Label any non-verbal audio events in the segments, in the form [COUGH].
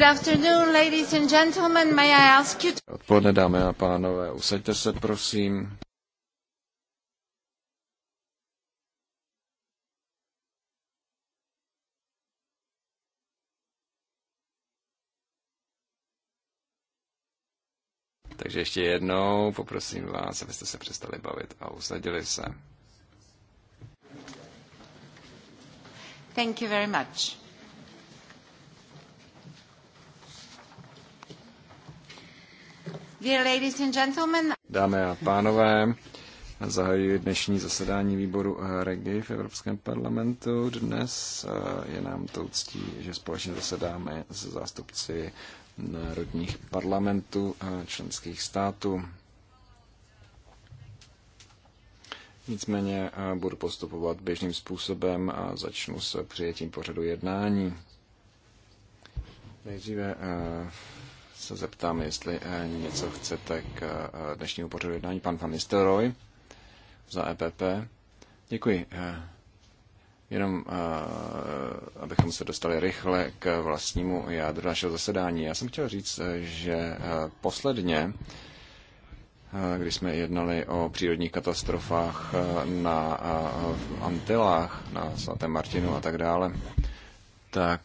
Good afternoon, ladies and gentlemen. May I ask you to... Odpoledne, dámy a pánové, usaďte se, prosím. Takže ještě jednou poprosím vás, abyste se přestali bavit a usadili se. Thank you very much. Dámy a pánové, zahajuji dnešní zasedání výboru eh, Regi v Evropském parlamentu. Dnes eh, je nám to ctí, že společně zasedáme se zástupci národních parlamentů eh, členských států. Nicméně budu postupovat běžným způsobem a začnu s přijetím pořadu jednání. Nejdříve se zeptám, jestli eh, něco chcete k eh, dnešnímu pořadu jednání. Pan Van Nistelrooy za EPP. Děkuji. Eh, jenom abychom se dostali rychle k vlastnímu jádru našeho zasedání. Já jsem chtěl říct, že posledně když jsme jednali o přírodních katastrofách na Antilách, na svatém Martinu a tak dále, tak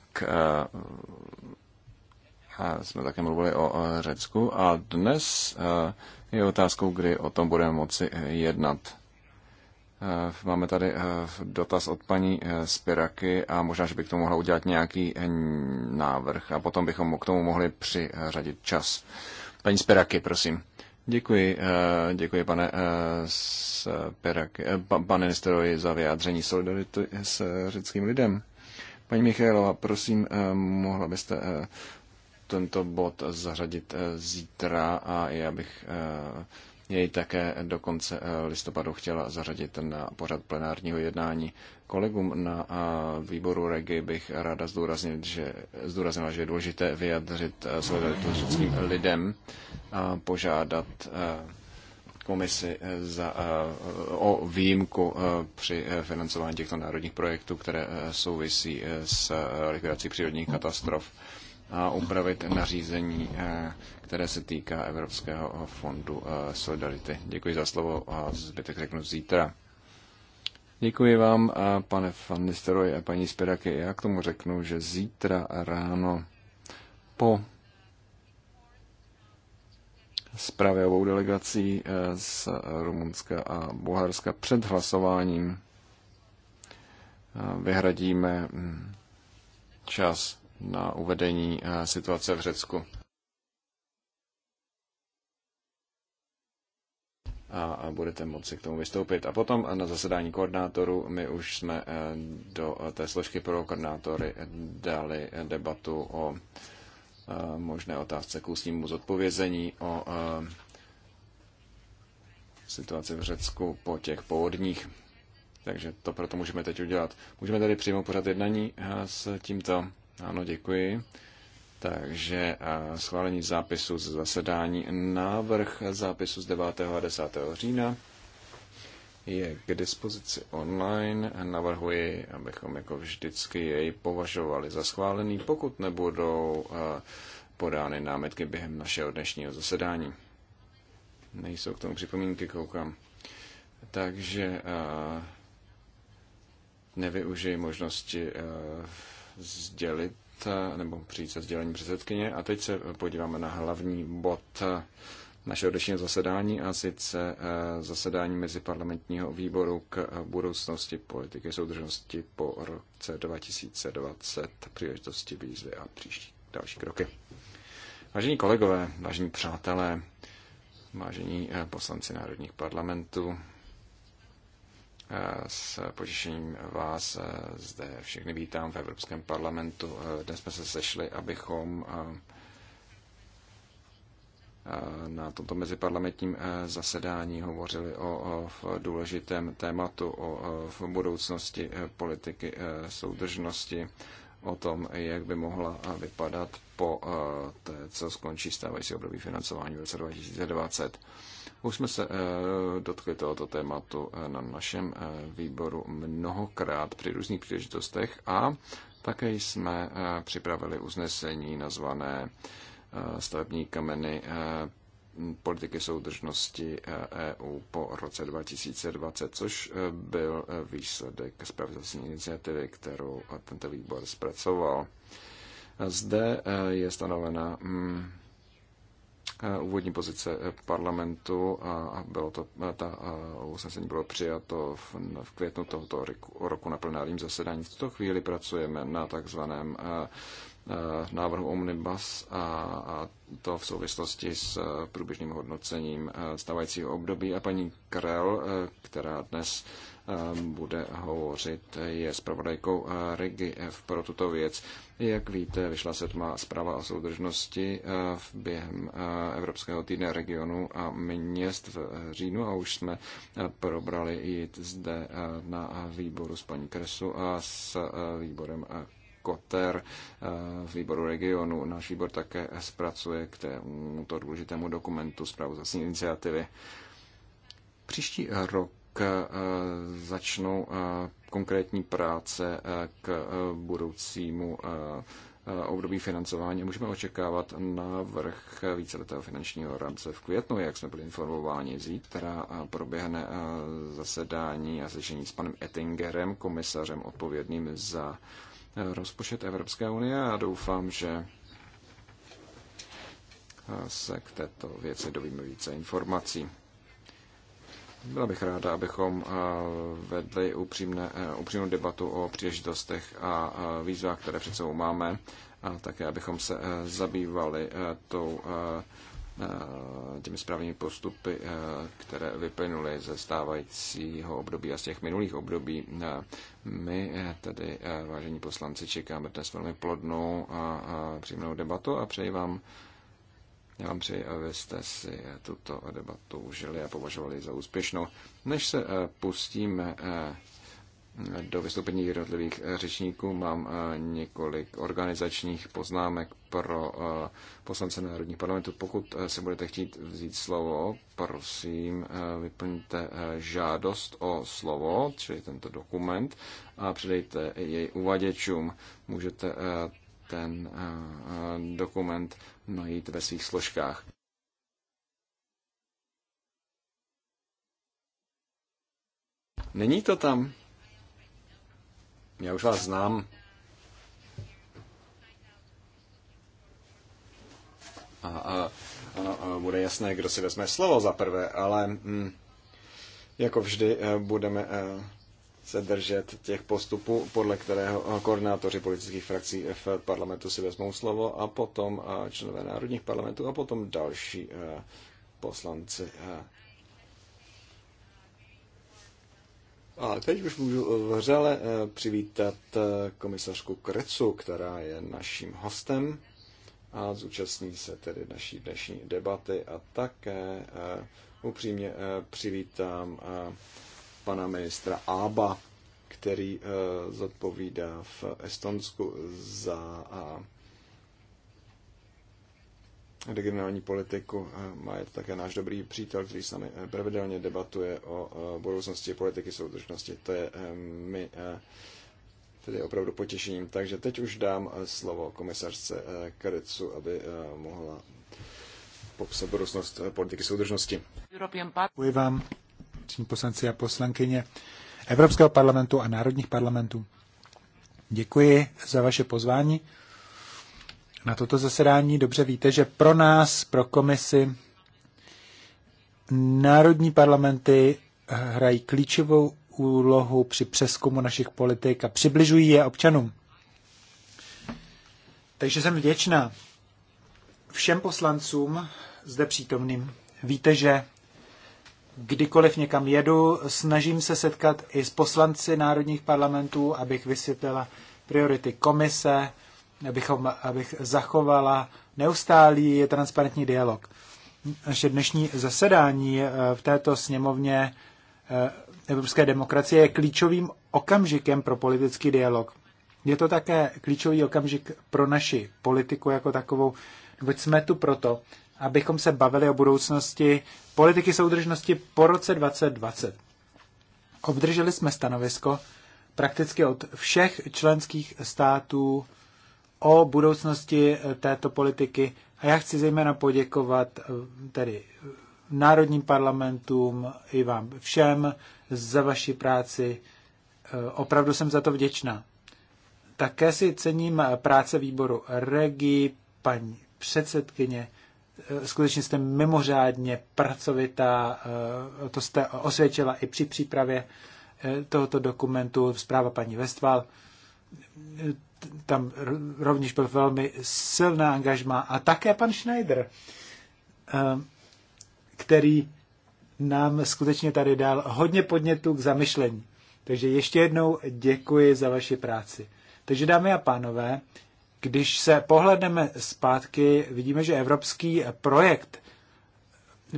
jsme také mluvili o Řecku a dnes e, je otázkou, kdy o tom budeme moci e, jednat. E, máme tady dotaz od paní Spiraky a možná, že by k tomu mohla udělat nějaký návrh a potom bychom k tomu mohli přiřadit čas. Paní Spiraky, prosím. Děkuji, děkuji pane, Spiraky, pane ministerovi za vyjádření solidarity s řeckým lidem. Paní Michailova, prosím, mohla byste tento bod zařadit eh, zítra a já bych eh, jej také do konce eh, listopadu chtěla zařadit na pořad plenárního jednání. Kolegům na výboru Regi bych ráda zdůraznil, že, zdůraznila, že je důležité vyjadřit solidaritu s lidským lidem a požádat komisi za, o výjimku při financování těchto národních projektů, které souvisí s likvidací přírodních katastrof a upravit nařízení, eh, které se týká Evropského fondu eh, Solidarity. Děkuji za slovo a zbytek řeknu zítra. Děkuji vám, eh, pane Van a paní Spiraky. Já k tomu řeknu, že zítra ráno po zprávě obou delegací z Rumunska a Bulharska před hlasováním vyhradíme hm, čas na uvedení eh, situace v Řecku. a budete moci k tomu vystoupit. A potom na zasedání koordinátorů my už jsme eh, do eh, té složky pro koordinátory dali debatu o možné otázce k ústnímu zodpovězení, o situaci v Řecku po těch povodních. Takže to proto můžeme teď udělat. Můžeme tady přijmout pořád jednání s tímto. Ano, děkuji. Takže schválení zápisu z zasedání. Návrh zápisu z 9. a 10. října je k dispozici online. Navrhuji, abychom jako vždycky jej považovali za schválený, pokud nebudou podány námitky během našeho dnešního zasedání. Nejsou k tomu připomínky, koukám. Takže nevyužijí možnosti sdělit nebo přijít se sdělení předsedkyně. A teď se podíváme na hlavní bod našeho dnešního zasedání a sice eh, zasedání Meziparlamentního výboru k eh, budoucnosti politiky soudržnosti po roce 2020, příležitosti, výzvy a příští další kroky. Vážení kolegové, vážení přátelé, vážení eh, poslanci národních parlamentů, Eh, s potěšením vás eh, zde všechny vítám v Evropském parlamentu. Eh, dnes jsme se sešli, abychom na tomto meziparlamentním zasedání hovořili o důležitém tématu, o budoucnosti politiky soudržnosti, o tom, jak by mohla vypadat po té, co skončí stávající období financování v roce 2020. Už jsme se eh, dotkli tohoto tématu eh, na našem eh, výboru mnohokrát při různých příležitostech a také jsme připravili usnesení nazvané stavební kameny politiky soudržnosti EU e po roce 2020, což byl výsledek zpravodajské iniciativy, kterou tento výbor zpracoval. Zde je stanovena mm, Eh, úvodní pozice eh, parlamentu a bylo to, eh, ta usnesení bylo přijato v, v květnu tohoto roku, na plenárním zasedání. V tuto chvíli pracujeme na takzvaném návrhu Omnibus a, a to v souvislosti s průběžným hodnocením stávajícího období a paní Karel, která dnes Ehm, bude hovořit, je zpravodajkou eh, Rigi F pro tuto věc. Jak víte, vyšla se tma zpráva o soudržnosti eh, během eh, Evropského týdne regionu a měst v říjnu a už jsme probrali i zde na výboru s paní Kresu a s výborem Koter výboru regionu. Náš výbor také zpracuje k tomuto důležitému dokumentu zprávu zase iniciativy. Příští rok Eh, začnou eh, konkrétní práce eh, k budoucímu období financování. Můžeme očekávat návrh víceletého finančního rámce v květnu, jak jsme byli informováni. Zítra proběhne zasedání a sešení s panem Ettingerem, komisařem odpovědným za rozpočet Evropské unie a doufám, že se k této věci dovíme více informací. Byla bych ráda, abychom eh, vedli upřímné, eh, upřímnou debatu o příležitostech a eh, výzvách, které před sebou máme, a také abychom se zabývali tou, těmi správnými postupy, které vyplynuly ze stávajícího období a z těch minulých období. My tedy, vážení poslanci, čekáme dnes velmi plodnou a příjemnou debatu a přeji vám já vám přeji, abyste si tuto debatu užili a považovali za úspěšnou. Než se eh, pustíme eh, do vystoupení jednotlivých eh, řečníků, mám několik organizačních poznámek pro poslance Národních parlamentů. Pokud si budete chtít vzít slovo, prosím, vyplňte žádost o slovo, čili tento dokument, a předejte jej uvaděčům. Můžete ten dokument najít ve svých složkách. Není to tam? Já už vás znám. A, a, a, a bude jasné, kdo si vezme slovo za prvé, ale mm, jako vždy eh, budeme eh, se držet těch postupů, podle kterého eh, koordinátoři politických frakcí v parlamentu si vezmou slovo a potom eh, členové národních parlamentů a potom další eh, poslanci. A teď už můžu vřele přivítat komisařku Krecu, která je naším hostem a zúčastní se tedy naší dnešní debaty a také upřímně přivítám pana ministra Ába, který eh, zodpovídá v Estonsku za eh, regionální politiku. Eh, má je to také náš dobrý přítel, který s námi pravidelně debatuje o budoucnosti politiky soudržnosti. To je mi tedy opravdu potěšením. Takže teď už dám slovo komisařce Karecu, aby mohla popsat budoucnost politiky soudržnosti. Děkuji vám poslanci a poslankyně Evropského parlamentu a národních parlamentů. Děkuji za vaše pozvání na toto zasedání. Dobře víte, že pro nás, pro komisi, národní parlamenty hrají klíčovou úlohu při přeskumu našich politik a přibližují je občanům. Takže jsem vděčná všem poslancům zde přítomným. Víte, že kdykoliv někam jedu, snažím se setkat i s poslanci národních parlamentů, abych vysvětlila priority komise, abychom, abych zachovala neustálý transparentní dialog. Naše dnešní zasedání eh, v této sněmovně eh, evropské demokracie je klíčovým okamžikem pro politický dialog. Je to také klíčový okamžik pro naši politiku jako takovou, neboť jsme tu proto, abychom se bavili o budoucnosti politiky soudržnosti po roce 2020. Obdrželi jsme stanovisko prakticky od všech členských států o budoucnosti eh, této politiky a já chci zejména poděkovat eh, tedy eh, národním parlamentům i vám všem za vaši práci. Opravdu jsem za to vděčná. Také si cením práce výboru Regi, paní předsedkyně, Eh, skutečně jste mimořádně pracovitá, eh, to jste osvědčila i při přípravě eh, tohoto dokumentu, zpráva paní Vestval. Tam rovněž byl velmi silná angažma a také pan Schneider, který nám skutečně tady dal hodně podnětů k zamyšlení. Takže ještě jednou děkuji za vaši práci. Takže dámy a pánové, když se pohledneme zpátky, vidíme, že evropský projekt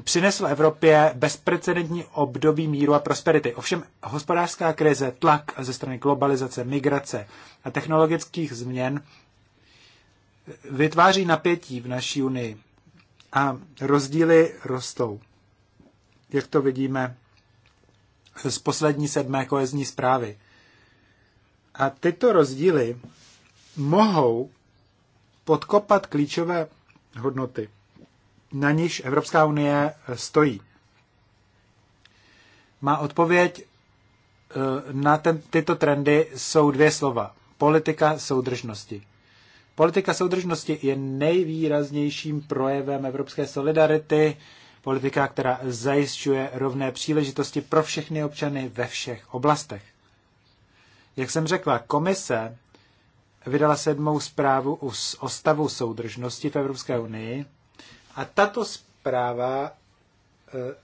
přinesl Evropě bezprecedentní období míru a prosperity. Ovšem hospodářská krize, tlak ze strany globalizace, migrace a technologických změn vytváří napětí v naší unii a rozdíly rostou. Jak to vidíme z poslední sedmé kohezní zprávy. A tyto rozdíly mohou podkopat klíčové hodnoty, na níž Evropská unie stojí. Má odpověď e, na ten, tyto trendy jsou dvě slova. Politika soudržnosti. Politika soudržnosti je nejvýraznějším projevem evropské solidarity, politika, která zajišťuje rovné příležitosti pro všechny občany ve všech oblastech. Jak jsem řekla, komise vydala sedmou zprávu o stavu soudržnosti v Evropské unii. A tato zpráva e,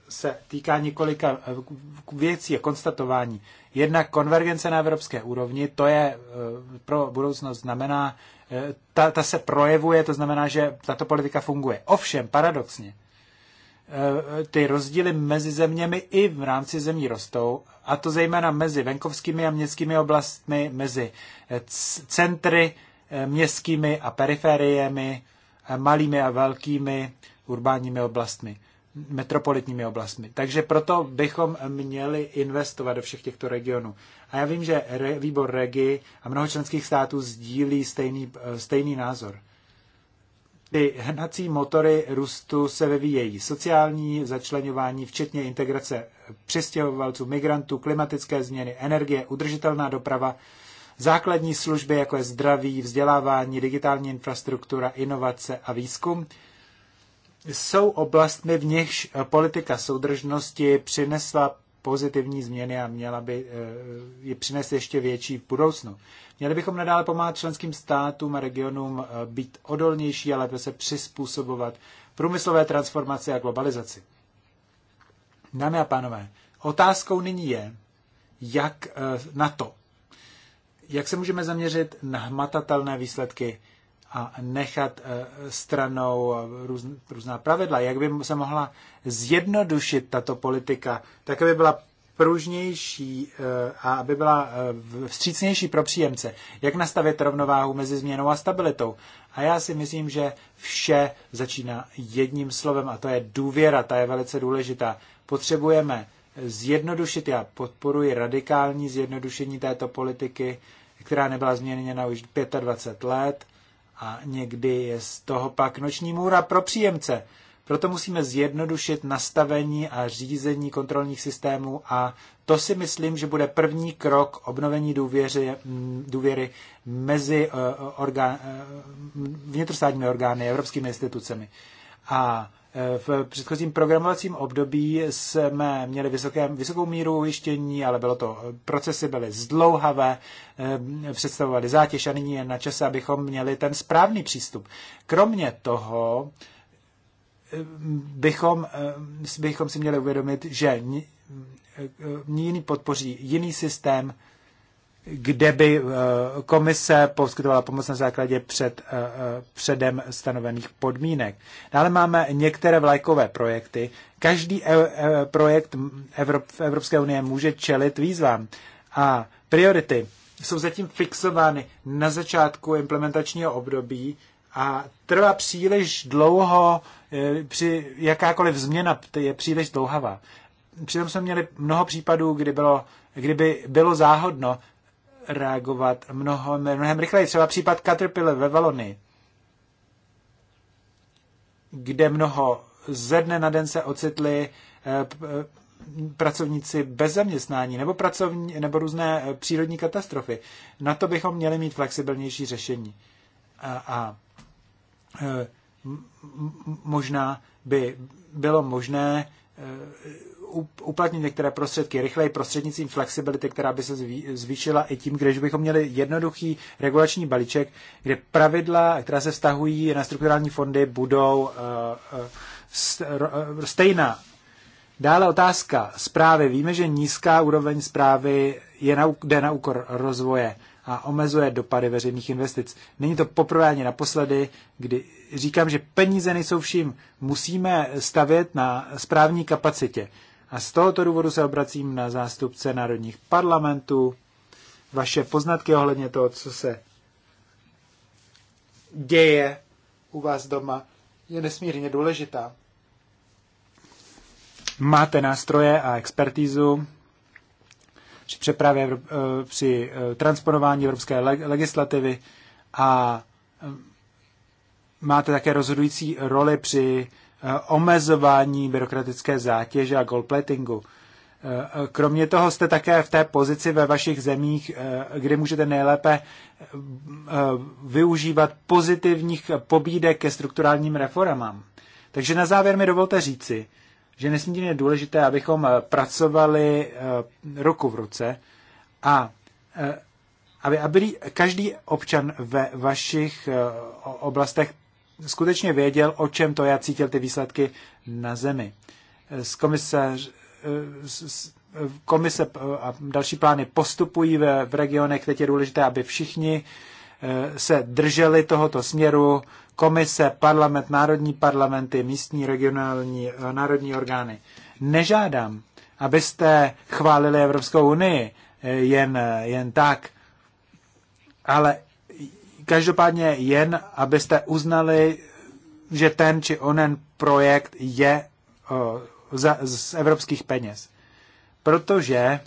se týká několika e, věcí a konstatování. Jednak konvergence na evropské úrovni, to je e, pro budoucnost znamená, ta, ta se projevuje, to znamená, že tato politika funguje. Ovšem, paradoxně, Eh, ty rozdíly mezi zeměmi i v rámci zemí rostou, a to zejména mezi venkovskými a městskými oblastmi, mezi eh, centry eh, městskými a periferiemi, malými a velkými urbánními oblastmi, metropolitními oblastmi. Takže proto bychom měli investovat do všech těchto regionů. A já vím, že výbor Regi a mnoho členských států sdílí stejný, stejný názor. Ty hnací motory růstu se vyvíjejí sociální začlenování, včetně integrace přistěhovalců, migrantů, klimatické změny, energie, udržitelná doprava, základní služby, jako je zdraví, vzdělávání, digitální infrastruktura, inovace a výzkum, jsou oblastmi, v nichž politika soudržnosti přinesla pozitivní změny a měla by eh, je přinést ještě větší v budoucnu. Měli bychom nadále pomáhat členským státům a regionům eh, být odolnější a lépe se přizpůsobovat průmyslové transformaci a globalizaci. Dámy a pánové, otázkou nyní je, jak eh, na to, jak se můžeme zaměřit na hmatatelné výsledky a nechat eh, stranou eh, různá pravidla. Jak by se mohla zjednodušit tato politika, tak aby byla pružnější eh, a aby byla vstřícnější pro příjemce. Jak nastavit rovnováhu mezi změnou a stabilitou? A já si myslím, že vše začíná jedním slovem a to je důvěra, ta je velice důležitá. Potřebujeme zjednodušit, já podporuji radikální zjednodušení této politiky, která nebyla změněna už 25 let, a někdy je z toho pak noční můra pro příjemce. Proto musíme zjednodušit nastavení a řízení kontrolních systémů a to si myslím, že bude první krok obnovení důvěři, důvěry mezi eh, orgán, eh, vnitrostátními orgány, evropskými institucemi. A v předchozím programovacím období jsme měli vysoké, vysokou míru ujištění, ale bylo to, eh, procesy byly zdlouhavé, eh, představovaly zátěž a nyní je na čase, abychom měli ten správný přístup. Kromě toho eh, bychom, bychom si měli uvědomit, že jiný podpoří jiný systém, kde by eh, komise poskytovala pomoc na základě před, eh, eh, předem stanovených podmínek. Dále máme některé vlajkové projekty. Každý projekt v Evropské unie může čelit výzvám a priority jsou zatím fixovány na začátku implementačního období a trvá příliš dlouho, při jakákoliv změna je příliš dlouhavá. Přitom jsme měli mnoho případů, kdy bylo, kdyby bylo záhodno reagovat mnoho, mnohem rychleji. Třeba případ Caterpillar ve Valony, kde mnoho ze dne na den se ocitli eh, eh, pracovníci bez zaměstnání nebo, pracovní, nebo různé eh, přírodní katastrofy. Na to bychom měli mít flexibilnější řešení. A, a možná by bylo možné uplatnit některé prostředky rychleji prostřednictvím flexibility, která by se zvýšila i tím, když bychom měli jednoduchý regulační balíček, kde pravidla, která se vztahují na strukturální fondy, budou eh, eh, eh, stejná. Dále otázka zprávy. Víme, že nízká úroveň zprávy je na, jde na úkor rozvoje a omezuje dopady veřejných investic. Není to poprvé ani naposledy, kdy říkám, že peníze nejsou vším. Musíme stavět na správní kapacitě. A z tohoto důvodu se obracím na zástupce národních parlamentů. Vaše poznatky ohledně toho, co se děje u vás doma, je nesmírně důležitá. Máte nástroje a expertízu při přepravě, eh, při eh, transponování evropské legislativy a eh, máte také rozhodující roli při Eh, omezování byrokratické zátěže a goldplatingu. Eh, kromě toho jste také v té pozici ve vašich zemích, eh, kde můžete nejlépe využívat pozitivních pobídek ke strukturálním reformám. Takže na závěr mi dovolte říci, že nesmírně je důležité, abychom pracovali ruku v ruce a aby, aby každý občan ve vašich oblastech skutečně věděl, o čem to já cítil ty výsledky na zemi. Z komisař, komise a další plány postupují v, v regionech. Teď je důležité, aby všichni eh, se drželi tohoto směru. Komise, parlament, národní parlamenty, místní, regionální, eh, národní orgány. Nežádám, abyste chválili Evropskou unii eh, jen, jen tak, ale Každopádně jen, abyste uznali, že ten či onen projekt je za, z evropských peněz. Protože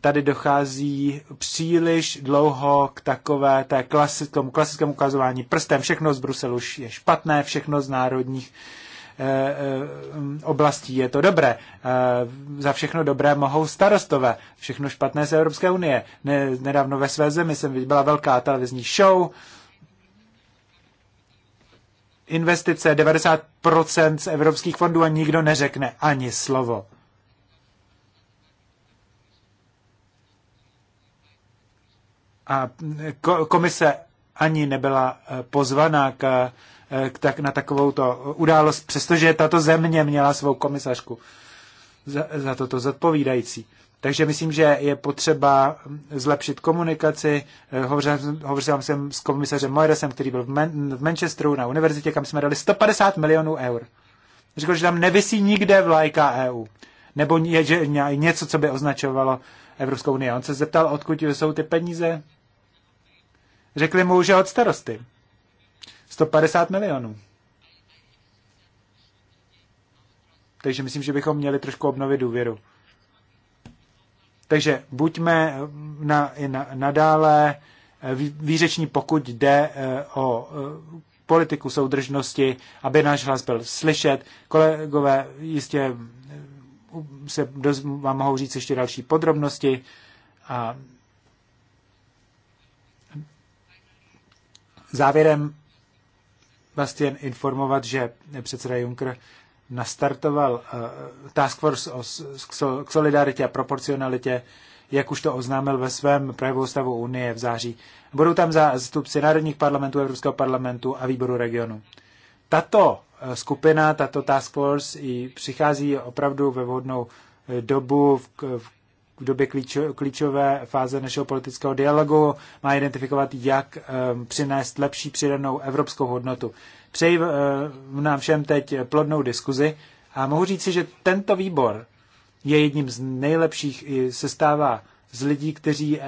tady dochází příliš dlouho k takové té klasi, tomu klasickému ukazování prstem. Všechno z Bruselu je špatné, všechno z národních Eh, eh, oblastí je to dobré. Eh, za všechno dobré mohou starostové, všechno špatné z Evropské unie. Nedávno ve své zemi jsem byla velká televizní show, investice 90% z evropských fondů a nikdo neřekne ani slovo. A komise ani nebyla pozvaná k Eh, tak na to událost, přestože tato země měla svou komisařku za, za toto zodpovídající. Takže myslím, že je potřeba zlepšit komunikaci. Eh, hovořil, hovořil jsem s komisařem Moiresem, který byl v, Man- v Manchesteru na univerzitě, kam jsme dali 150 milionů eur. Řekl, že tam nevisí nikde vlajka EU. Nebo je, že něco, co by označovalo Evropskou unii. On se zeptal, odkud jsou ty peníze. Řekli mu, že od starosty. 150 milionů. Takže myslím, že bychom měli trošku obnovit důvěru. Takže buďme na, na, nadále eh, výřeční, pokud jde eh, o eh, politiku soudržnosti, aby náš hlas byl slyšet. Kolegové jistě se vám mohou říct ještě další podrobnosti. A závěrem Bastian informovat, že předseda Juncker nastartoval eh, Task Force o, k solidaritě a proporcionalitě, jak už to oznámil ve svém projevu stavu Unie v září. Budou tam zástupci národních parlamentů, Evropského parlamentu a výboru regionu. Tato eh, skupina, tato task force i přichází opravdu ve vhodnou eh, dobu v, v v době klíčové fáze našeho politického dialogu má identifikovat, jak eh, přinést lepší přidanou evropskou hodnotu. Přeji eh, nám všem teď plodnou diskuzi a mohu říci, že tento výbor je jedním z nejlepších, se stává z lidí, kteří eh,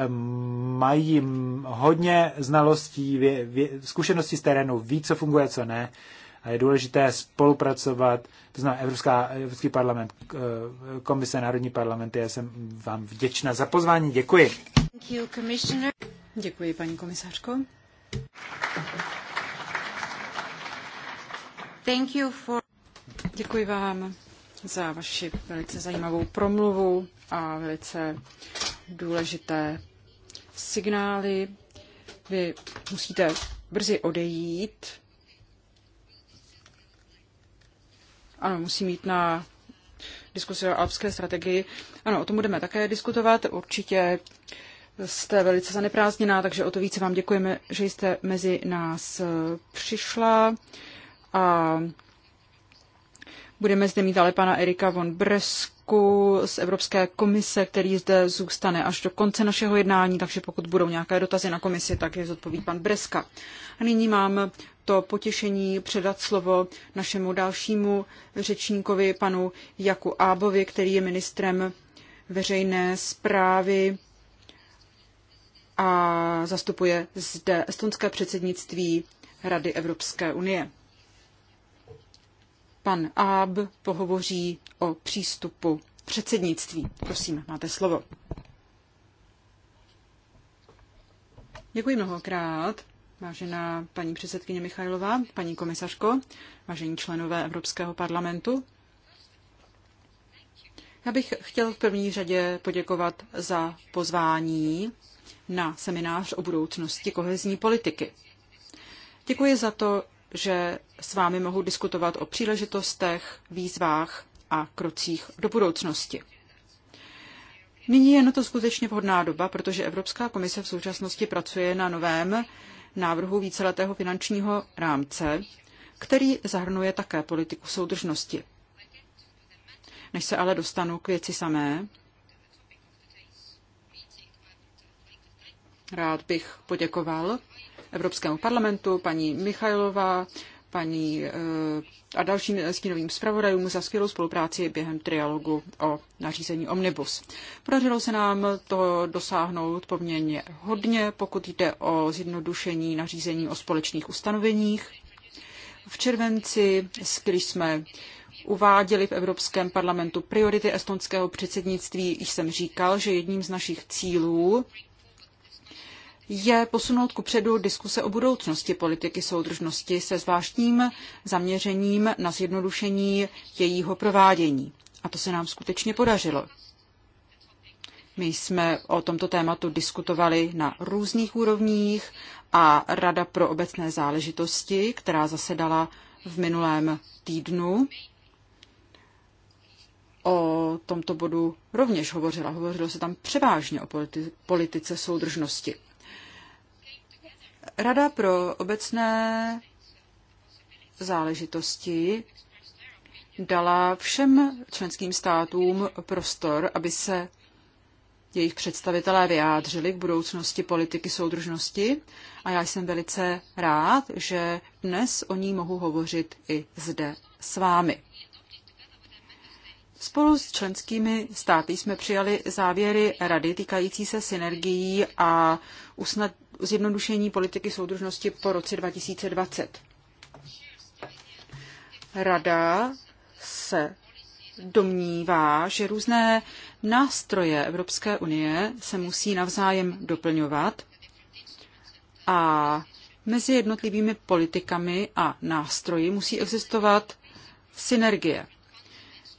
mají hodně znalostí, zkušenosti zkušeností z terénu, ví, co funguje, co ne. A je důležité spolupracovat, to znamená Evropská, Evropský parlament, eh, Komise Národní parlamenty. Já jsem vám vděčná za pozvání. Děkuji. You, Děkuji, paní komisařko. For... Děkuji vám za vaši velice zajímavou promluvu a velice důležité signály. Vy musíte brzy odejít, Ano, musí mít na diskusi o alpské strategii. Ano, o tom budeme také diskutovat. Určitě jste velice zaneprázdněná, takže o to více vám děkujeme, že jste mezi nás eh, přišla. A budeme zde mít ale pana Erika von Bresku z Evropské komise, který zde zůstane až do konce našeho jednání, takže pokud budou nějaké dotazy na komisi, tak je zodpoví pan Breska. A nyní mám to potěšení předat slovo našemu dalšímu řečníkovi, panu Jaku Ábovi, který je ministrem veřejné zprávy a zastupuje zde estonské předsednictví Rady Evropské unie. Pan Áb pohovoří o přístupu předsednictví. Prosím, máte slovo. Děkuji mnohokrát. Vážená paní předsedkyně Michajlová, paní komisařko, vážení členové Evropského parlamentu, já bych chtěl v první řadě poděkovat za pozvání na seminář o budoucnosti kohezní politiky. Děkuji za to, že s vámi mohu diskutovat o příležitostech, výzvách a krocích do budoucnosti. Nyní je na to skutečně vhodná doba, protože Evropská komise v současnosti pracuje na novém návrhu víceletého finančního rámce, který zahrnuje také politiku soudržnosti. Než se ale dostanu k věci samé, rád bych poděkoval Evropskému parlamentu, paní Michajlová paní eh, a dalším stínovým zpravodajům za skvělou spolupráci během trialogu o nařízení Omnibus. Podařilo se nám to dosáhnout poměrně hodně, pokud jde o zjednodušení nařízení o společných ustanoveních. V červenci, když jsme uváděli v Evropském parlamentu priority estonského předsednictví, jsem říkal, že jedním z našich cílů je posunout ku předu diskuse o budoucnosti politiky soudržnosti se zvláštním zaměřením na zjednodušení jejího provádění. A to se nám skutečně podařilo. My jsme o tomto tématu diskutovali na různých úrovních a Rada pro obecné záležitosti, která zasedala v minulém týdnu, o tomto bodu rovněž hovořila. Hovořilo se tam převážně o politice soudržnosti. Rada pro obecné záležitosti dala všem členským státům prostor, aby se jejich představitelé vyjádřili k budoucnosti politiky soudržnosti a já jsem velice rád, že dnes o ní mohu hovořit i zde s vámi. Spolu s členskými státy jsme přijali závěry rady týkající se synergií a usnad, zjednodušení politiky soudržnosti po roce 2020. Rada se domnívá, že různé nástroje Evropské unie se musí navzájem doplňovat a mezi jednotlivými politikami a nástroji musí existovat synergie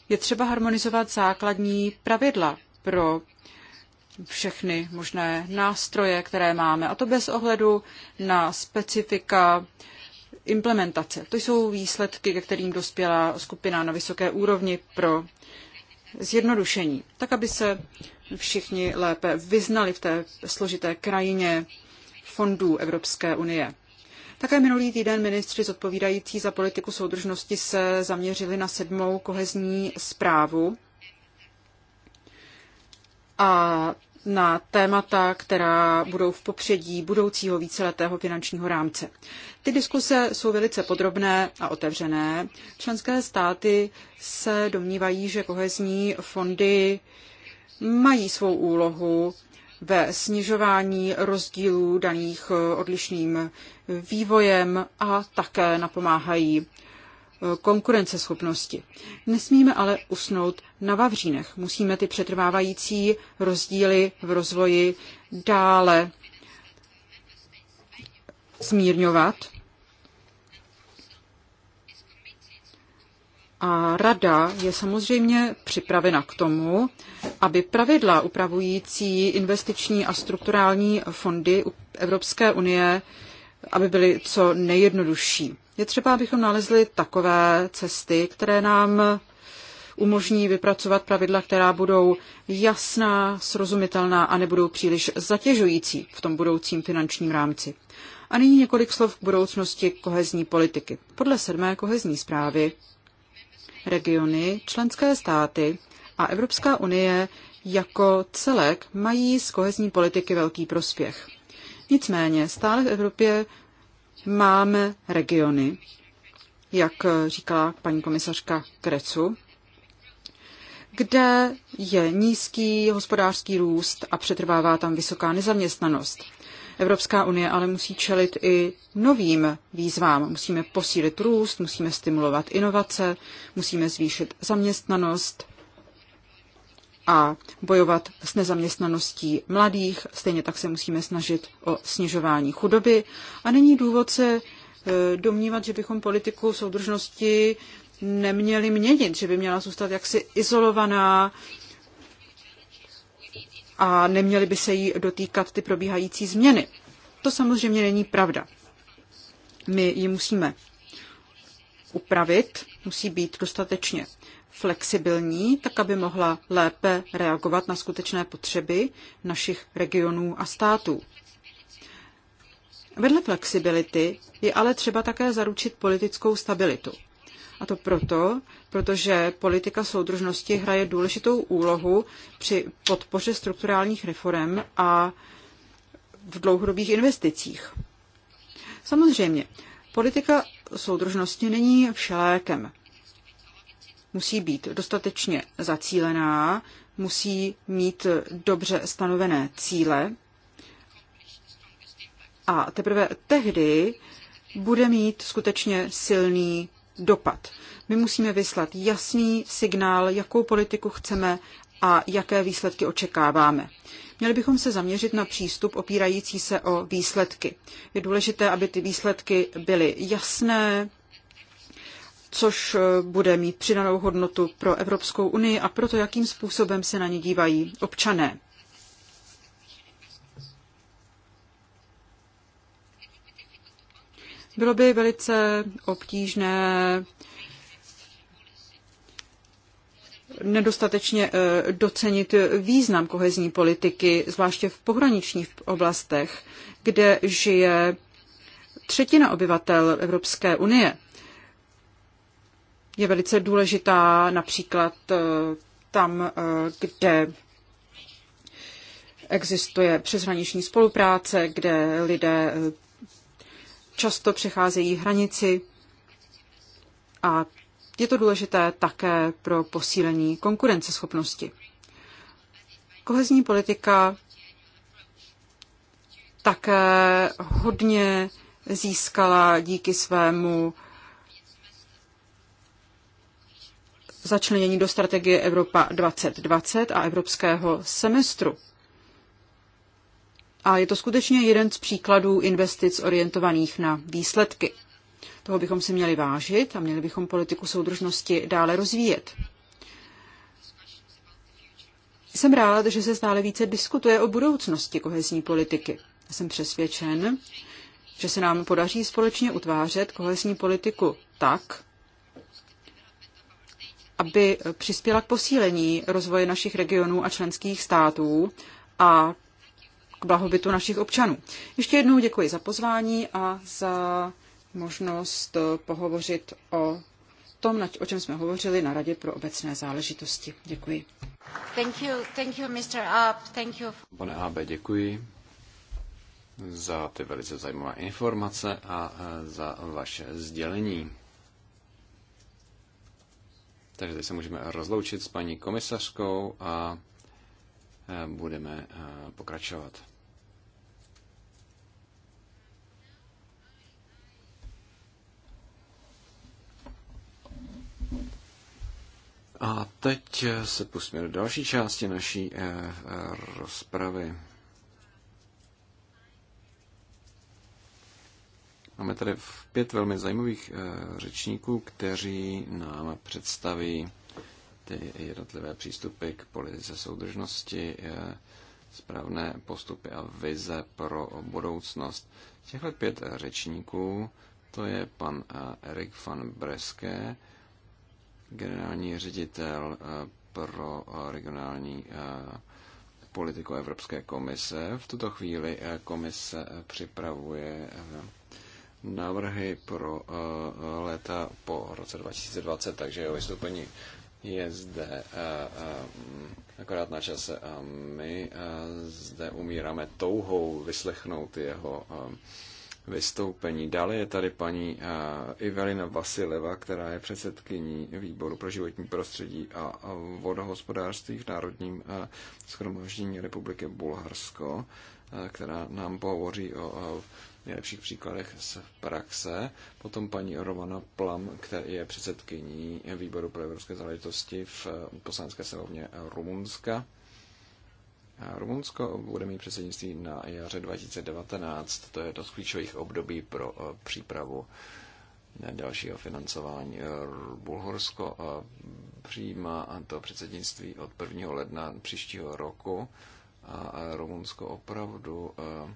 je třeba harmonizovat základní pravidla pro všechny možné nástroje, které máme, a to bez ohledu na specifika implementace. To jsou výsledky, ke kterým dospěla skupina na vysoké úrovni pro zjednodušení, tak aby se všichni lépe vyznali v té složité krajině fondů Evropské unie. Také minulý týden ministři zodpovídající za politiku soudržnosti se zaměřili na sedmou kohezní zprávu a na témata, která budou v popředí budoucího víceletého finančního rámce. Ty diskuse jsou velice podrobné a otevřené. Členské státy se domnívají, že kohezní fondy mají svou úlohu ve snižování rozdílů daných eh, odlišným vývojem a také napomáhají eh, konkurenceschopnosti. Nesmíme ale usnout na vavřínech. Musíme ty přetrvávající rozdíly v rozvoji dále zmírňovat A rada je samozřejmě připravena k tomu, aby pravidla upravující investiční a strukturální fondy Evropské unie aby byly co nejjednodušší. Je třeba, abychom nalezli takové cesty, které nám umožní vypracovat pravidla, která budou jasná, srozumitelná a nebudou příliš zatěžující v tom budoucím finančním rámci. A nyní několik slov k budoucnosti kohezní politiky. Podle sedmé kohezní zprávy regiony, členské státy a Evropská unie jako celek mají z kohezní politiky velký prospěch. Nicméně stále v Evropě máme regiony, jak říkala paní komisařka Krecu, kde je nízký hospodářský růst a přetrvává tam vysoká nezaměstnanost. Evropská unie ale musí čelit i novým výzvám. Musíme posílit růst, musíme stimulovat inovace, musíme zvýšit zaměstnanost a bojovat s nezaměstnaností mladých. Stejně tak se musíme snažit o snižování chudoby. A není důvod se e, domnívat, že bychom politiku soudržnosti neměli měnit, že by měla zůstat jaksi izolovaná a neměly by se jí dotýkat ty probíhající změny. To samozřejmě není pravda. My ji musíme upravit, musí být dostatečně flexibilní, tak aby mohla lépe reagovat na skutečné potřeby našich regionů a států. Vedle flexibility je ale třeba také zaručit politickou stabilitu. A to proto, protože politika soudržnosti hraje důležitou úlohu při podpoře strukturálních reform a v dlouhodobých investicích. Samozřejmě, politika soudržnosti není všelékem. Musí být dostatečně zacílená, musí mít dobře stanovené cíle a teprve tehdy bude mít skutečně silný dopad. My musíme vyslat jasný signál, jakou politiku chceme a jaké výsledky očekáváme. Měli bychom se zaměřit na přístup opírající se o výsledky. Je důležité, aby ty výsledky byly jasné, což eh, bude mít přidanou hodnotu pro Evropskou unii a pro to, jakým způsobem se na ně dívají občané. Bylo by velice obtížné nedostatečně eh, docenit význam kohezní politiky, zvláště v pohraničních oblastech, kde žije třetina obyvatel Evropské unie. Je velice důležitá například eh, tam, eh, kde existuje přeshraniční spolupráce, kde lidé často přecházejí hranici a je to důležité také pro posílení konkurenceschopnosti. Kohezní politika také hodně získala díky svému začlenění do strategie Evropa 2020 a evropského semestru. A je to skutečně jeden z příkladů investic orientovaných na výsledky. Toho bychom si měli vážit a měli bychom politiku soudržnosti dále rozvíjet. Jsem rád, že se stále více diskutuje o budoucnosti kohezní politiky. Jsem přesvědčen, že se nám podaří společně utvářet kohesní politiku tak, aby přispěla k posílení rozvoje našich regionů a členských států a k blahobytu našich občanů. Ještě jednou děkuji za pozvání a za možnost eh, pohovořit o tom, o čem jsme hovořili na Radě pro obecné záležitosti. Děkuji. Thank you, thank you, Mr. Ab, thank you. Pane Ab, děkuji za ty velice zajímavé informace a eh, za vaše sdělení. Takže teď se můžeme rozloučit s paní komisařkou a Eh, budeme eh, pokračovat. A teď eh, se pustíme do další části naší rozpravy. Máme tady pět velmi zajímavých řečníků, kteří nám představí ty jednotlivé přístupy k politice soudržnosti, eh, správné postupy a vize pro budoucnost. Těchto pět řečníků, to je pan eh, Erik van Breske, generální ředitel eh, pro regionální politiku Evropské komise. V tuto chvíli komise připravuje návrhy pro léta po roce 2020, takže jeho vystoupení je zde eh, eh, akorát na čase a my eh, zde umíráme touhou vyslechnout jeho vystoupení. Dále je tady paní Ivelina Vasileva, která je předsedkyní výboru pro životní prostředí a vodohospodářství v Národním schromáždění Republiky Bulharsko, která nám pohovoří o nejlepších příkladech z praxe. Potom paní Romana Plam, která je předsedkyní výboru pro evropské záležitosti v poslanecké sněmovně Rumunska. Rumunsko bude mít předsednictví na jaře 2019. To je to z klíčových období pro eh, přípravu dalšího financování. Bulhorsko eh, přijímá to předsednictví od 1. ledna příštího roku a Rumunsko opravdu eh,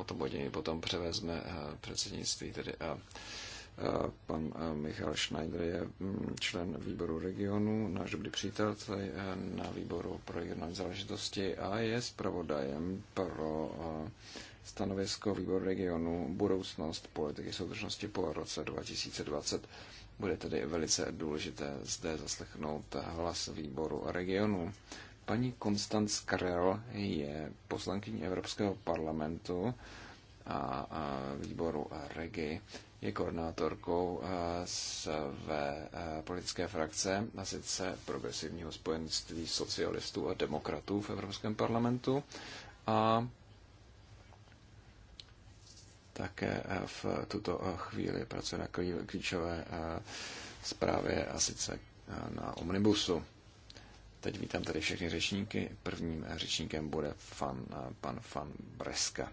o tom bodě potom převezme eh, předsednictví tedy a eh, Pan eh, Michal Schneider je mm, člen výboru regionu, náš dobrý přítel tady na výboru pro regionální záležitosti a je zpravodajem pro stanovisko výboru regionu budoucnost politiky soudržnosti po roce 2020. Bude tedy velice důležité zde zaslechnout hlas výboru regionu. Paní Konstanz Karel je poslankyní Evropského parlamentu a výboru REGI. Je koordinátorkou své politické frakce, a sice progresivního spojenství socialistů a demokratů v Evropském parlamentu a také v tuto chvíli pracuje na klíčové zprávě a sice na Omnibusu. Teď vítám tady všechny řečníky. Prvním řečníkem bude fan, pan Fan Breska.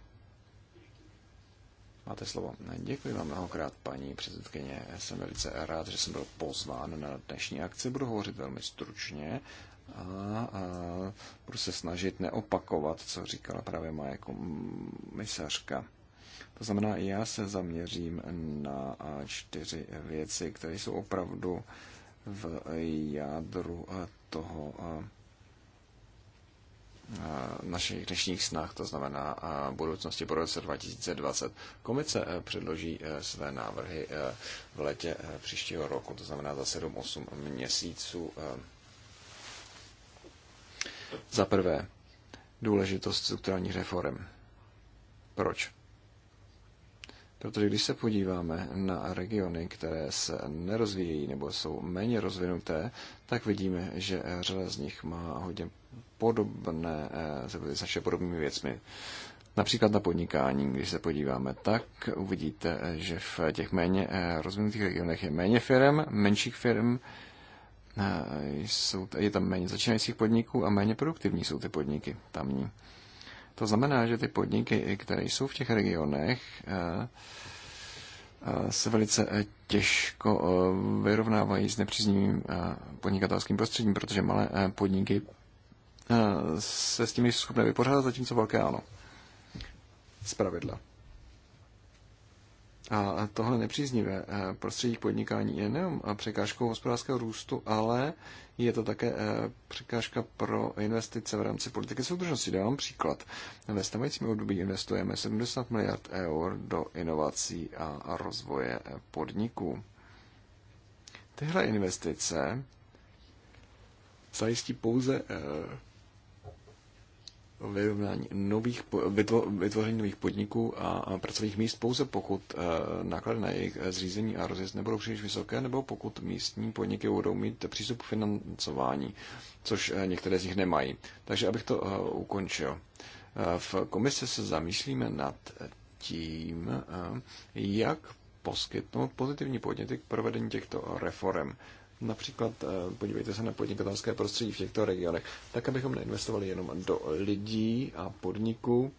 Máte slovo. Děkuji vám mnohokrát, paní předsedkyně. Jsem velice rád, že jsem byl pozván na dnešní akci. Budu hovořit velmi stručně a, a budu se snažit neopakovat, co říkala právě moje komisařka. To znamená, já se zaměřím na čtyři věci, které jsou opravdu v jádru toho eh, eh, našich dnešních snah, to znamená eh, budoucnosti po roce 2020. Komice předloží své návrhy v letě příštího roku, to znamená za 7-8 měsíců. Za prvé, důležitost strukturálních reform. Proč? Protože když se podíváme na regiony, které se nerozvíjejí nebo jsou méně rozvinuté, tak vidíme, že řada z nich má hodně podobné, se eh, podobnými věcmi. Například na podnikání, když se podíváme, tak uvidíte, že v těch méně eh, rozvinutých regionech je méně firm, menších firm, eh, jsou, je tam méně začínajících podniků a méně produktivní jsou ty podniky tamní. To znamená, že ty podniky, které jsou v těch regionech, eh, eh, se velice eh, těžko vyrovnávají s nepříznivým podnikatelským prostředím, protože malé podniky se s tím jsou schopné vypořádat, zatímco velké ano. Z pravidla. A tohle nepříznivé eh, prostředí podnikání je nejenom eh, překážkou hospodářského růstu, ale je to také eh, překážka pro investice v rámci politiky soudržnosti. Dávám příklad. Ve stávajícím období investujeme 70 miliard eur do inovací a rozvoje podniků. Tyhle investice zajistí pouze vyrovnání nových, vytvoření nových podniků a pracovních míst pouze pokud eh, náklady na jejich eh, zřízení a rozjezd nebudou příliš vysoké, nebo pokud místní podniky budou mít přístup k financování, což eh, některé z nich nemají. Takže abych to ukončil. V komise se zamýšlíme nad tím, jak poskytnout pozitivní podněty k provedení těchto reform Například eh, podívejte se na podnikatelské prostředí v těchto regionech, tak abychom neinvestovali jenom do lidí a podniků,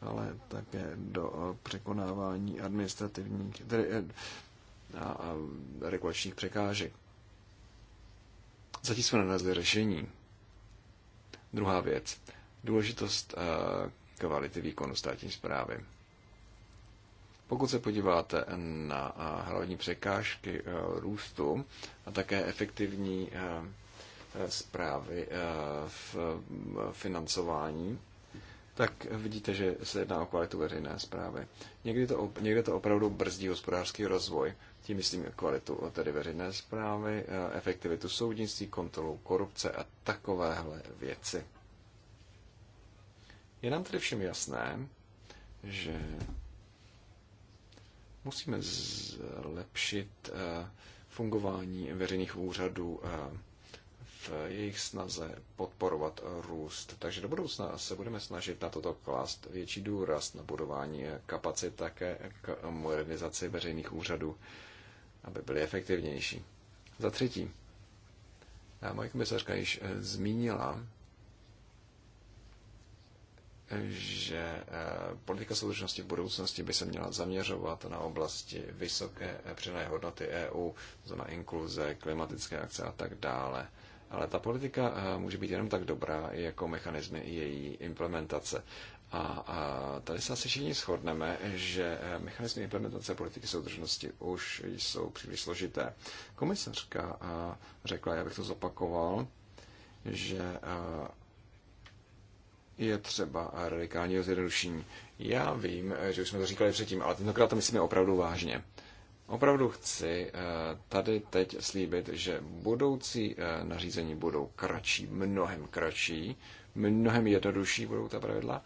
ale také do eh, překonávání administrativních tedy, eh, a, a regulačních překážek. Zatím jsme nenazli řešení. Druhá věc. Důležitost kvality výkonu státní zprávy. Pokud se podíváte na eh, hlavní překážky eh, růstu a také efektivní eh, zprávy v financování, tak vidíte, že se jedná o kvalitu veřejné zprávy. Někdy to, někde to opravdu brzdí hospodářský rozvoj, tím myslím kvalitu tedy veřejné zprávy, efektivitu soudnictví, kontrolu korupce a takovéhle věci. Je nám tedy všem jasné, že Musíme zlepšit eh, fungování veřejných úřadů eh, v jejich snaze podporovat růst. Takže do budoucna se budeme snažit na toto klást větší důraz na budování kapacit také k modernizaci veřejných úřadů, aby byly efektivnější. Za třetí, eh, moje komisařka již zmínila že eh, politika soudržnosti v budoucnosti by se měla zaměřovat na oblasti vysoké eh, přidané hodnoty EU, zóna inkluze, klimatické akce a tak dále. Ale ta politika eh, může být jenom tak dobrá jako mechanizmy její implementace. A, a tady se asi všichni shodneme, že mechanizmy implementace politiky soudržnosti už jsou příliš složité. Komisařka řekla, já bych to zopakoval, že je třeba radikálního zjednodušení. Já vím, že už jsme to říkali předtím, ale tentokrát to myslím opravdu vážně. Opravdu chci eh, tady teď slíbit, že budoucí eh, nařízení budou kratší, mnohem kratší, mnohem jednodušší budou ta pravidla.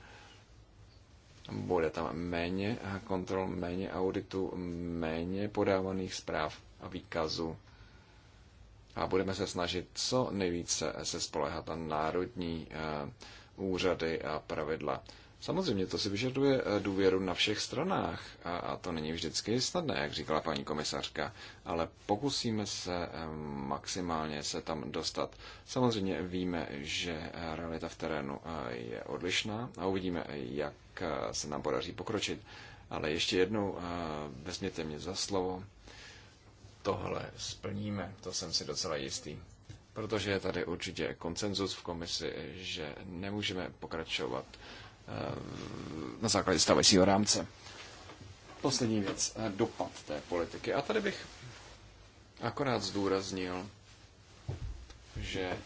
Bude tam méně eh, kontrol, méně auditu, méně podávaných zpráv a výkazů. A budeme se snažit co nejvíce se spolehat na národní úřady a pravidla. Samozřejmě to si vyžaduje eh, důvěru na všech stranách a, a to není vždycky snadné, jak říkala paní komisařka, ale pokusíme se eh, maximálně se tam dostat. Samozřejmě víme, že eh, realita v terénu je odlišná a uvidíme, jak se nám podaří pokročit. Ale ještě jednou vezměte mě za slovo. Tohle splníme, to jsem si docela jistý protože je tady určitě koncenzus v komisi, že nemůžeme pokračovat eh, na základě stávajícího rámce. Poslední věc, eh, dopad té politiky. A tady bych akorát zdůraznil, že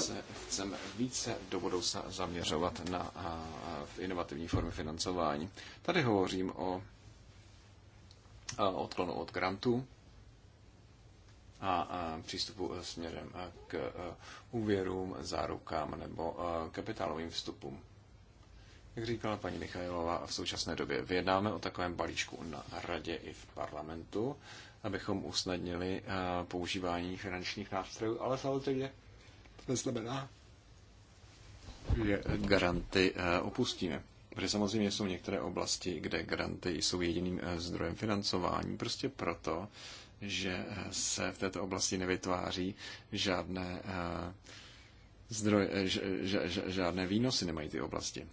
se chceme více do budoucna zaměřovat na eh, inovativní formy financování. Tady hovořím o odklonu od grantů, a přístupu e, směrem e, k e, úvěrům, zárukám nebo kapitálovým vstupům. Jak říkala paní Michajlova, v současné době vyjednáme o takovém balíčku na radě i v parlamentu, abychom usnadnili používání finančních nástrojů, ale samozřejmě to neznamená, že garanty opustíme. Protože samozřejmě jsou některé oblasti, kde granty jsou jediným zdrojem financování, prostě proto, že eh, se v této oblasti nevytváří žádné eh, zdroje, eh, žádné výnosy nemají ty oblasti.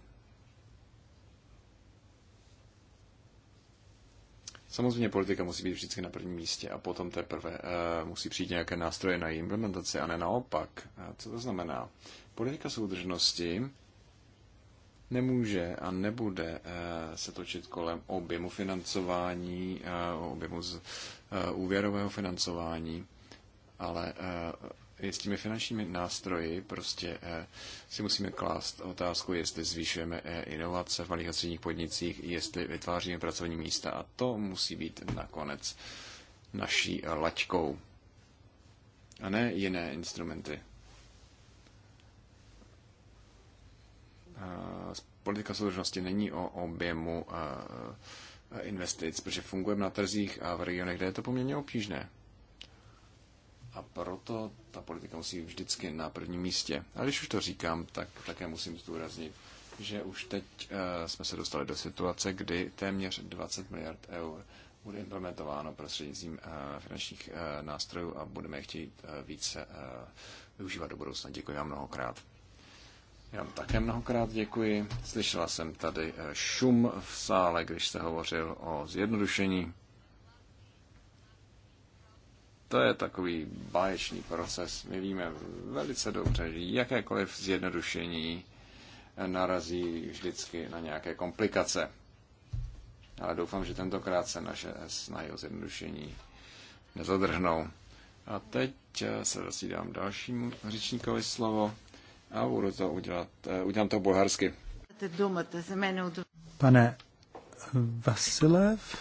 Samozřejmě politika musí být vždycky na prvním místě a potom teprve uh, musí přijít nějaké nástroje na její implementaci a ne naopak. A co to znamená? Politika soudržnosti nemůže a nebude eh, se točit kolem objemu financování, eh, objemu z eh, úvěrového financování, ale i s těmi finančními nástroji prostě si musíme klást otázku, jestli zvýšujeme inovace v malých a středních podnicích, jestli vytváříme pracovní místa a to musí být nakonec naší laťkou a ne jiné instrumenty. Eh, politika soudržnosti není o objemu eh, investic, protože fungujeme na trzích a v regionech, kde je to poměrně obtížné. A proto ta politika musí vždycky na prvním místě. A když už to říkám, tak také musím zdůraznit, že už teď eh, jsme se dostali do situace, kdy téměř 20 miliard eur bude implementováno prostřednictvím finančních nástrojů a budeme je chtít více využívat do budoucna. Děkuji vám mnohokrát. Já vám také mnohokrát děkuji. Slyšela jsem tady eh, šum v sále, když jste hovořil o zjednodušení. To je takový báječný proces. My víme velice dobře, že jakékoliv zjednodušení eh, narazí vždycky na nějaké komplikace. Ale doufám, že tentokrát se naše snahy o zjednodušení nezadrhnou. A teď eh, se zasídám dalšímu řečníkovi slovo. A budu to udělat, eh, udělám to bulharsky. Pane Vasilev,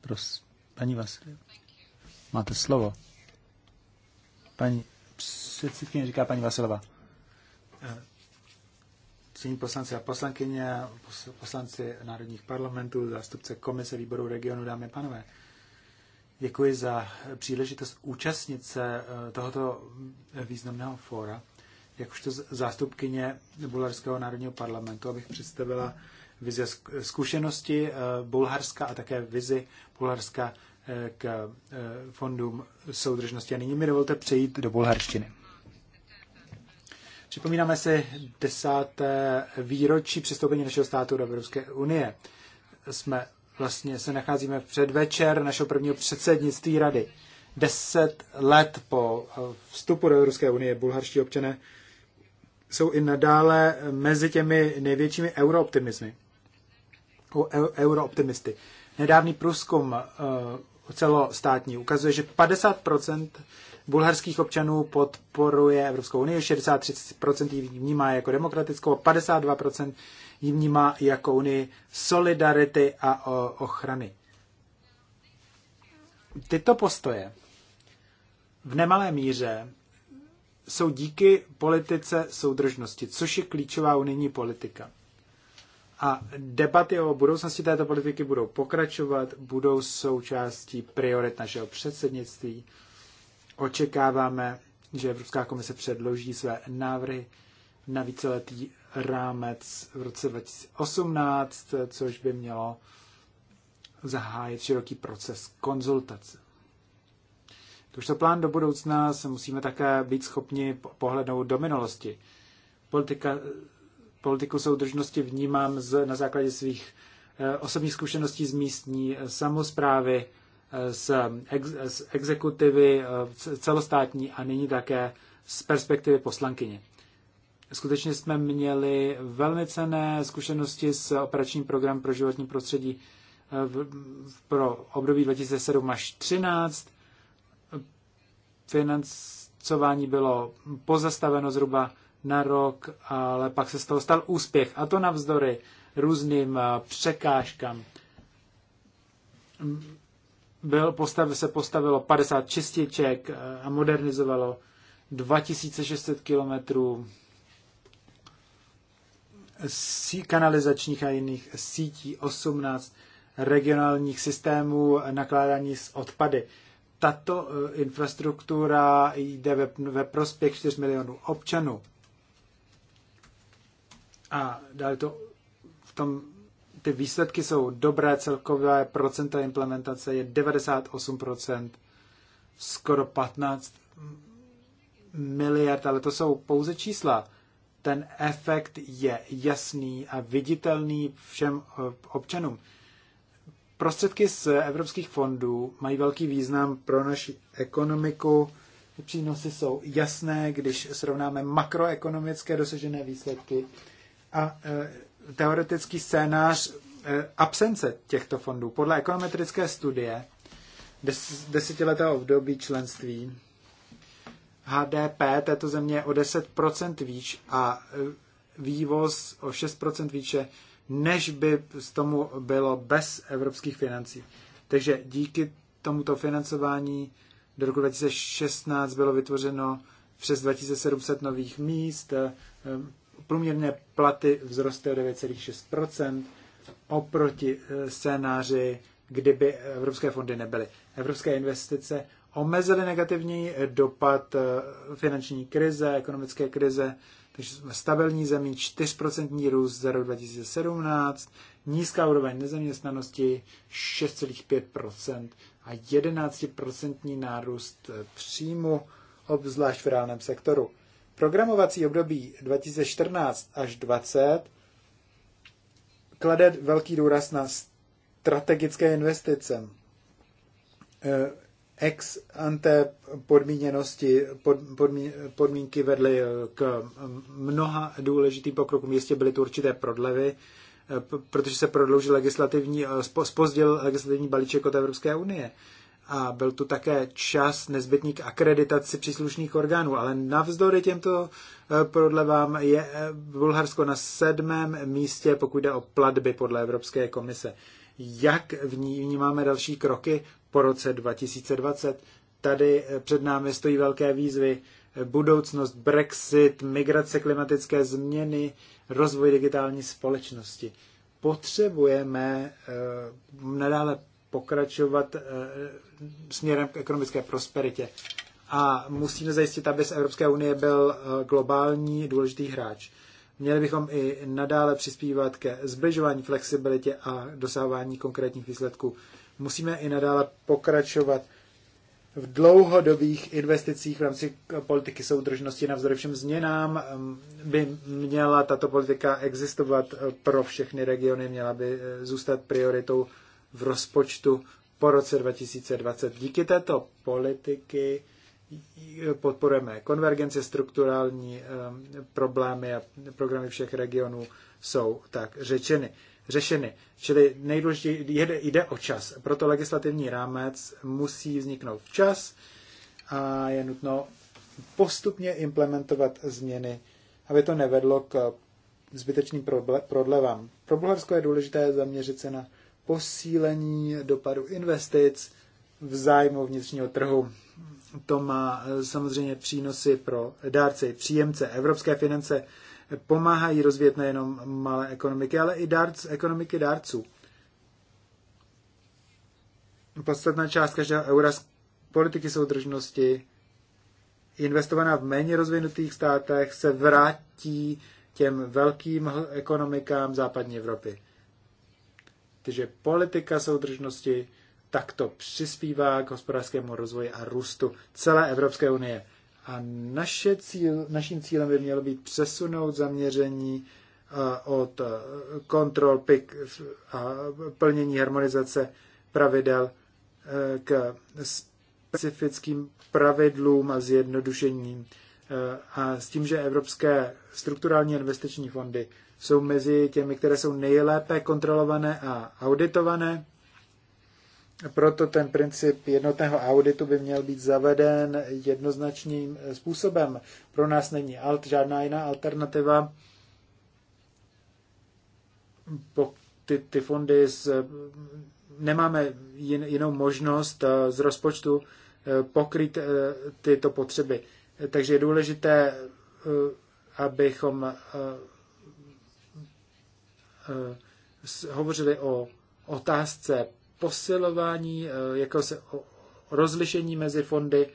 prosím, paní Vasilev, máte slovo. Paní předsedkyně říká paní Vasileva. Cení poslanci a poslankyně, poslanci národních parlamentů, zástupce komise výboru regionu, dámy a pánové. Děkuji za příležitost účastnit se eh, tohoto eh, významného fóra jakožto zástupkyně Bulharského národního parlamentu, abych představila vize zkušenosti eh, Bulharska a také vizi Bulharska eh, k eh, fondům soudržnosti. A nyní mi dovolte přejít do bulharštiny. Připomínáme si desáté výročí přistoupení našeho státu do Evropské unie. Jsme vlastně se nacházíme v předvečer našeho prvního předsednictví rady. Deset let po vstupu do Evropské unie bulharští občané jsou i nadále mezi těmi největšími eurooptimismy. Eurooptimisty. Nedávný průzkum eh, celostátní ukazuje, že 50% bulharských občanů podporuje Evropskou unii, 63% ji vnímá jako demokratickou, 52% ji vnímá jako unii solidarity a ochrany. Tyto postoje v nemalé míře jsou díky politice soudržnosti, což je klíčová unijní politika. A debaty o budoucnosti této politiky budou pokračovat, budou součástí priorit našeho předsednictví. Očekáváme, že Evropská komise předloží své návrhy na víceletý rámec v roce 2018, což by mělo zahájit široký proces konzultace. Když to plán do budoucna se musíme také být schopni pohlednout do minulosti. Politika, politiku soudržnosti vnímám z, na základě svých eh, osobních zkušeností z místní eh, samozprávy, eh, z, ex, z exekutivy celostátní a nyní také z perspektivy poslankyně. Skutečně jsme měli velmi cené zkušenosti s operačním programem pro životní prostředí pro období 2007 až 2013 financování bylo pozastaveno zhruba na rok, ale pak se z toho stal úspěch. A to navzdory různým eh, překážkám. Byl, postav, se postavilo 50 čističek eh, a modernizovalo 2600 kilometrů kanalizačních a jiných sítí, 18 regionálních systémů eh, nakládání s odpady tato eh, infrastruktura jde ve, ve prospěch 4 milionů občanů. A dále to v tom, ty výsledky jsou dobré, celkové procenta implementace je 98%, skoro 15 miliard, ale to jsou pouze čísla. Ten efekt je jasný a viditelný všem eh, občanům. Prostředky z evropských fondů mají velký význam pro naši ekonomiku. Přínosy jsou jasné, když srovnáme makroekonomické dosažené výsledky a e, teoretický scénář e, absence těchto fondů. Podle ekonometrické studie des, desetiletého období členství HDP této země je o 10% výš a e, vývoz o 6% výše než by z tomu bylo bez evropských financí. Takže díky tomuto financování do roku 2016 bylo vytvořeno přes 2700 nových míst, ehm, průměrné platy vzrostly o 9,6% oproti eh, scénáři, kdyby evropské fondy nebyly. Evropské investice omezily negativní dopad eh, finanční krize, ekonomické krize takže jsme stabilní zemí, 4% růst za rok 2017, nízká úroveň nezaměstnanosti 6,5% a 11% nárůst eh, příjmu, obzvlášť v reálném sektoru. Programovací období 2014 až 20 klade velký důraz na strategické investice eh, ex ante podmíněnosti, pod, podmí, podmínky vedly eh, k eh, mnoha důležitým pokrokům. Jistě byly tu určité prodlevy, eh, protože se prodloužil legislativní, spozdil legislativní balíček od Evropské unie. A byl tu také čas nezbytný k akreditaci příslušných orgánů. Ale navzdory těmto prodlevám je Bulharsko na sedmém místě, pokud jde o platby podle Evropské komise jak vnímáme další kroky po roce 2020. Tady eh, před námi stojí velké výzvy budoucnost, Brexit, migrace, klimatické změny, rozvoj digitální společnosti. Potřebujeme eh, nadále pokračovat eh, směrem k ekonomické prosperitě a musíme zajistit, aby z Evropské unie byl globální důležitý hráč. Měli bychom i nadále přispívat ke zbližování flexibilitě a dosávání konkrétních výsledků. Musíme i nadále pokračovat v dlouhodobých investicích v rámci politiky soudržnosti navzdory všem změnám by měla tato politika existovat pro všechny regiony, měla by eh, zůstat prioritou v rozpočtu po roce 2020. Díky této politiky podporujeme konvergenci, strukturální eh, problémy a programy všech regionů jsou tak řečeny. Řešeny. Čili nejdůležitější jde o čas. Proto legislativní rámec musí vzniknout včas a je nutno postupně implementovat změny, aby to nevedlo k zbytečným prodlevám. Pro Bulharsko je důležité zaměřit se na posílení dopadu investic, v zájmu vnitřního trhu. To má eh, samozřejmě přínosy pro dárce i příjemce. Evropské finance pomáhají rozvíjet nejenom malé ekonomiky, ale i dárc, ekonomiky dárců. Podstatná část každého eura z politiky soudržnosti investovaná v méně rozvinutých státech se vrátí těm velkým ekonomikám západní Evropy. Takže politika soudržnosti tak to přispívá k hospodářskému rozvoji a růstu celé Evropské unie. A naše cíl, naším cílem by mělo být přesunout zaměření eh, od eh, kontrol PIK a plnění harmonizace pravidel eh, k specifickým pravidlům a zjednodušením a s tím, že evropské strukturální investiční fondy jsou mezi těmi, které jsou nejlépe kontrolované a auditované, proto ten princip jednotného auditu by měl být zaveden jednoznačným eh, způsobem. Pro nás není alt, žádná jiná alternativa. Po ty, ty fondy z, eh, nemáme jin, jinou možnost eh, z rozpočtu pokryt tyto potřeby. Takže je důležité, abychom hovořili o otázce posilování eh, jako se rozlišení mezi fondy,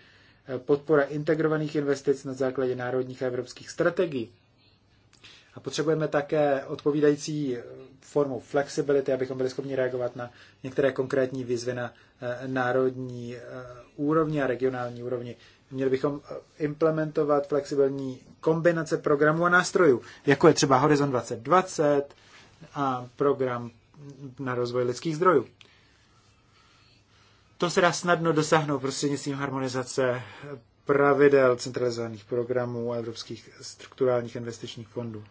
eh, podpora integrovaných investic na základě národních a evropských strategií. A potřebujeme také odpovídající eh, formu flexibility, abychom byli schopni reagovat na některé konkrétní výzvy na národní úrovni a regionální úrovni. Měli bychom implementovat flexibilní kombinace programů a nástrojů, jako je třeba Horizon 2020 a program na rozvoj lidských zdrojů. To se dá snadno dosáhnout prostřednictvím harmonizace pravidel centralizovaných programů a evropských strukturálních investičních fondů.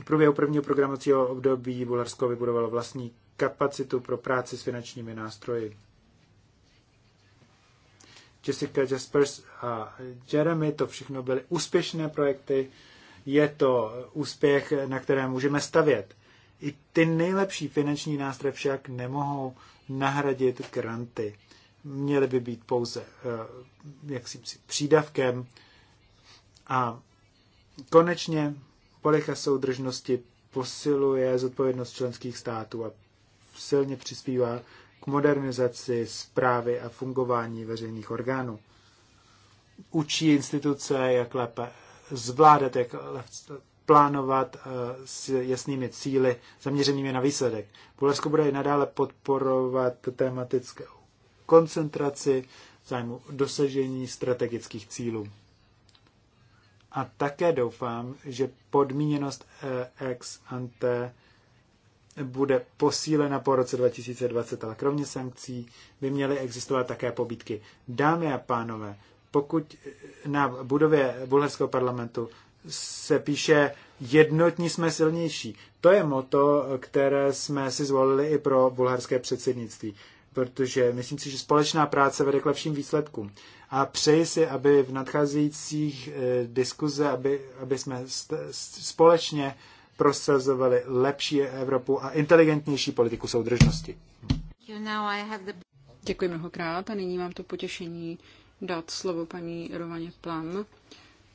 V průběhu prvního programovacího období Bulharsko vybudovalo vlastní kapacitu pro práci s finančními nástroji. Jessica Jaspers a Jeremy, to všechno byly úspěšné projekty. Je to úspěch, na kterém můžeme stavět. I ty nejlepší finanční nástroje však nemohou nahradit granty. Měly by být pouze eh, jaksi přídavkem. A konečně politika soudržnosti posiluje zodpovědnost členských států a silně přispívá k modernizaci zprávy a fungování veřejných orgánů. Učí instituce, jak lépe zvládat, jak plánovat eh, s jasnými cíly zaměřenými na výsledek. Bulharsko bude i nadále podporovat tematickou koncentraci zájmu dosažení strategických cílů. A také doufám, že podmíněnost eh, ex ante bude posílena po roce 2020, ale kromě sankcí by měly existovat také pobídky. Dámy a pánové, pokud na budově bulharského parlamentu se píše jednotní jsme silnější. To je moto, které jsme si zvolili i pro bulharské předsednictví, protože myslím si, že společná práce vede k lepším výsledkům. A přeji si, aby v nadcházejících eh, diskuze, aby, aby jsme společně prosazovali lepší Evropu a inteligentnější politiku soudržnosti. Děkuji mnohokrát a nyní mám to potěšení dát slovo paní Rovaně Plam,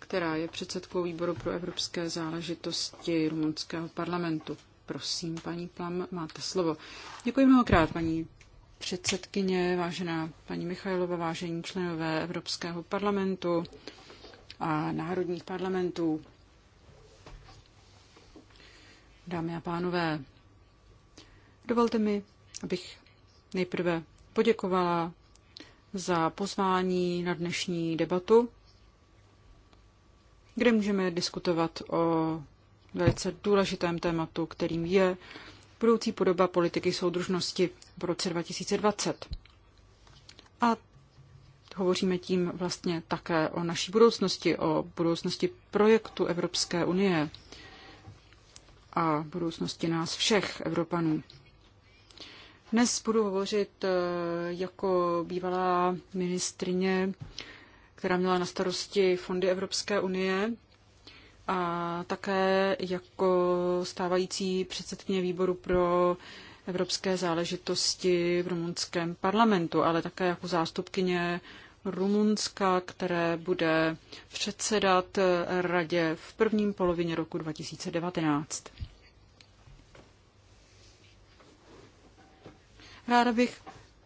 která je předsedkou výboru pro evropské záležitosti rumunského parlamentu. Prosím, paní Plam, máte slovo. Děkuji mnohokrát, paní předsedkyně, vážená paní Michajlova, vážení členové Evropského parlamentu a národních parlamentů. Dámy a pánové, dovolte mi, abych nejprve poděkovala za pozvání na dnešní debatu kde můžeme diskutovat o velice důležitém tématu, kterým je budoucí podoba politiky soudržnosti v roce 2020. A hovoříme tím vlastně také o naší budoucnosti, o budoucnosti projektu Evropské unie a budoucnosti nás všech Evropanů. Dnes budu hovořit eh, jako bývalá ministrině která měla na starosti fondy Evropské unie a také jako stávající předsedkyně výboru pro evropské záležitosti v rumunském parlamentu, ale také jako zástupkyně Rumunska, které bude předsedat radě v prvním polovině roku 2019. Ráda bych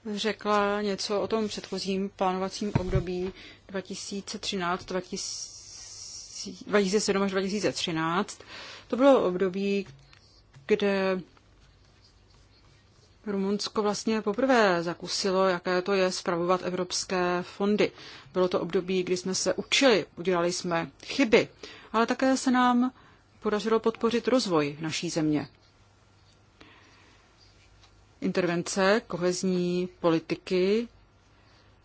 řekla něco o tom předchozím plánovacím období 2013 2007 až 2013. To bylo období, kde Rumunsko vlastně poprvé zakusilo, jaké to je spravovat evropské fondy. Bylo to období, kdy jsme se učili, udělali jsme chyby, ale také se nám podařilo podpořit rozvoj naší země intervence kohezní politiky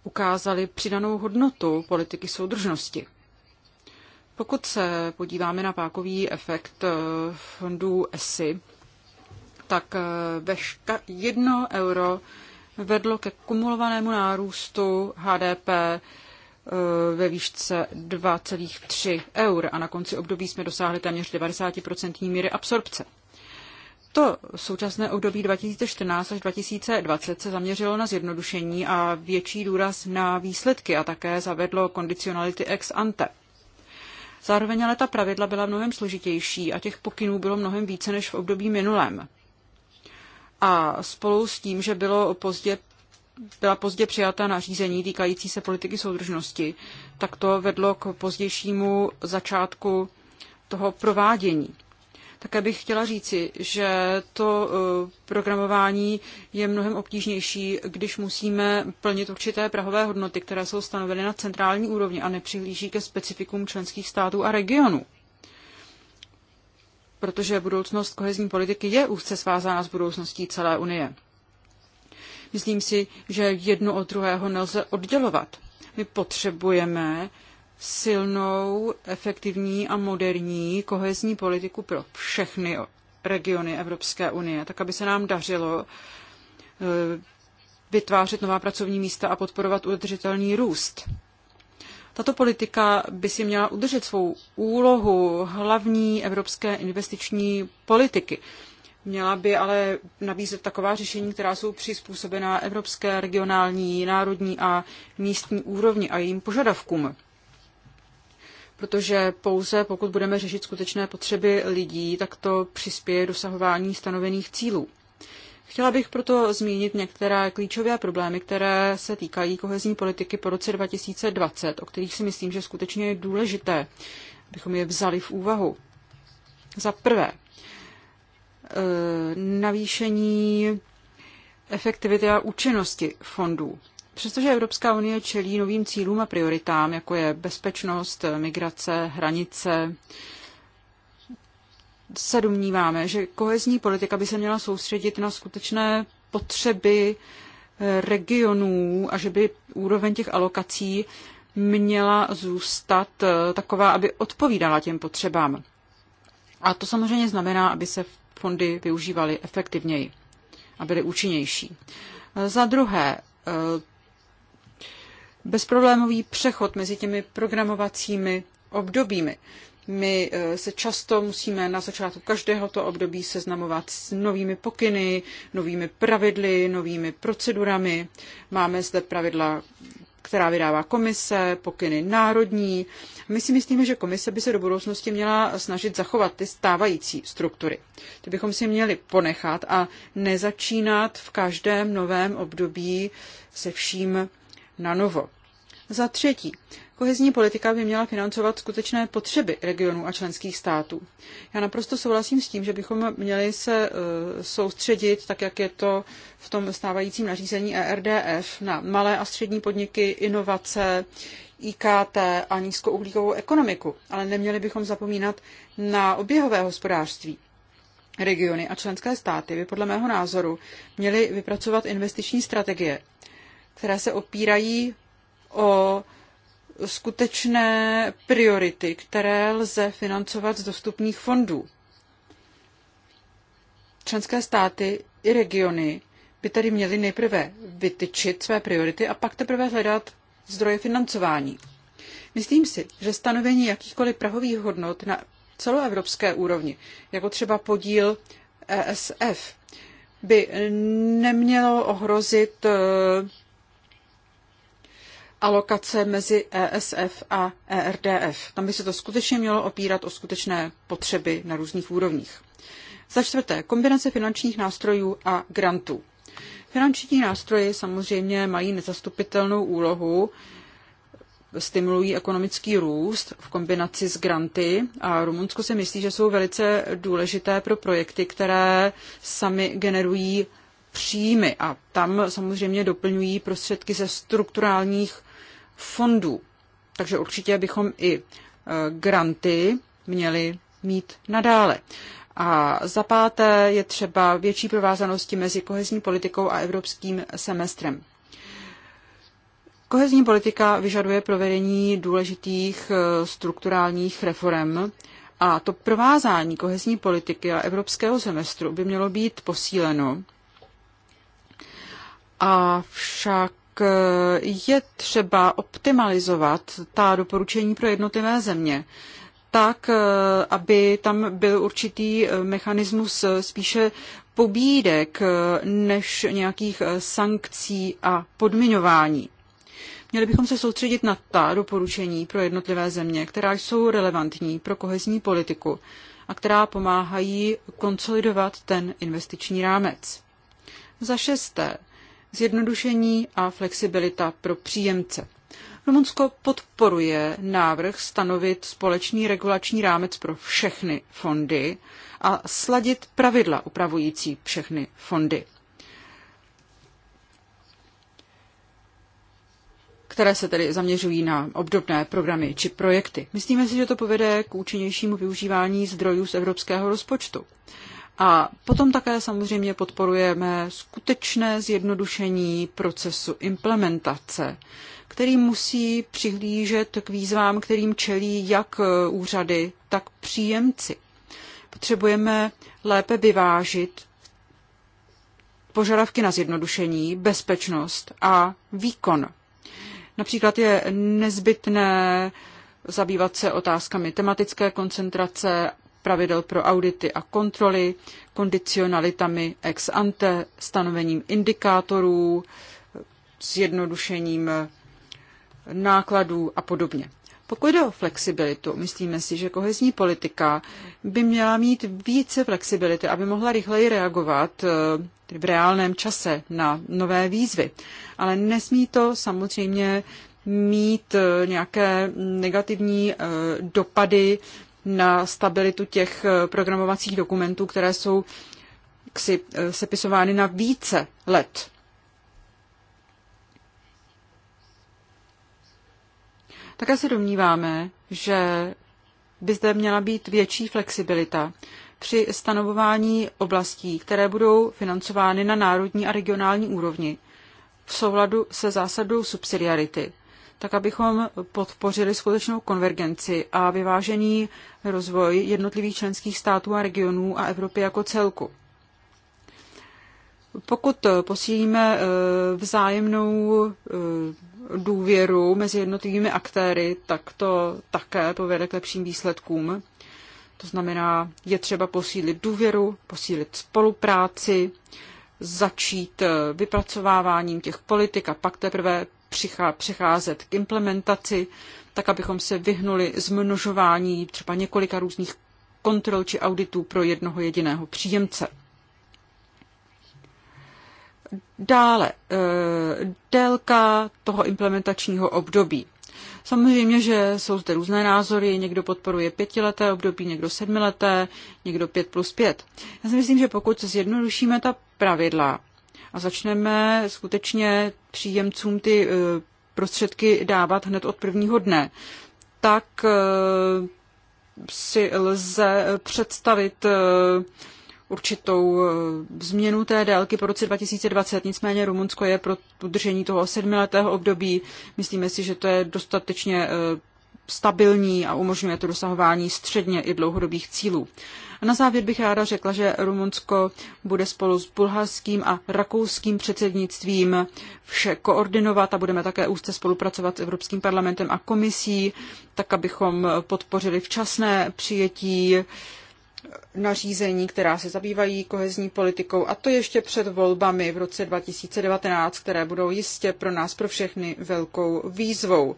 ukázaly přidanou hodnotu politiky soudržnosti. Pokud se podíváme na pákový efekt eh, fondů ESI, tak eh, veška jedno euro vedlo ke kumulovanému nárůstu HDP eh, ve výšce 2,3 eur a na konci období jsme dosáhli téměř 90% míry absorpce. To současné období 2014 až 2020 se zaměřilo na zjednodušení a větší důraz na výsledky a také zavedlo kondicionality ex ante. Zároveň ale ta pravidla byla mnohem složitější a těch pokynů bylo mnohem více než v období minulém. A spolu s tím, že bylo pozdě, byla pozdě přijata nařízení týkající se politiky soudržnosti, tak to vedlo k pozdějšímu začátku toho provádění. Také bych chtěla říci, že to eh, programování je mnohem obtížnější, když musíme plnit určité prahové hodnoty, které jsou stanoveny na centrální úrovni a nepřihlíží ke specifikům členských států a regionů protože budoucnost kohezní politiky je úzce svázána s budoucností celé Unie. Myslím si, že jedno od druhého nelze oddělovat. My potřebujeme silnou, efektivní a moderní kohezní politiku pro všechny regiony Evropské unie, tak aby se nám dařilo eh, vytvářet nová pracovní místa a podporovat udržitelný růst. Tato politika by si měla udržet svou úlohu hlavní evropské investiční politiky. Měla by ale nabízet taková řešení, která jsou přizpůsobená evropské, regionální, národní a místní úrovni a jejím požadavkům protože pouze pokud budeme řešit skutečné potřeby lidí, tak to přispěje dosahování stanovených cílů. Chtěla bych proto zmínit některé klíčové problémy, které se týkají kohezní politiky po roce 2020, o kterých si myslím, že skutečně je důležité, abychom je vzali v úvahu. Za prvé, e, navýšení efektivity a účinnosti fondů. Přestože Evropská unie čelí novým cílům a prioritám, jako je bezpečnost, migrace, hranice, se domníváme, že kohezní politika by se měla soustředit na skutečné potřeby eh, regionů a že by úroveň těch alokací měla zůstat eh, taková, aby odpovídala těm potřebám. A to samozřejmě znamená, aby se fondy využívaly efektivněji a byly účinnější. Eh, za druhé, bezproblémový přechod mezi těmi programovacími obdobími. My eh, se často musíme na začátku každého to období seznamovat s novými pokyny, novými pravidly, novými procedurami. Máme zde pravidla, která vydává komise, pokyny národní. My si myslíme, že komise by se do budoucnosti měla snažit zachovat ty stávající struktury. Ty bychom si měli ponechat a nezačínat v každém novém období se vším na novo. Za třetí, kohezní politika by měla financovat skutečné potřeby regionů a členských států. Já naprosto souhlasím s tím, že bychom měli se e, soustředit, tak jak je to v tom stávajícím nařízení ERDF, na malé a střední podniky, inovace, IKT a nízkouhlíkovou ekonomiku, ale neměli bychom zapomínat na oběhové hospodářství. Regiony a členské státy by podle mého názoru měly vypracovat investiční strategie, které se opírají o skutečné priority, které lze financovat z dostupných fondů. Členské státy i regiony by tedy měly nejprve vytyčit své priority a pak teprve hledat zdroje financování. Myslím si, že stanovení jakýchkoliv prahových hodnot na celoevropské úrovni, jako třeba podíl ESF, by nemělo ohrozit eh, alokace mezi ESF a ERDF. Tam by se to skutečně mělo opírat o skutečné potřeby na různých úrovních. Za čtvrté, kombinace finančních nástrojů a grantů. Finanční nástroje samozřejmě mají nezastupitelnou úlohu, stimulují ekonomický růst v kombinaci s granty a Rumunsko si myslí, že jsou velice důležité pro projekty, které sami generují příjmy a tam samozřejmě doplňují prostředky ze strukturálních fondů. Takže určitě bychom i e, granty měli mít nadále. A za páté je třeba větší provázanosti mezi kohezní politikou a evropským semestrem. Kohezní politika vyžaduje provedení důležitých e, strukturálních reform a to provázání kohezní politiky a evropského semestru by mělo být posíleno. Avšak Eh, je třeba optimalizovat ta doporučení pro jednotlivé země tak, eh, aby tam byl určitý eh, mechanismus spíše pobídek než nějakých sankcí a podmiňování. Měli bychom se soustředit na ta doporučení pro jednotlivé země, která jsou relevantní pro kohezní politiku a která pomáhají konsolidovat ten investiční rámec. Za šesté, zjednodušení a flexibilita pro příjemce. Rumunsko podporuje návrh stanovit společný regulační rámec pro všechny fondy a sladit pravidla upravující všechny fondy, které se tedy zaměřují na obdobné programy či projekty. Myslíme si, že to povede k účinnějšímu využívání zdrojů z evropského rozpočtu. A potom také samozřejmě podporujeme skutečné zjednodušení procesu implementace, který musí přihlížet k výzvám, kterým čelí jak eh, úřady, tak příjemci. Potřebujeme lépe vyvážit požadavky na zjednodušení, bezpečnost a výkon. Například je nezbytné zabývat se otázkami tematické koncentrace, pravidel pro audity a kontroly, kondicionalitami ex ante, stanovením indikátorů, zjednodušením nákladů a podobně. Pokud jde o flexibilitu, myslíme si, že kohezní politika by měla mít více flexibility, aby mohla rychleji reagovat eh, v reálném čase na nové výzvy. Ale nesmí to samozřejmě mít eh, nějaké negativní eh, dopady na stabilitu těch eh, programovacích dokumentů, které jsou ksi, eh, sepisovány na více let. Také se domníváme, že by zde měla být větší flexibilita při stanovování oblastí, které budou financovány na národní a regionální úrovni v souladu se zásadou subsidiarity tak abychom podpořili skutečnou konvergenci a vyvážený rozvoj jednotlivých členských států a regionů a Evropy jako celku. Pokud posílíme eh, vzájemnou eh, důvěru mezi jednotlivými aktéry, tak to také povede k lepším výsledkům. To znamená, je třeba posílit důvěru, posílit spolupráci, začít eh, vypracováváním těch politik a pak teprve přecházet k implementaci, tak abychom se vyhnuli zmnožování třeba několika různých kontrol či auditů pro jednoho jediného příjemce. Dále, e, délka toho implementačního období. Samozřejmě, že jsou zde různé názory, někdo podporuje pětileté období, někdo sedmileté, někdo pět plus pět. Já si myslím, že pokud se zjednodušíme ta pravidla, a začneme skutečně příjemcům ty eh, prostředky dávat hned od prvního dne, tak eh, si lze představit eh, určitou změnu té délky po roce 2020. Nicméně Rumunsko je pro udržení toho sedmiletého období. Myslíme si, že to je dostatečně stabilní a umožňuje to dosahování středně i dlouhodobých cílů. A na závěr bych ráda řekla, že Rumunsko bude spolu s bulharským a rakouským předsednictvím vše koordinovat a budeme také úzce spolupracovat s Evropským parlamentem a komisí, tak abychom podpořili včasné přijetí nařízení, která se zabývají kohezní politikou, a to ještě před volbami v roce 2019, které budou jistě pro nás, pro všechny, velkou výzvou.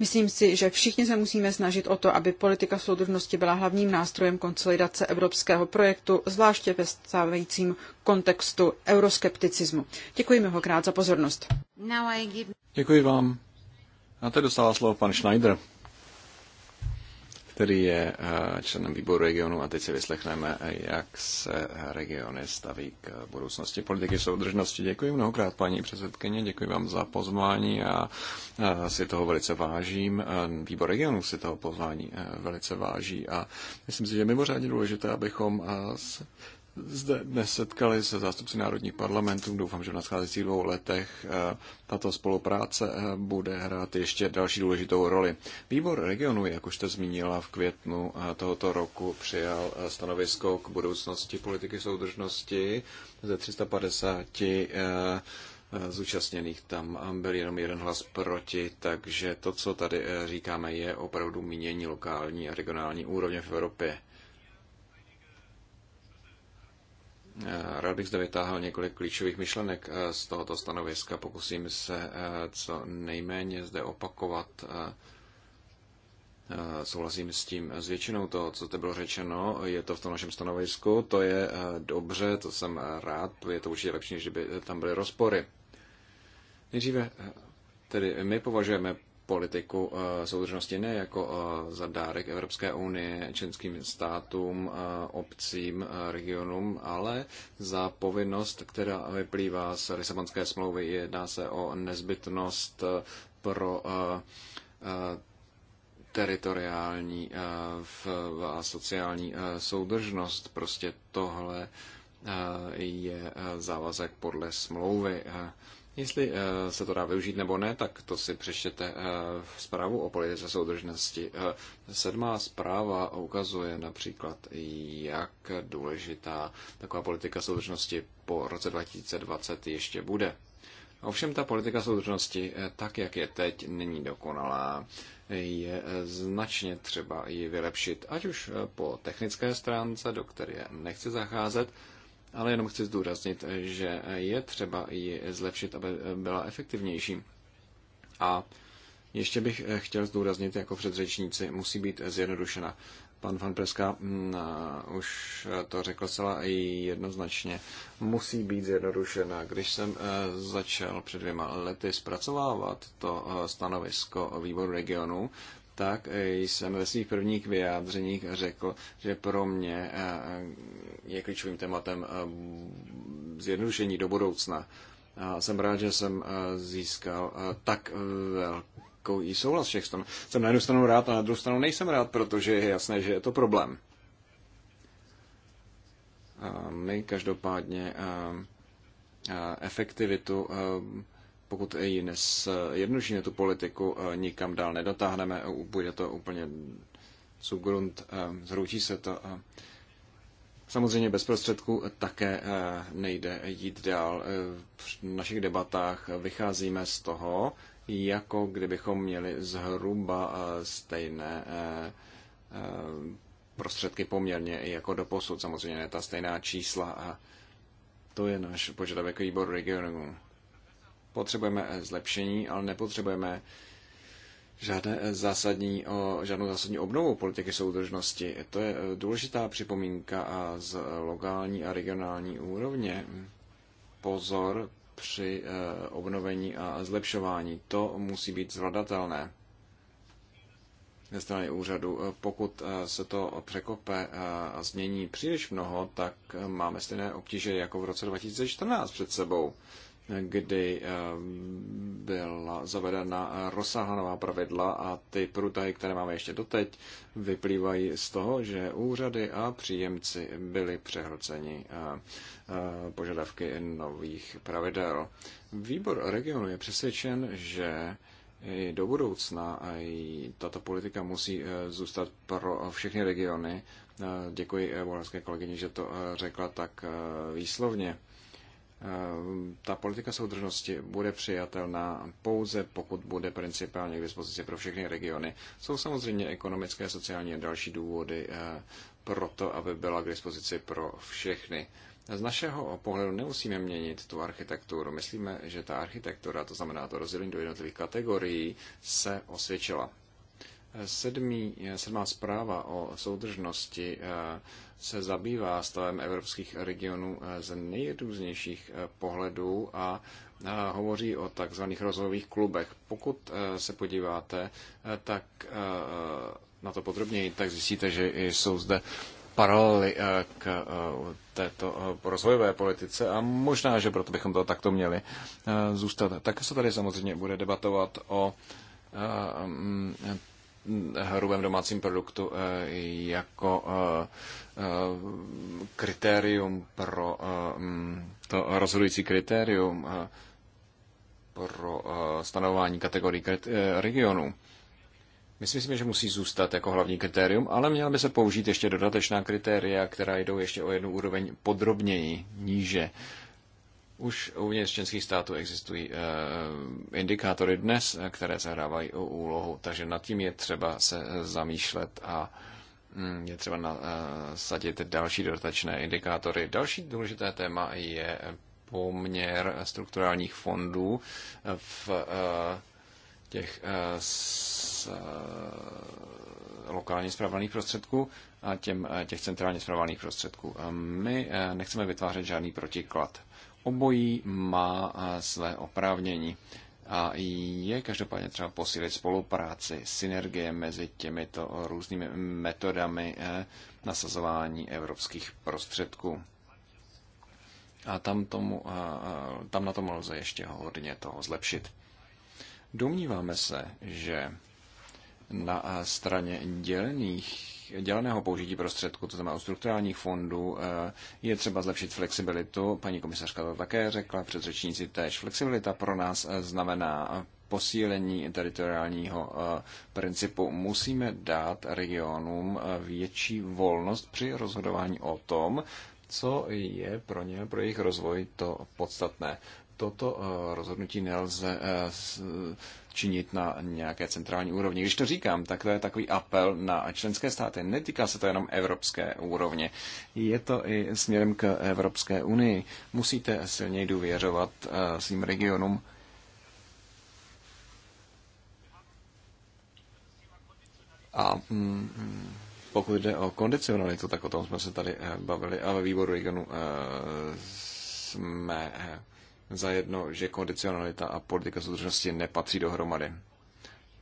Myslím si, že všichni se musíme snažit o to, aby politika soudržnosti byla hlavním nástrojem konsolidace evropského projektu, zvláště ve stávajícím kontextu euroskepticismu. Děkuji mnohokrát za pozornost. Děkuji vám. A teď dostává slovo pan Schneider který je eh, členem výboru regionu a teď si vyslechneme, jak se regiony staví k budoucnosti politiky soudržnosti. Děkuji mnohokrát, paní předsedkyně, děkuji vám za pozvání a eh, si toho velice vážím. Eh, výbor regionu si toho pozvání velice váží a myslím si, že je mimořádně důležité, abychom zde dnes setkali se zástupci národních parlamentů. Doufám, že v nadcházejících dvou letech eh, tato spolupráce eh, bude hrát ještě další důležitou roli. Výbor regionu, jak už jste zmínila, v květnu eh, tohoto roku přijal stanovisko k budoucnosti politiky soudržnosti ze 350 zúčastněných tam byl jenom jeden hlas proti, takže to, co tady říkáme, je opravdu mínění lokální a regionální úrovně v Evropě. Eh, rád bych zde vytáhl několik klíčových myšlenek eh, z tohoto stanoviska. Pokusím se eh, co nejméně zde opakovat. Souhlasím s tím s většinou toho, co zde bylo řečeno. Je to v tom našem stanovisku, to je dobře, to jsem rád, je to určitě lepší, než by tam byly rozpory. Nejdříve Tedy my považujeme politiku eh, soudržnosti ne jako eh, za dárek Evropské unie, členským státům, eh, obcím, regionům, ale za povinnost, která vyplývá z Lisabonské smlouvy. Jedná se o nezbytnost pro teritoriální a sociální soudržnost. Prostě tohle je závazek podle smlouvy. Jestli eh, se to dá využít nebo ne, tak to si přečtěte eh, v zprávu o politice soudržnosti. Eh, sedmá zpráva ukazuje například, jak důležitá taková politika soudržnosti po roce 2020 ještě bude. Ovšem ta politika soudržnosti, tak jak je teď, není dokonalá. Je značně třeba ji vylepšit, ať už po technické stránce, do které nechci zacházet, ale jenom chci zdůraznit, že je třeba ji zlepšit, aby byla efektivnější. A ještě bych chtěl zdůraznit, jako předřečníci, musí být zjednodušena. Pan Van Preska mm, už to řekl celá i jednoznačně. Musí být zjednodušena. Když jsem eh, začal před dvěma lety zpracovávat to eh, stanovisko výboru regionu, tak e, jsem ve svých prvních vyjádřeních řekl, že pro mě e, je klíčovým tématem e, zjednodušení do budoucna. A jsem rád, že jsem získal tak velkou i souhlas všech stran. Jsem na jednu stranu rád a na druhou stranu nejsem rád, protože je jasné, že je to problém. A my každopádně efektivitu pokud ji eh, jednodušíme tu politiku, eh, nikam dál nedotáhneme, eh, bude to úplně subgrunt, zhroutí se to. Samozřejmě bez prostředků také nejde jít dál. V našich debatách vycházíme z toho, jako kdybychom měli zhruba stejné prostředky poměrně i jako do posud. Samozřejmě ne ta stejná čísla a to je náš požadavek výboru regionu potřebujeme eh, zlepšení, ale nepotřebujeme žádné eh, zásadní, žádnou zásadní obnovu politiky soudržnosti. To je eh, důležitá připomínka a z lokální a regionální úrovně. Pozor při obnovení a zlepšování. To musí být zvladatelné ze strany úřadu. Pokud se to překope a změní příliš mnoho, tak máme stejné obtíže jako v roce 2014 před sebou kdy eh, byla zavedena rozsáhlá nová pravidla a ty průtahy, které máme ještě doteď, vyplývají z toho, že úřady a příjemci byli přehlceni eh, eh, požadavky nových pravidel. Výbor regionu je přesvědčen, že i do budoucna i tato politika musí zůstat pro všechny regiony. Děkuji bulharské kolegyni, že to řekla tak výslovně Eh, ta politika soudržnosti bude přijatelná pouze pokud bude principálně k dispozici pro všechny regiony. Jsou samozřejmě ekonomické, sociální a další důvody eh, pro to, aby byla k dispozici pro všechny. Z našeho pohledu nemusíme měnit tu architekturu. Myslíme, že ta architektura, to znamená to rozdělení do jednotlivých kategorií, se osvědčila sedmá zpráva o soudržnosti eh, se zabývá stavem evropských regionů eh, z nejrůznějších eh, pohledů a hovoří o takzvaných rozvojových klubech. Pokud se podíváte, tak na to podrobněji, tak zjistíte, že jsou zde paralely k této rozvojové politice a možná, že proto bychom to takto měli zůstat. Také se tady samozřejmě bude debatovat o hrubém domácím produktu eh, jako eh, eh, kritérium pro mm, to rozhodující kritérium pro stanovování kategorií regionů. My si myslíme, že musí zůstat jako hlavní kritérium, ale měla by se použít ještě dodatečná kritéria, která jdou ještě o jednu úroveň podrobněji, níže. Už uvnitř českých států existují eh, eh, indikátory dnes, eh, které zahrávají o úlohu, takže nad tím je třeba se zamýšlet a mm, je třeba nasadit další dotačné indikátory. Další důležité téma je poměr strukturálních fondů v těch z lokálně zpravovaných prostředků a těm, těch centrálně zpravovaných prostředků. My nechceme vytvářet žádný protiklad obojí má eh, své oprávnění. A je každopádně třeba posílit spolupráci, synergie mezi těmito různými metodami eh, nasazování evropských prostředků. A tam, tomu, eh, tam na tom lze ještě hodně toho zlepšit. Domníváme se, že na eh, straně dělených děleného použití prostředků, to znamená u strukturálních fondů, eh, je třeba zlepšit flexibilitu. Paní komisařka to také řekla, předřečníci též. Flexibilita pro nás eh, znamená posílení teritoriálního principu. Musíme dát regionům větší volnost při rozhodování o tom, co je pro ně, pro jejich rozvoj to podstatné toto eh, rozhodnutí nelze eh, činit na nějaké centrální úrovni. Když to říkám, tak to je takový apel na členské státy. Netýká se to jenom evropské úrovně. Je to i směrem k Evropské unii. Musíte silněji důvěřovat eh, svým regionům. A mm, pokud jde o kondicionalitu, tak o tom jsme se tady bavili a ve výboru regionu jsme za jedno, že kondicionalita a politika soudržnosti nepatří dohromady.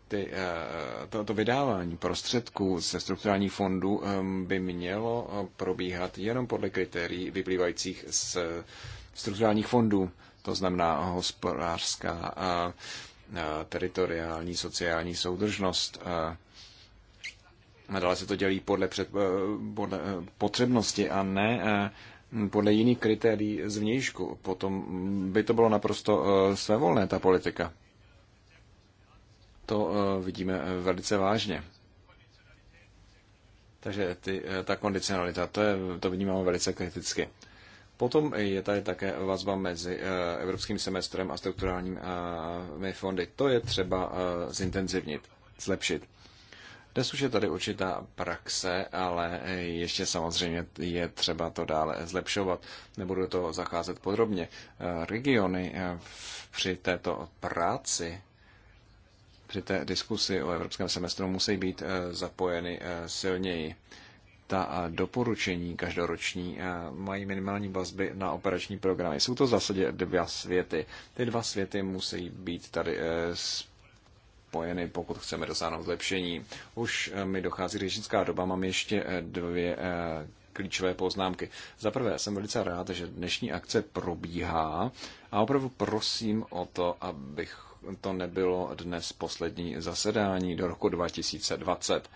Ty, eh, to, to vydávání prostředků ze strukturálních fondů ehm, by mělo eh, probíhat jenom podle kritérií vyplývajících z eh, strukturálních fondů, to znamená hospodářská, teritoriální, sociální soudržnost, a dále se to dělí podle, před, podle potřebnosti a ne podle jiných kritérií zvnějšku. Potom by to bylo naprosto eh, svévolné, ta politika. To eh, vidíme eh, velice vážně. Takže ty, ta kondicionalita, to, je, to vnímáme velice kriticky. Potom je tady také vazba mezi evropským semestrem a strukturálními fondy. To je třeba zintenzivnit, zlepšit. Dnes už je tady určitá praxe, ale ještě samozřejmě je třeba to dále zlepšovat. Nebudu to zacházet podrobně. Regiony eh, při této práci při té diskusi o evropském semestru musí být eh, zapojeny eh, silněji. Ta doporučení každoroční mají minimální vazby na operační programy. Jsou to v zásadě dva světy. Ty dva světy musí být tady spojeny spojeny, pokud chceme dosáhnout zlepšení. Už eh, mi dochází řečnická doba, mám ještě eh, dvě eh, klíčové poznámky. Za prvé, jsem velice rád, že dnešní akce probíhá a opravdu prosím o to, abych to nebylo dnes poslední zasedání do roku 2020.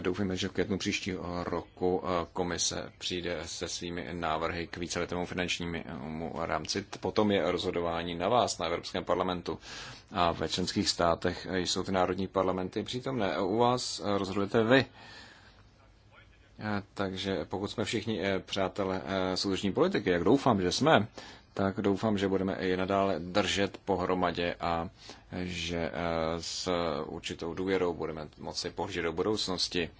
Doufíme, že v květnu příštího roku eh, komise přijde se svými návrhy k víceletému finančnímu rámci. Potom je rozhodování na vás, na Evropském parlamentu. A ve členských státech jsou ty národní parlamenty přítomné. Eh, U vás eh, rozhodujete vy. Takže pokud jsme všichni přátelé soudržní politiky, jak doufám, že jsme, tak doufám, že budeme i nadále držet pohromadě a že eh, s určitou důvěrou budeme moci pohlížet do budoucnosti.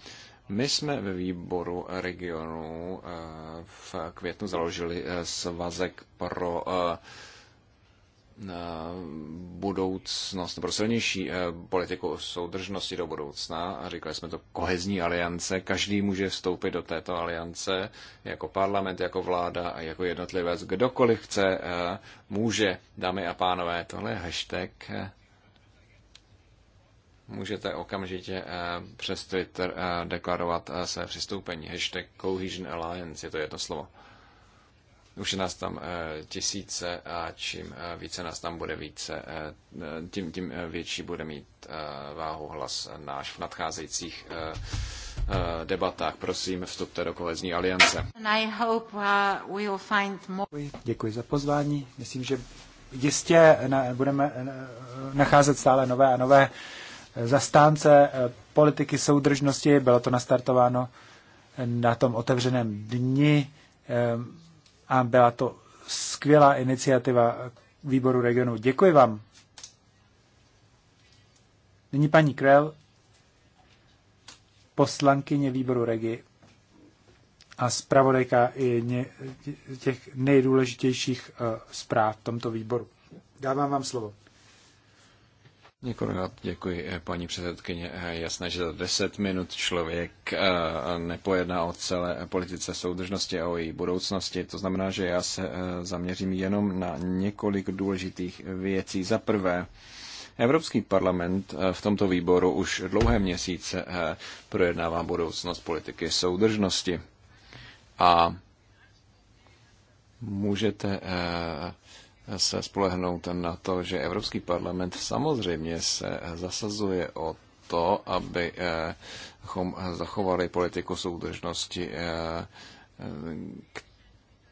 My jsme ve výboru regionu eh, v květnu založili eh, svazek pro Eh, budoucnost, pro silnější eh, politiku soudržnosti do budoucna, a říkali jsme to kohezní aliance, každý může vstoupit do této aliance jako parlament, jako vláda a jako jednotlivec, kdokoliv chce, eh, může, dámy a pánové, tohle je hashtag, můžete okamžitě přes Twitter deklarovat své přistoupení, hashtag Cohesion Alliance, je to jedno slovo už je nás tam eh, tisíce a čím eh, více nás tam bude více, eh, tím, tím větší bude mít váhu hlas náš v nadcházejících debatách. Prosím, vstupte do kolezní aliance. Uh, děkuji za pozvání. Myslím, že jistě budeme nacházet stále nové a nové zastánce politiky soudržnosti. Bylo to nastartováno na tom otevřeném dni a byla to skvělá iniciativa výboru regionu. Děkuji vám. Nyní paní Krell, poslankyně výboru Regi a zpravodajka i těch nejdůležitějších eh, zpráv v tomto výboru. Dávám vám slovo. Několikrát děkuji, eh, paní předsedkyně. Eh, jasné, že za deset minut člověk eh, nepojedná o celé politice soudržnosti a o její budoucnosti. To znamená, že já se zaměřím jenom na několik důležitých věcí. Za prvé, Evropský parlament v tomto výboru už dlouhé měsíce projednává budoucnost politiky soudržnosti. A můžete se spolehnout na to, že Evropský parlament samozřejmě se zasazuje o to, abychom zachovali politiku soudržnosti, eh,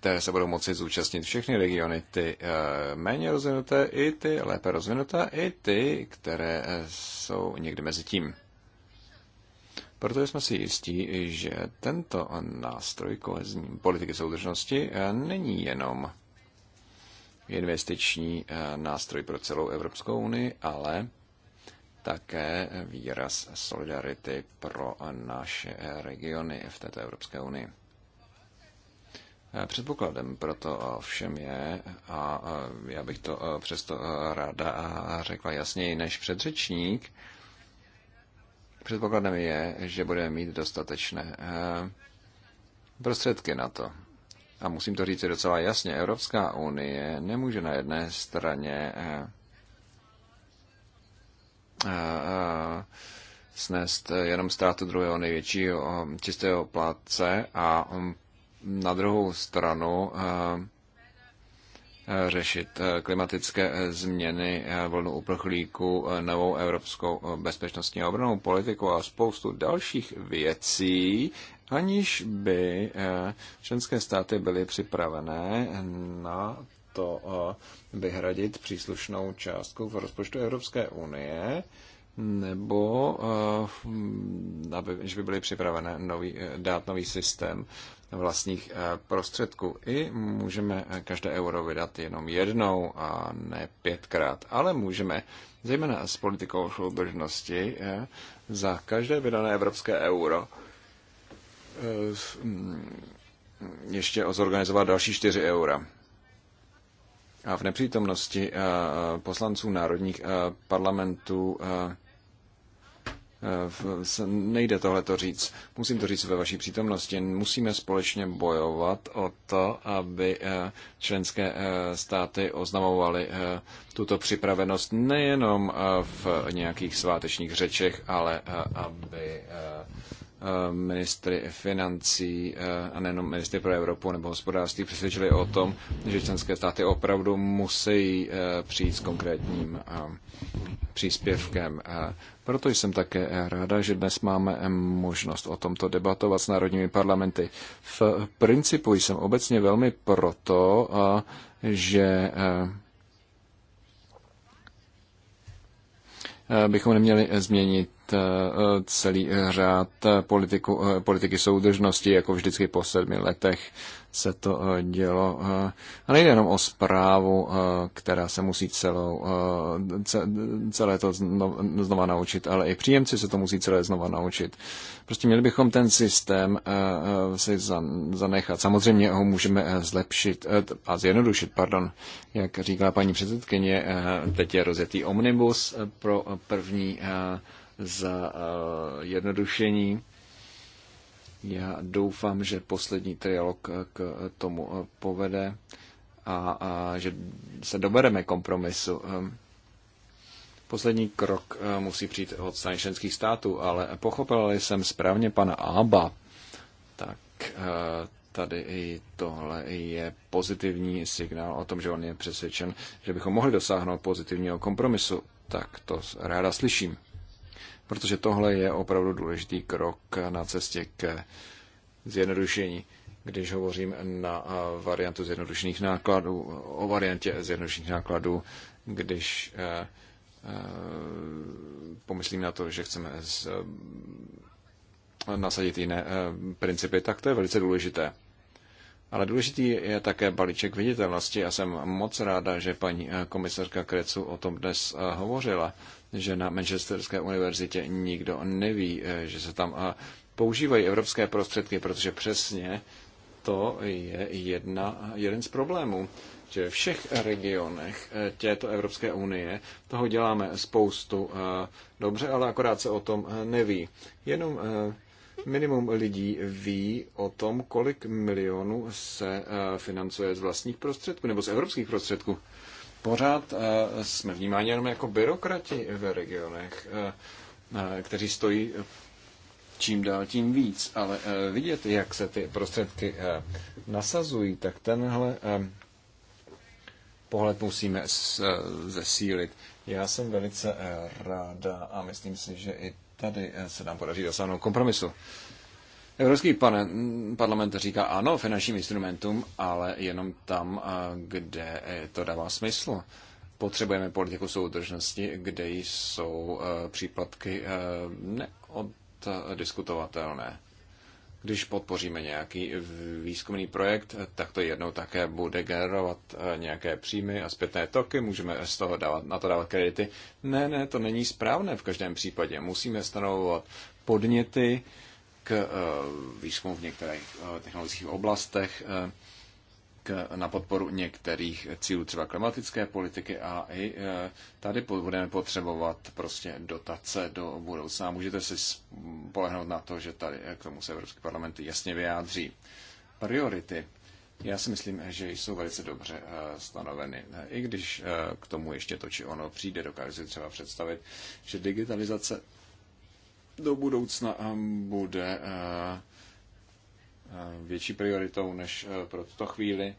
které se budou moci zúčastnit všechny regiony, ty eh, méně rozvinuté i ty lépe rozvinuté, i ty, které eh, jsou někde mezi tím. Proto jsme si jistí, že tento nástroj kohezní politiky soudržnosti není jenom investiční eh, nástroj pro celou Evropskou unii, ale také výraz solidarity pro naše eh, regiony v této Evropské unii. Eh, předpokladem pro to, všem je, a já bych to přesto ráda řekla jasněji než předřečník, předpokladem je, že budeme mít dostatečné prostředky na to a musím to říct docela jasně, Evropská unie nemůže na jedné straně eh, eh, snést jenom ztrátu druhého největšího eh, čistého plátce a mm, na druhou stranu řešit klimatické změny, vlnu uprchlíků, novou evropskou bezpečnostní a obranou politiku a spoustu dalších věcí, aniž by eh, členské státy byly připravené na to eh, vyhradit příslušnou částku v rozpočtu Evropské unie, nebo eh, aby, že by byly připravené nový, dát nový systém vlastních prostředků. I můžeme každé euro vydat jenom jednou a ne pětkrát, ale můžeme zejména s politikou soudržnosti za každé vydané evropské euro Eh, mm, ještě zorganizovat další 4 eura. A v nepřítomnosti eh, poslanců národních eh, parlamentů nejde tohle to říct. Musím to říct ve vaší přítomnosti. Musíme společně bojovat o to, aby členské státy oznamovaly tuto připravenost nejenom v nějakých svátečních řečech, ale aby Eh, ministry financí eh, a nejenom ministry pro Evropu nebo hospodářství přesvědčili o tom, že členské státy opravdu musí eh, přijít s konkrétním příspěvkem. Proto jsem také ráda, že dnes máme možnost o tomto debatovat s národními parlamenty. V principu jsem obecně velmi proto, že bychom neměli změnit Eh, celý řád eh, politiku, eh, politiky soudržnosti, jako vždycky po sedmi letech se to dělo. A nejde jenom o zprávu, která se musí celou, celé to znova naučit, ale i příjemci se to musí celé znova naučit. Prostě měli bychom ten systém si zanechat. Samozřejmě ho můžeme zlepšit a zjednodušit, pardon. Jak říkala paní předsedkyně, teď je rozjetý omnibus pro první za eh, jednodušení. Já doufám, že poslední trialog eh, k eh, tomu povede a, a že se dobereme kompromisu. Ehm, poslední krok musí přijít od strany členských států, ale pochopil jsem správně pana Aba, tak tady i tohle je pozitivní signál o tom, že on je přesvědčen, že bychom mohli dosáhnout pozitivního kompromisu. Tak to ráda slyším protože tohle je opravdu důležitý krok na cestě k zjednodušení. Když hovořím na variantu zjednodušených nákladů, o variantě zjednodušených nákladů, když e, e, pomyslím na to, že chceme z, nasadit jiné e, principy, tak to je velice důležité. Ale důležitý je také balíček viditelnosti. Já jsem moc ráda, že paní komisařka Krecu o tom dnes hovořila že na Manchesterské univerzitě nikdo neví, eh, že se tam eh, používají evropské prostředky, protože přesně to je jedna, jeden z problémů že ve všech regionech eh, této Evropské unie toho děláme spoustu dobře, ale akorát se o tom neví. Jenom minimum lidí ví o tom, kolik milionů se financuje z vlastních prostředků nebo z evropských prostředků pořád jsme vnímáni jenom jako byrokrati v regionech, kteří stojí čím dál tím víc, ale e, vidět, jak se ty prostředky e, nasazují, tak tenhle e, pohled musíme zesílit. Já jsem velice ráda a myslím si, že i tady se nám podaří dosáhnout kompromisu. Evropský parlament říká ano finančním instrumentům, ale jenom tam, kde e, to dává smysl. Potřebujeme politiku soudržnosti, kde jsou e, příplatky e, neoddiskutovatelné. Když podpoříme nějaký výzkumný projekt, tak to jednou také bude generovat nějaké příjmy a zpětné toky, můžeme z toho dávat, na to dávat kredity. Ne, ne, to není správné v každém případě. Musíme stanovovat podněty, k eh, výzkumu v některých eh, technologických oblastech, eh, k, na podporu některých cílů, třeba klimatické politiky a i tady budeme potřebovat prostě dotace do budoucna. Můžete si spolehnout na to, že tady k tomu se Evropský parlament jasně vyjádří. Priority. Já si myslím, že jsou velice dobře stanoveny. I když k tomu ještě to či ono přijde, dokážu si třeba představit, že digitalizace do budoucna eh, bude eh, eh, větší prioritou než pro tuto chvíli.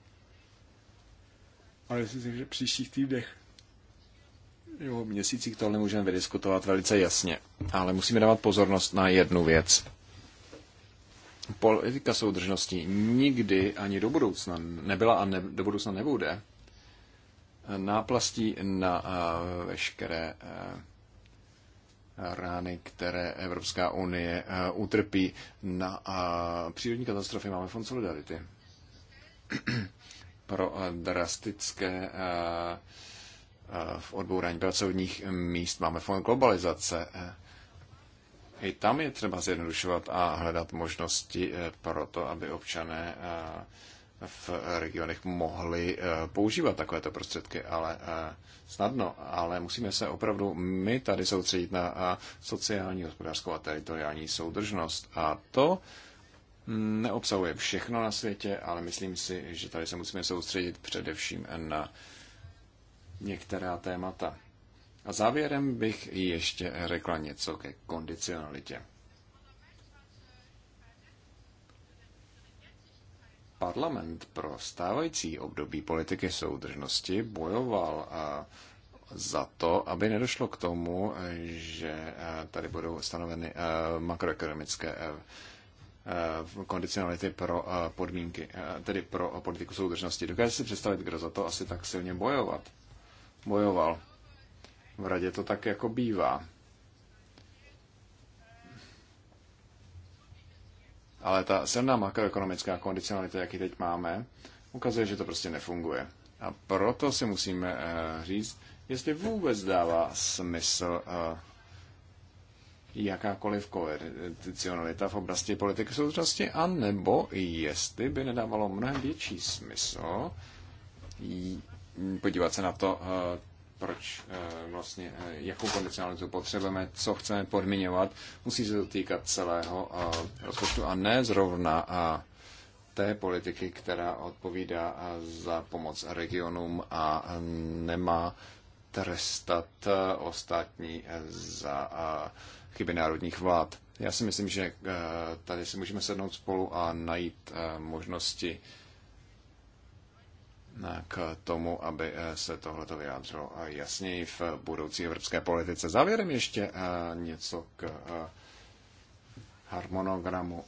Ale myslím, že příštích týdnech jo, měsících tohle můžeme vydiskutovat velice jasně. Ale musíme dávat pozornost na jednu věc. Politika soudržnosti nikdy ani do budoucna nebyla a ne, do budoucna nebude náplastí na veškeré rány, které Evropská unie eh, utrpí na eh, přírodní katastrofy, máme Fond Solidarity. [CLEARS THROAT] Pro eh, drastické v odbourání pracovních míst máme Fond Globalizace. I tam je třeba zjednodušovat a hledat možnosti pro to, aby občané v regionech mohli eh, používat takovéto prostředky, ale eh, snadno. Ale musíme se opravdu my tady soustředit na eh, sociální, hospodářskou a teritoriální soudržnost. A to mm, neobsahuje všechno na světě, ale myslím si, že tady se musíme soustředit především na některá témata. A závěrem bych ještě řekla něco ke kondicionalitě. parlament pro stávající období politiky soudržnosti bojoval a za to, aby nedošlo k tomu, že tady budou stanoveny makroekonomické kondicionality pro podmínky, tedy pro politiku soudržnosti. Dokáže si představit, kdo za to asi tak silně bojovat? Bojoval. V radě to tak jako bývá. Ale ta silná makroekonomická kondicionalita, jaký teď máme, ukazuje, že to prostě nefunguje. A proto si musíme eh, říct, jestli vůbec dává smysl eh, jakákoliv koalicionalita v oblasti politiky současnosti, anebo jestli by nedávalo mnohem větší smysl podívat se na to eh, proč eh, vlastně, eh, jakou kondicionalitu potřebujeme, co chceme podmiňovat, musí se to týkat celého eh, rozpočtu a ne zrovna a té politiky, která odpovídá za pomoc regionům a nemá trestat ostatní za chyby národních vlád. Já si myslím, že tady si můžeme sednout spolu a najít možnosti, k tomu, aby eh, se tohleto vyjádřilo jasněji v budoucí evropské politice. Závěrem ještě eh, něco k eh, harmonogramu.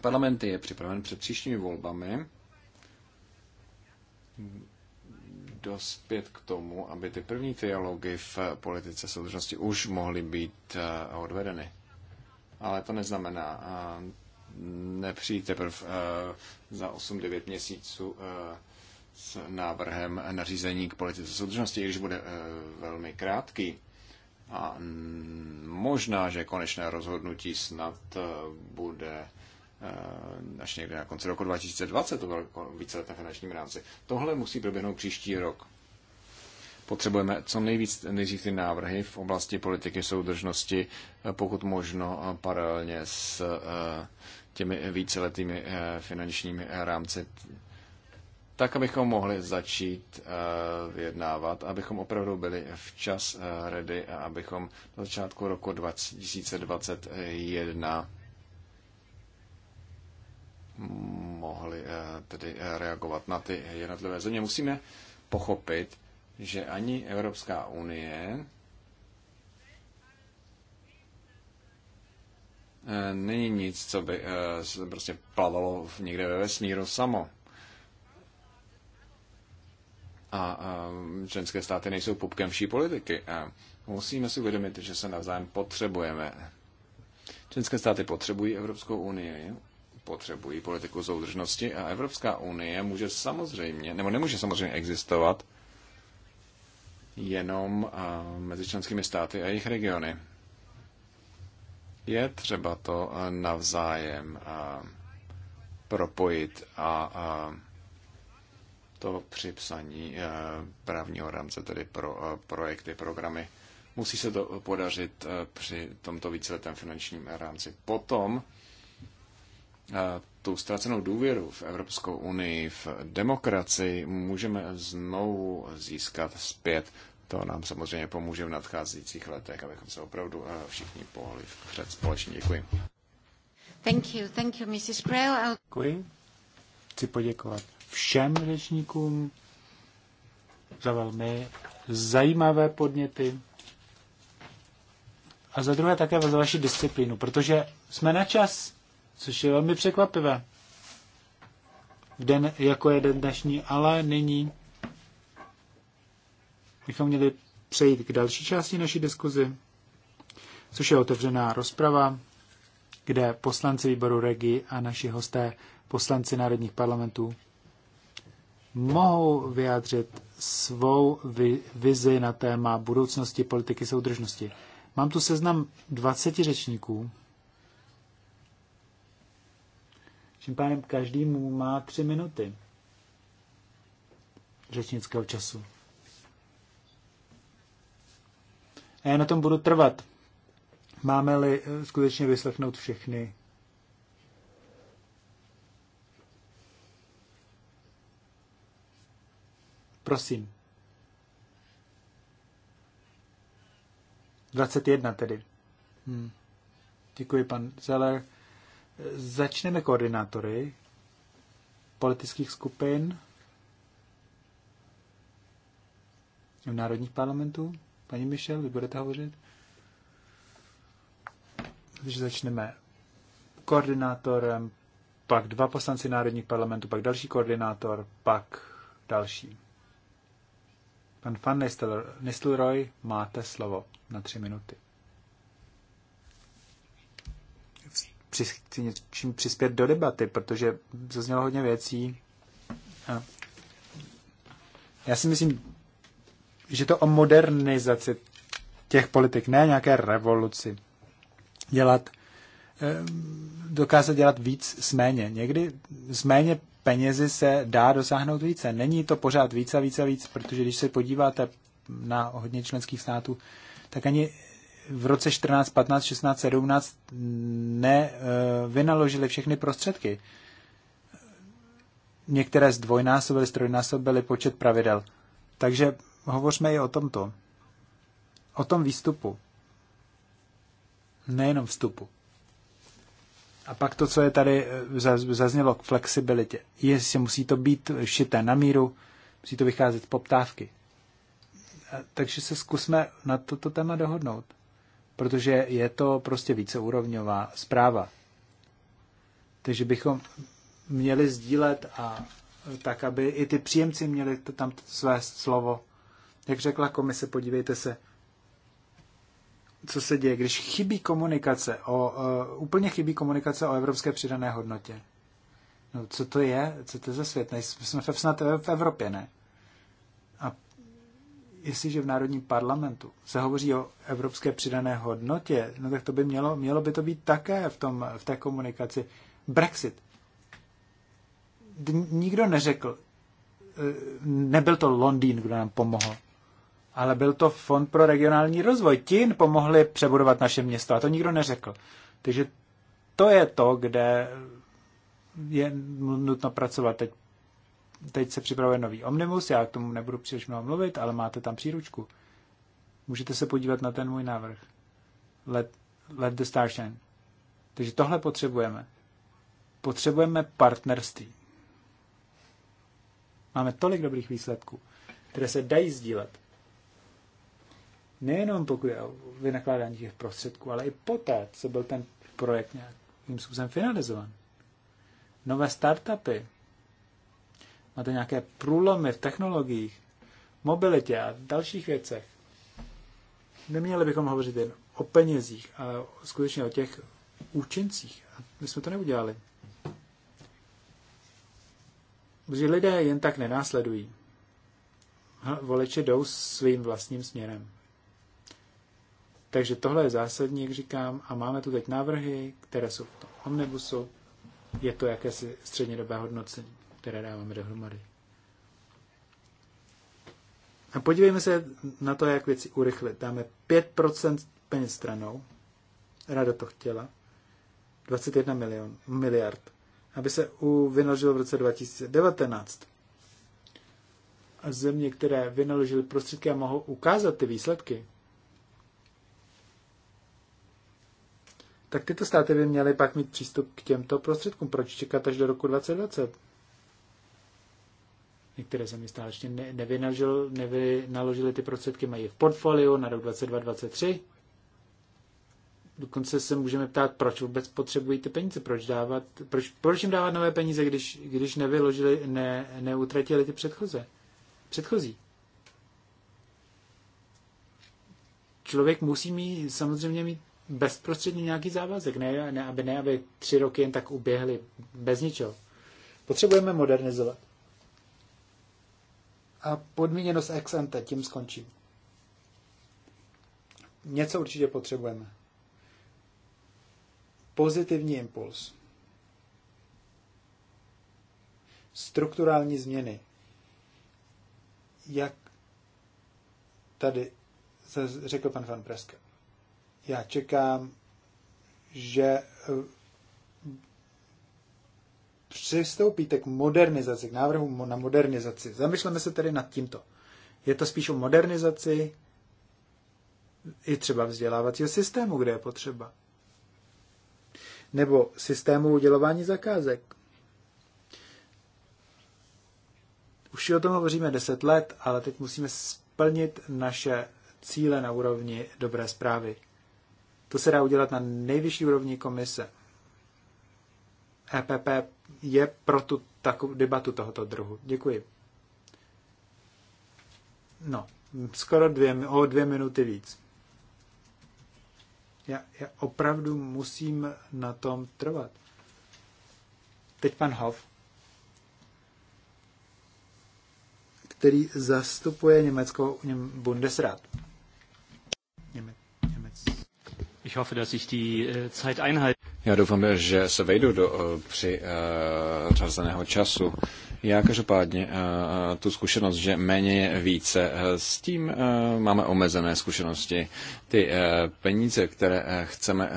Parlament je připraven před příštími volbami dospět k tomu, aby ty první dialogy v politice soudržnosti už mohly být odvedeny. Ale to neznamená nepřijít teprve eh, za 8-9 měsíců eh, s návrhem nařízení k politice soudržnosti, když bude eh, velmi krátký. A možná, že konečné rozhodnutí snad bude až někde na konci roku 2020, to byl víceletém finančním rámci. Tohle musí proběhnout příští rok. Potřebujeme co nejvíc nejdřív ty návrhy v oblasti politiky soudržnosti, pokud možno paralelně s těmi víceletými eh, finančními rámci, tak abychom mohli začít eh, vyjednávat, abychom opravdu byli včas eh, ready a abychom na začátku roku 2021 mohli tedy reagovat na ty jednotlivé země. Musíme pochopit, že ani Evropská unie Eh, není nic, co by eh, se prostě plavalo někde ve vesmíru samo. A členské státy nejsou pupkem vší politiky. A musíme si uvědomit, že se navzájem potřebujeme. Členské státy potřebují Evropskou unii, potřebují politiku soudržnosti a Evropská unie může samozřejmě, nebo nemůže samozřejmě existovat jenom eh, mezi členskými státy a jejich regiony. Je třeba to eh, navzájem eh, propojit a eh, to při psaní právního rámce, tedy pro projekty, programy. Musí se to podařit při tomto víceletém finančním rámci. Potom tu ztracenou důvěru v Evropskou unii, v demokracii můžeme znovu získat zpět to nám samozřejmě pomůže v nadcházejících letech, abychom se opravdu eh, všichni pohli vpřed společně. Děkuji. Thank you, thank you, Mrs. Děkuji. Chci poděkovat všem řečníkům za velmi zajímavé podněty a za druhé také za vaši disciplínu, protože jsme na čas, což je velmi překvapivé. V den jako je den dnešní, ale nyní bychom měli přejít k další části naší diskuzi, což je otevřená rozprava, kde poslanci výboru Regi a naši hosté, poslanci národních parlamentů, mohou vyjádřit svou vizi na téma budoucnosti politiky soudržnosti. Mám tu seznam 20 řečníků. Tím pádem každému má tři minuty řečnického času. A já na tom budu trvat. Máme-li eh, skutečně vyslechnout všechny Prosím. 21 tedy. Hmm. Děkuji, pan Zeller. Začneme koordinátory politických skupin v národních parlamentů. Paní Michel, vy budete hovořit? Takže začneme koordinátorem, pak dva poslanci Národních parlamentů, pak další koordinátor, pak další. Pan Van Nistelrooy, máte slovo na tři minuty. Chci něčím přispět do debaty, protože zaznělo hodně věcí. já si myslím, že to o modernizaci těch politik, ne nějaké revoluci. Dělat, eh, dokázat dělat víc s méně. Někdy s méně penězi se dá dosáhnout více. Není to pořád více a více a víc, protože když se podíváte na hodně členských států, tak ani v roce 14, 15, 16, 17 nevynaložili všechny prostředky. Některé zdvojnásobily, strojnásobily počet pravidel. Takže hovořme i o tomto. O tom výstupu. Nejenom vstupu. A pak to, co je tady eh, zaznělo k flexibilitě. Jestli musí to být šité na míru, musí to vycházet z poptávky. Takže se zkusme na toto téma dohodnout, protože je to prostě víceúrovňová zpráva. Takže bychom měli sdílet a tak, aby i ty příjemci měli to tam své slovo jak řekla komise, podívejte se, co se děje, když chybí komunikace o, uh, úplně chybí komunikace o evropské přidané hodnotě. No, co to je? Co to je za svět? Jsme v, snad v Evropě, ne? A jestliže v Národním parlamentu se hovoří o evropské přidané hodnotě, no tak to by mělo, mělo by to být také v, tom, v té komunikaci. Brexit. nikdo neřekl, e, nebyl to Londýn, kdo nám pomohl ale byl to fond pro regionální rozvoj. Ti pomohli přebudovat naše město a to nikdo neřekl. Takže to je to, kde je nutno pracovat. Teď, teď se připravuje nový omnibus, já k tomu nebudu příliš mnoho mluvit, ale máte tam příručku. Můžete se podívat na ten můj návrh. Let, let the star shine. Takže tohle potřebujeme. Potřebujeme partnerství. Máme tolik dobrých výsledků, které se dají sdílet nejenom pokud je o vynakládání těch prostředků, ale i poté, co byl ten projekt nějakým způsobem finalizovan. Nové startupy, máte nějaké průlomy v technologiích, mobilitě a dalších věcech. Neměli bychom hovořit jen o penězích, ale skutečně o těch účincích. A my jsme to neudělali. Protože lidé jen tak nenásledují. Voliči jdou svým vlastním směrem. Takže tohle je zásadní, jak říkám, a máme tu teď návrhy, které jsou v tom omnibusu. Je to jakési střednědobé hodnocení, které dáváme dohromady. A podívejme se na to, jak věci urychlit. Dáme 5% peněz stranou, rada to chtěla, 21 milion, miliard, aby se vynaložilo v roce 2019. A země, které vynaložily prostředky a mohou ukázat ty výsledky, tak tyto státy by měly pak mít přístup k těmto prostředkům. Proč čekat až do roku 2020? Některé země stále ještě nevynaložily ty prostředky, mají je v portfoliu na rok 2022-2023. Dokonce se můžeme ptát, proč vůbec potřebují ty peníze, proč, dávat, proč, proč jim dávat nové peníze, když, když nevyložili, ne, neutratili ty předchozí. předchozí. Člověk musí mít, samozřejmě mít bezprostředně nějaký závazek, ne, ne, aby ne, aby tři roky jen tak uběhly bez ničeho. Potřebujeme modernizovat. A podmíněnost ex ante, tím skončím. Něco určitě potřebujeme. Pozitivní impuls. Strukturální změny. Jak tady řekl pan Van Preska já čekám, že eh, přistoupíte k modernizaci, k návrhu na modernizaci. Zamyšleme se tedy nad tímto. Je to spíš o modernizaci i třeba vzdělávacího systému, kde je potřeba. Nebo systému udělování zakázek. Už o tom hovoříme 10 let, ale teď musíme splnit naše cíle na úrovni dobré zprávy. To se dá udělat na nejvyšší úrovni komise. EPP je pro tu takovou debatu tohoto druhu. Děkuji. No, skoro dvě, o dvě minuty víc. Já, já opravdu musím na tom trvat. Teď pan Hoff, který zastupuje německou Bundesrat. Ich hoffe, dass ich die äh, Zeit einhalte. Já doufám, že se vejdu do eh, při eh, řazeného času. Já každopádně eh, tu zkušenost, že méně je více, s tím máme omezené zkušenosti. Ty peníze, které chceme,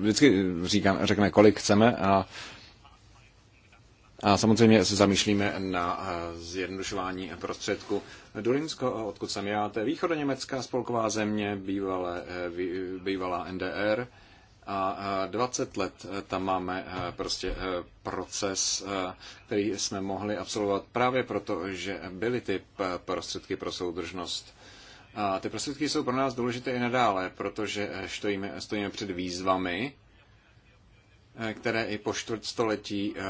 vždycky říkám, řekneme, kolik chceme a a samozřejmě se zamýšlíme na eh, zjednodušování prostředku. Durinsko, eh, odkud jsem já, to je východoněmecká spolková země, bývalé, eh, bývalá NDR. A 20 let tam máme prostě proces, který jsme mohli absolvovat právě proto, že byly ty prostředky pro soudržnost. A ty prostředky jsou pro nás důležité i nadále, protože stojíme, stojíme před výzvami, Eh, které i po čtvrtstoletí eh,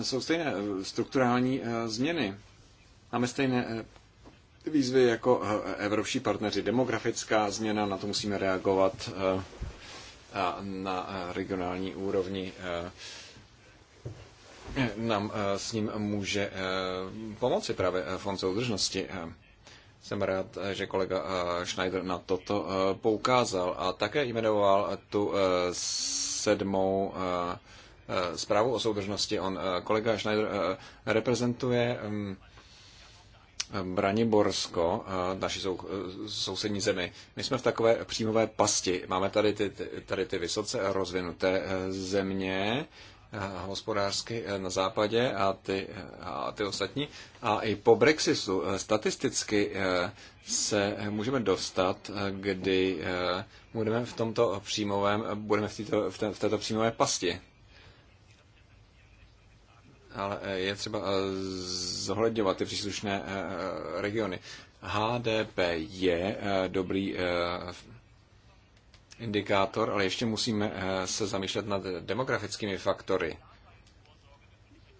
eh, jsou stejné strukturální změny. Máme stejné výzvy jako evropští partneři. Demografická změna, na to musíme reagovat na regionální úrovni nám s ním může pomoci právě Fond soudržnosti. Jsem rád, že kolega eh, Schneider na toto eh, poukázal a také jmenoval tu eh, sedmou zprávu o soudržnosti. On, kolega Schneider, reprezentuje mm, Braniborsko, naši sou, sousední zemi. My jsme v takové příjmové pasti. Máme tady ty, tady ty vysoce rozvinuté země, Eh, hospodářsky eh, na západě a ty, eh, a ty ostatní. A i po Brexitu statisticky se můžeme dostat, kdy budeme v tomto příjmovém, budeme v, této, v této příjmové pasti. Ale je třeba zohledňovat ty příslušné regiony. HDP je dobrý indikátor, ale ještě musíme eh, se zamýšlet nad demografickými faktory.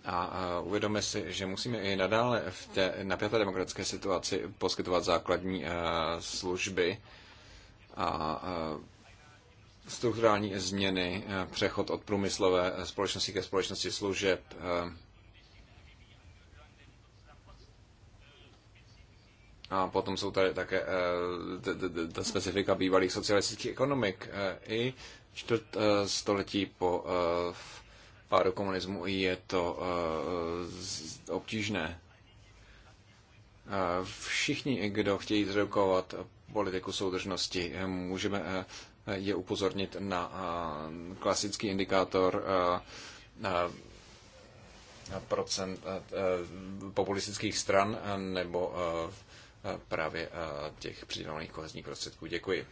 A eh, uvědomíme si, že musíme i nadále v té napjaté demokratické situaci poskytovat základní eh, služby a strukturální změny, přechod od průmyslové společnosti ke společnosti služeb, A potom jsou tady také eh, ta specifika bývalých socialistických ekonomik. Eh, I čtvrt eh, století po pádu komunismu je to obtížné. Všichni, kdo chtějí zredukovat politiku soudržnosti, můžeme je upozornit na klasický indikátor procent populistických stran nebo právě eh, těch přidělených kohezních prostředků. Děkuji.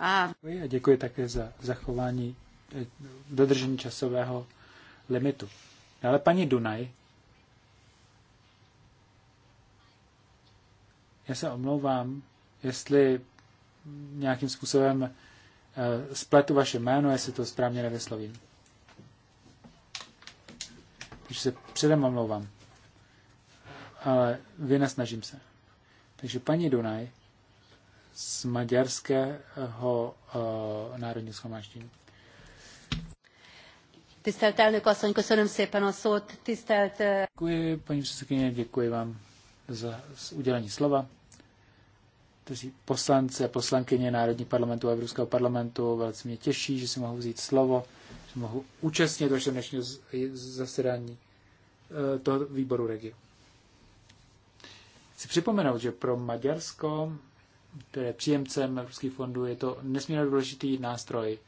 A děkuji také za zachování eh, dodržení časového limitu. Ale paní Dunaj, já se omlouvám, jestli nějakým způsobem eh, spletu vaše jméno, jestli to správně nevyslovím. Takže se předem omlouvám ale nesnažím se. Takže paní Dunaj z maďarského uh, národního schromáždění. Tisztelt elnök asszony, köszönöm szépen a szót. Tisztelt... Eh, děkuji, paní předsedkyně, děkuji vám za udělení slova. Kteří poslanci a poslankyně Národní parlamentu a Evropského parlamentu velice mě těší, že si mohu vzít slovo, že mohu účastnit vašeho dnešního zasedání eh, toho výboru regionu. Chci připomenout, že pro Maďarsko, které je příjemcem evropských fondů, je to nesmírně důležitý nástroj.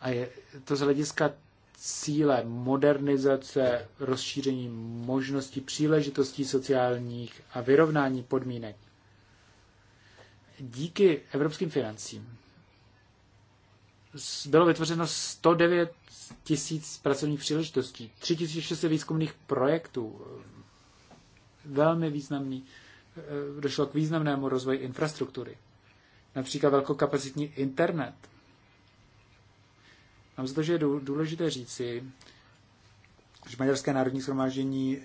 A je to z hlediska cíle modernizace, rozšíření možností, příležitostí sociálních a vyrovnání podmínek. Díky evropským financím bylo vytvořeno 109 tisíc pracovních příležitostí, 3600 výzkumných projektů velmi významný, eh, došlo k významnému rozvoji infrastruktury. Například velkokapacitní internet. Mám za to, že je důležité říci, že Maďarské národní shromáždění eh,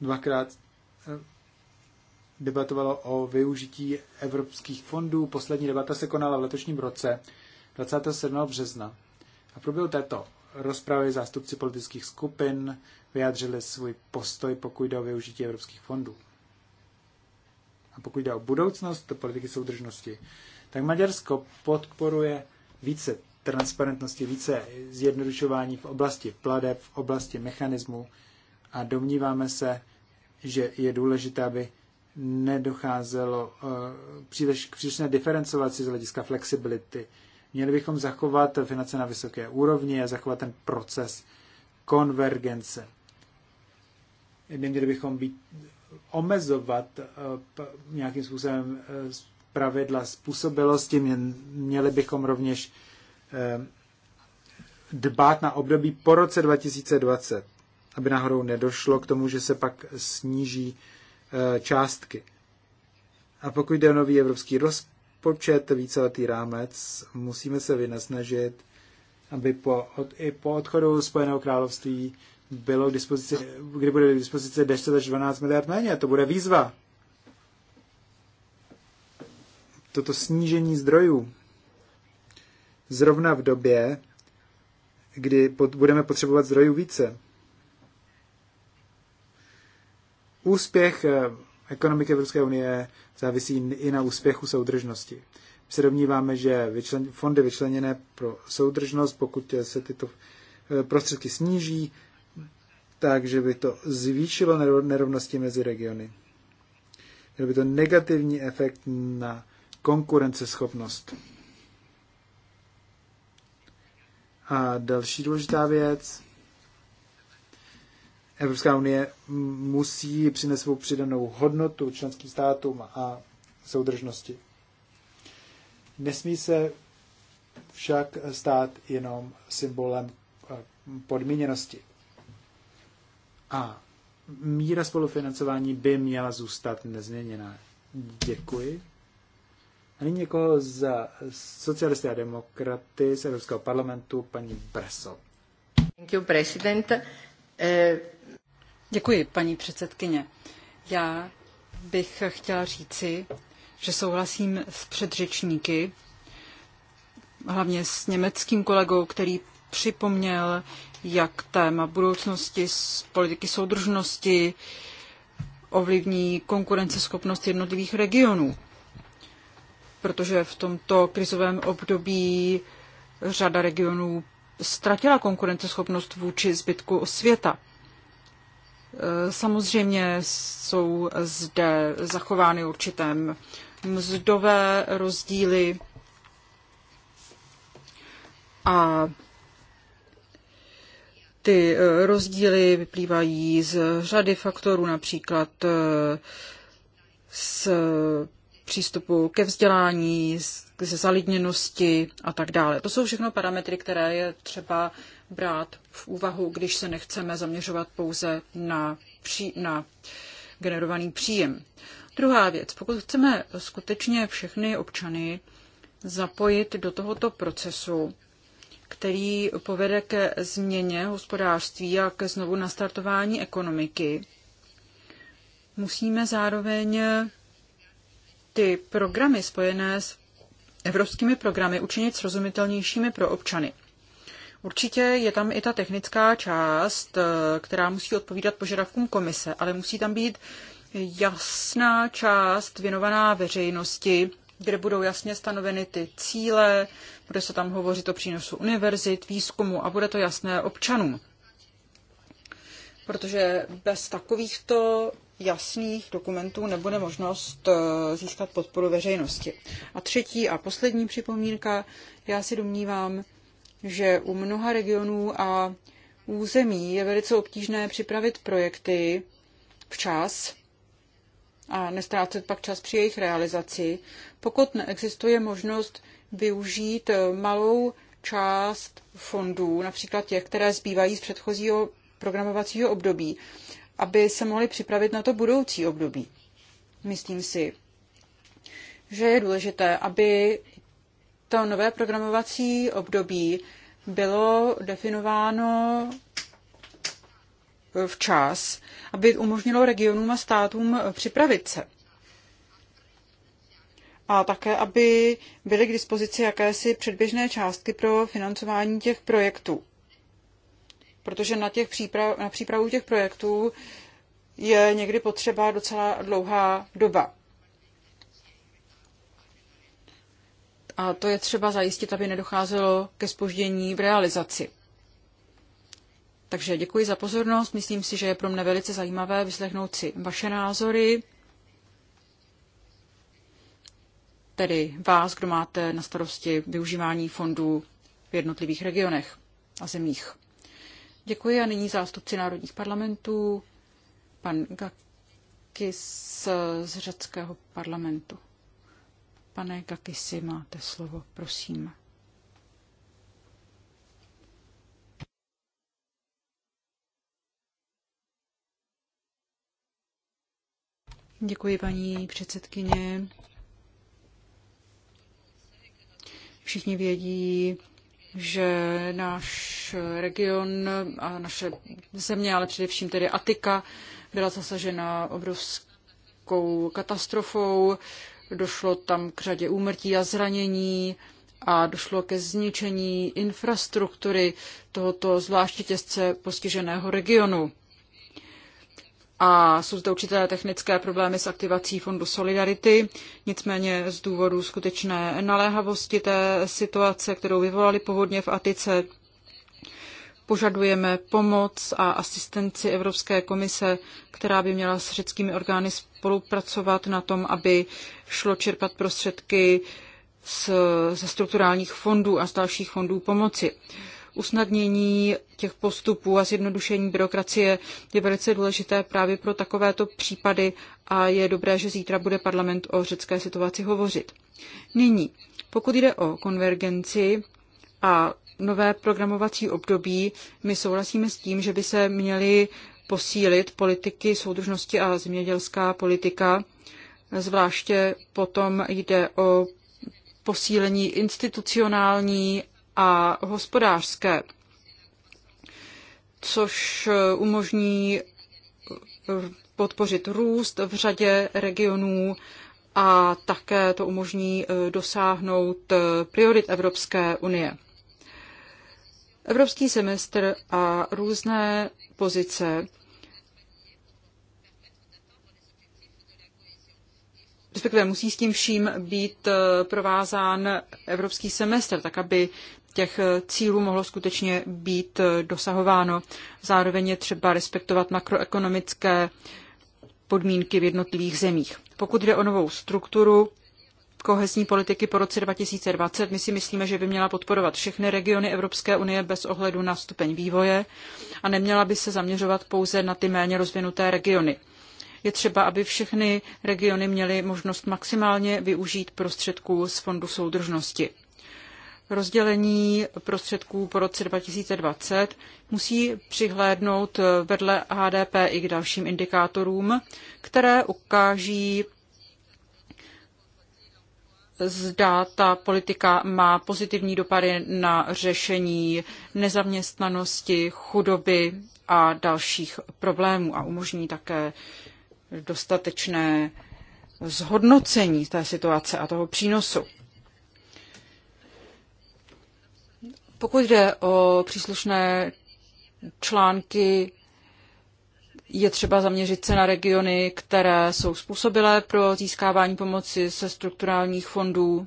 dvakrát eh, debatovalo o využití evropských fondů. Poslední debata se konala v letošním roce 27. března. A v průběhu této rozpravy zástupci politických skupin vyjádřili svůj postoj, pokud jde o využití evropských fondů. A pokud jde o budoucnost politiky soudržnosti, tak Maďarsko podporuje více transparentnosti, více zjednodušování v oblasti pladeb, v oblasti mechanismů a domníváme se, že je důležité, aby nedocházelo eh, příliš k přílišné diferencovaci z hlediska flexibility Měli bychom zachovat finance na vysoké úrovni a zachovat ten proces konvergence. Neměli bychom být, omezovat eh, nějakým způsobem eh, pravidla způsobilosti. Měli bychom rovněž eh, dbát na období po roce 2020, aby náhodou nedošlo k tomu, že se pak sníží částky. A pokud jde o nový evropský rozpočet, rozpočet, víceletý rámec, musíme se vynasnažit, aby po, od, i po odchodu Spojeného království bylo k dispozici, kdy bude k dispozici 10 až 12 miliard méně. To bude výzva. Toto snížení zdrojů zrovna v době, kdy pod, budeme potřebovat zdrojů více. Úspěch eh, ekonomiky Evropské unie závisí i na úspěchu soudržnosti. My se domníváme, že vyčlen, fondy vyčleněné pro soudržnost, pokud se tyto eh, prostředky sníží, takže by to zvýšilo nerovnosti mezi regiony. Měl by to negativní efekt na konkurenceschopnost. A další důležitá věc, Evropská unie musí přinést svou přidanou hodnotu členským státům a soudržnosti. Nesmí se však stát jenom symbolem eh, podmíněnosti. A míra spolufinancování by měla zůstat nezměněná. Děkuji. A nyní někoho za socialisty a demokraty z Evropského parlamentu, paní Breso. Thank you, president. Uh... Děkuji, paní předsedkyně. Já bych chtěla říci, že souhlasím s předřečníky, hlavně s německým kolegou, který připomněl, jak téma budoucnosti z politiky soudržnosti ovlivní konkurenceschopnost jednotlivých regionů. Protože v tomto krizovém období řada regionů ztratila konkurenceschopnost vůči zbytku světa. Eh, samozřejmě jsou zde zachovány určité mzdové rozdíly a ty eh, rozdíly vyplývají z řady faktorů, například eh, z přístupu ke vzdělání, ze zalidněnosti a tak dále. To jsou všechno parametry, které je třeba brát v úvahu, když se nechceme zaměřovat pouze na, pří, na generovaný příjem. Druhá věc, pokud chceme skutečně všechny občany zapojit do tohoto procesu, který povede ke změně hospodářství a ke znovu nastartování ekonomiky, musíme zároveň ty programy spojené s evropskými programy učinit srozumitelnějšími pro občany. Určitě je tam i ta technická část, eh, která musí odpovídat požadavkům komise, ale musí tam být jasná část věnovaná veřejnosti, kde budou jasně stanoveny ty cíle, bude se tam hovořit o přínosu univerzit, výzkumu a bude to jasné občanům. Protože bez takovýchto jasných dokumentů nebude možnost eh, získat podporu veřejnosti. A třetí a poslední připomínka, já si domnívám, že u mnoha regionů a území je velice obtížné připravit projekty včas a nestrácet pak čas při jejich realizaci, pokud neexistuje možnost využít eh, malou část fondů, například těch, které zbývají z předchozího programovacího období, aby se mohli připravit na to budoucí období. Myslím si, že je důležité, aby to nové programovací období bylo definováno včas, aby umožnilo regionům a státům připravit se. A také, aby byly k dispozici jakési předběžné částky pro financování těch projektů. Protože na, těch příprav, na přípravu těch projektů je někdy potřeba docela dlouhá doba. A to je třeba zajistit, aby nedocházelo ke spoždění v realizaci. Takže děkuji za pozornost. Myslím si, že je pro mne velice zajímavé vyslechnout si vaše názory, tedy vás, kdo máte na starosti využívání fondů v jednotlivých regionech a zemích. Děkuji a nyní zástupci národních parlamentů, pan Gakis z řeckého parlamentu. Pane Kakisi, máte slovo, prosím. Děkuji, paní předsedkyně. Všichni vědí, že náš region a naše země, ale především tedy Atika, byla zasažena obrovskou katastrofou došlo tam k řadě úmrtí a zranění a došlo ke zničení infrastruktury tohoto zvláště těžce postiženého regionu. A jsou zde určité technické problémy s aktivací Fondu Solidarity, nicméně z důvodu skutečné naléhavosti té situace, kterou vyvolali povodně v Atice, Požadujeme pomoc a asistenci Evropské komise, která by měla s řeckými orgány spolupracovat na tom, aby šlo čerpat prostředky z, ze strukturálních fondů a z dalších fondů pomoci. Usnadnění těch postupů a zjednodušení byrokracie je velice důležité právě pro takovéto případy a je dobré, že zítra bude parlament o řecké situaci hovořit. Nyní, pokud jde o konvergenci a nové programovací období my souhlasíme s tím, že by se měly posílit politiky soudržnosti a zemědělská politika. Zvláště potom jde o posílení institucionální a hospodářské, což umožní podpořit růst v řadě regionů a také to umožní dosáhnout priorit Evropské unie. Evropský semestr a různé pozice respektive musí s tím vším být eh, provázán evropský semestr, tak aby těch eh, cílů mohlo skutečně být eh, dosahováno. Zároveň je třeba respektovat makroekonomické podmínky v jednotlivých zemích. Pokud jde o novou strukturu, kohezní politiky po roce 2020. My si myslíme, že by měla podporovat všechny regiony Evropské unie bez ohledu na stupeň vývoje a neměla by se zaměřovat pouze na ty méně rozvinuté regiony. Je třeba, aby všechny regiony měly možnost maximálně využít prostředků z Fondu soudržnosti. Rozdělení prostředků po roce 2020 musí přihlédnout vedle HDP i k dalším indikátorům, které ukáží zda ta politika má pozitivní dopady na řešení nezaměstnanosti, chudoby a dalších problémů a umožní také dostatečné zhodnocení té situace a toho přínosu. Pokud jde o příslušné články je třeba zaměřit se na regiony, které jsou způsobilé pro získávání pomoci ze strukturálních fondů.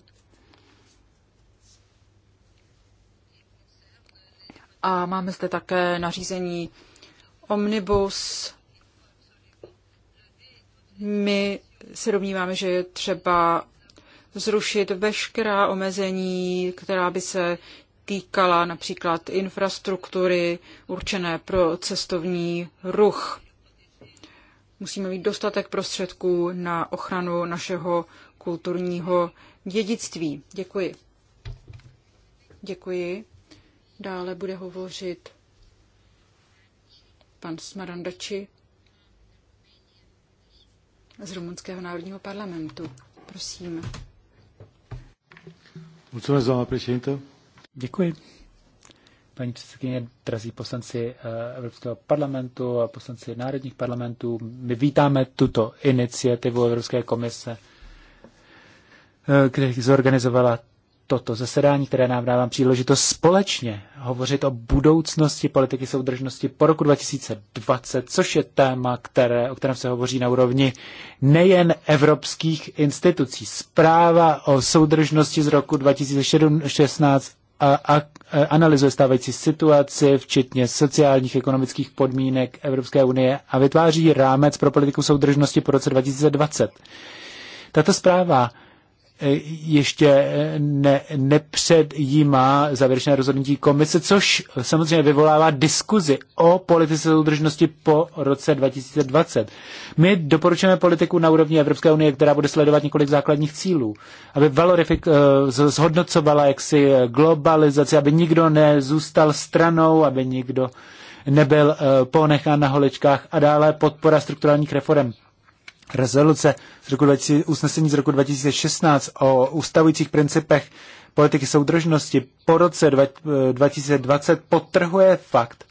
A máme zde také nařízení Omnibus. My se domníváme, že je třeba zrušit veškerá omezení, která by se týkala například infrastruktury určené pro cestovní ruch. Musíme mít dostatek prostředků na ochranu našeho kulturního dědictví. Děkuji. Děkuji. Dále bude hovořit pan Smarandači z Rumunského národního parlamentu. Prosím. Děkuji. Paní předsedkyně, drazí poslanci eh, Evropského parlamentu a poslanci národních parlamentů, my vítáme tuto iniciativu Evropské komise, eh, která zorganizovala toto zasedání, které nám dává příležitost společně hovořit o budoucnosti politiky soudržnosti po roku 2020, což je téma, které, o kterém se hovoří na úrovni nejen evropských institucí. Zpráva o soudržnosti z roku 2016 a, a Eh, analyzuje stávající situaci, včetně sociálních, ekonomických podmínek Evropské unie a vytváří rámec pro politiku soudržnosti po roce 2020. Tato zpráva E, ještě e, ne, nepředjímá závěrečné rozhodnutí komise, což samozřejmě vyvolává diskuzi o politice soudržnosti po roce 2020. My doporučujeme politiku na úrovni Evropské unie, která bude sledovat několik základních cílů, aby valorifik, e, zhodnocovala jaksi globalizaci, aby nikdo nezůstal stranou, aby nikdo nebyl ponechán na holičkách a dále podpora strukturálních reform rezoluce z roku 20, usnesení z roku 2016 o ustavujících principech politiky soudržnosti po roce 2020 potrhuje fakt,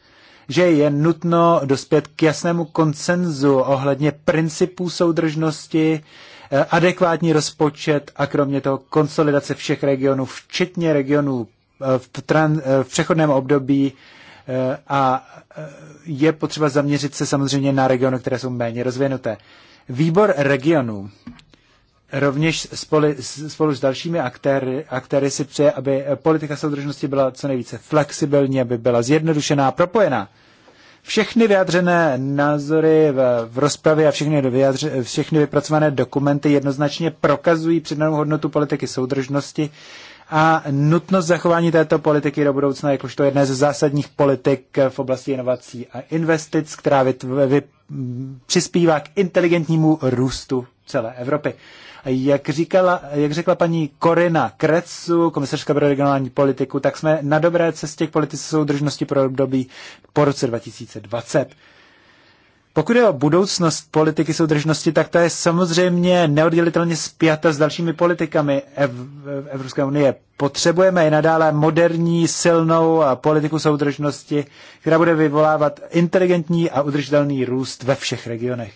že je nutno dospět k jasnému konsenzu ohledně principů soudržnosti, eh, adekvátní rozpočet a kromě toho konsolidace všech regionů, včetně regionů eh, v, tran, eh, v přechodném období a je potřeba zaměřit se samozřejmě na regiony, které jsou méně rozvinuté. Výbor regionů rovněž spolu, spolu s dalšími aktéry, aktéry si přeje, aby politika soudržnosti byla co nejvíce flexibilní, aby byla zjednodušená a propojená. Všechny vyjadřené názory v, v rozpravě a všechny, vyjadře, všechny vypracované dokumenty jednoznačně prokazují přidanou hodnotu politiky soudržnosti a nutnost zachování této politiky do budoucna jakožto jedné ze zásadních politik v oblasti inovací a investic, která vytv- vy- přispívá k inteligentnímu růstu celé Evropy. Jak, říkala, jak řekla paní Korina Krecu, komisařka pro regionální politiku, tak jsme na dobré cestě k politice soudržnosti pro období po roce 2020. Pokud je o budoucnost politiky soudržnosti, tak ta je samozřejmě neoddělitelně spjata s dalšími politikami Ev- Evropské unie. Potřebujeme i nadále moderní, silnou politiku soudržnosti, která bude vyvolávat inteligentní a udržitelný růst ve všech regionech.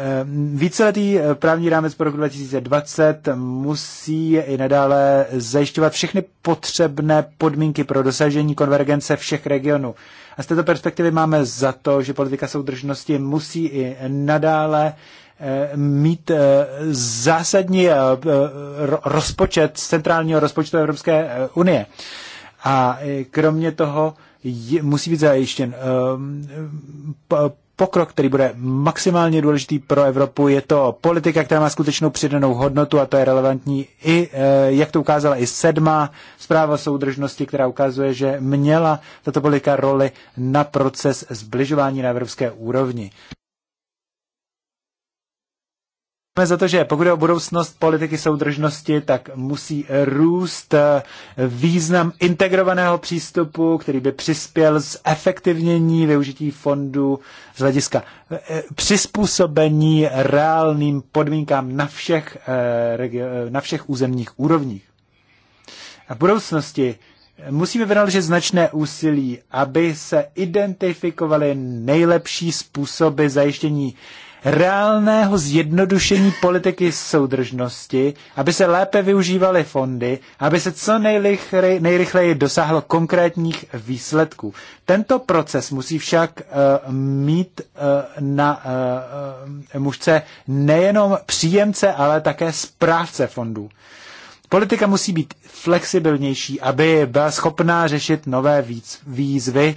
Eh, víceletý eh, právní rámec pro rok 2020 musí i nadále zajišťovat všechny potřebné podmínky pro dosažení konvergence všech regionů. A z této perspektivy máme za to, že politika soudržnosti musí i nadále eh, mít zásadní rozpočet z centrálního rozpočtu Evropské unie. A kromě toho musí být zajištěn pokrok, který bude maximálně důležitý pro Evropu. Je to politika, která má skutečnou přidanou hodnotu a to je relevantní i, eh, jak to ukázala i sedma zpráva soudržnosti, která ukazuje, že měla tato politika roli na proces zbližování na evropské úrovni jsme za to, že pokud je o budoucnost politiky soudržnosti, tak musí růst eh, význam integrovaného přístupu, který by přispěl z efektivnění využití fondů z hlediska eh, přizpůsobení reálným podmínkám na všech, eh, na všech územních úrovních. A v budoucnosti musíme vynaložit značné úsilí, aby se identifikovaly nejlepší způsoby zajištění reálného zjednodušení politiky soudržnosti, aby se lépe využívaly fondy, aby se co nejrychleji, nejrychleji dosáhlo konkrétních výsledků. Tento proces musí však uh, mít uh, na uh, mužce nejenom příjemce, ale také správce fondů. Politika musí být flexibilnější, aby byla schopná řešit nové výzvy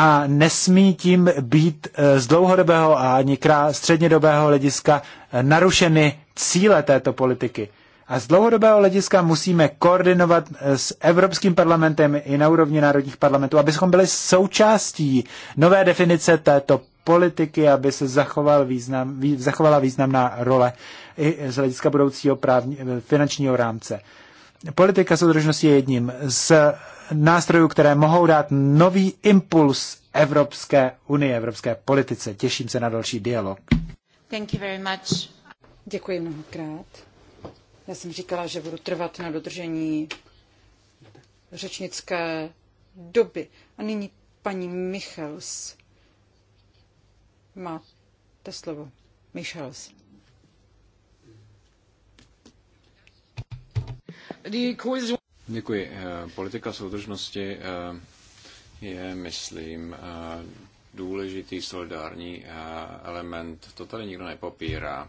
a nesmí tím být eh, z dlouhodobého a ani střednědobého hlediska eh, narušeny cíle této politiky. A z dlouhodobého hlediska musíme koordinovat eh, s Evropským parlamentem i na úrovni národních parlamentů, abychom byli součástí nové definice této politiky, aby se zachoval význam, zachovala významná role i z hlediska budoucího právní, finančního rámce. Politika soudržnosti je jedním z nástrojů, které mohou dát nový impuls Evropské unie, Evropské politice. Těším se na další dialog. Thank you very much. Děkuji mnohokrát. Já jsem říkala, že budu trvat na dodržení řečnické doby. A nyní paní Michels. Máte slovo. Michels. Děkuji. Eh, politika soudržnosti eh, je, myslím, eh, důležitý solidární element. To tady nikdo nepopírá.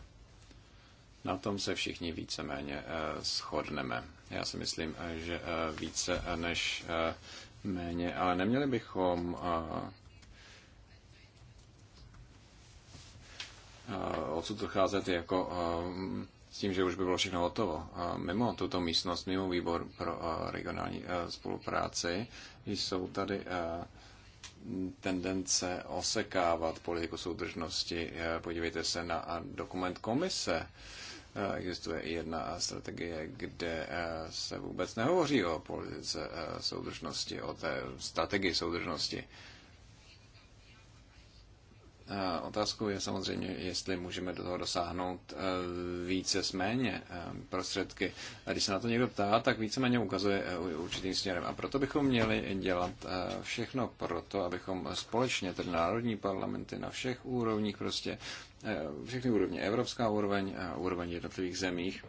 Na tom se všichni víceméně shodneme. Já si myslím, že více než méně, ale neměli bychom odsud docházet jako tím, že už by bylo všechno hotovo. A mimo tuto místnost, mimo výbor pro regionální spolupráci, jsou tady tendence osekávat politiku soudržnosti. Podívejte se na dokument komise. Existuje i jedna strategie, kde se vůbec nehovoří o politice soudržnosti, o té strategii soudržnosti. Otázkou je samozřejmě, jestli můžeme do toho dosáhnout eh, více s méně eh, prostředky. A když se na to někdo ptá, tak víceméně ukazuje eh, určitým směrem. A proto bychom měli dělat všechno to, abychom společně, tedy národní parlamenty na všech úrovních prostě, všechny úrovně, evropská úroveň a úroveň jednotlivých zemích,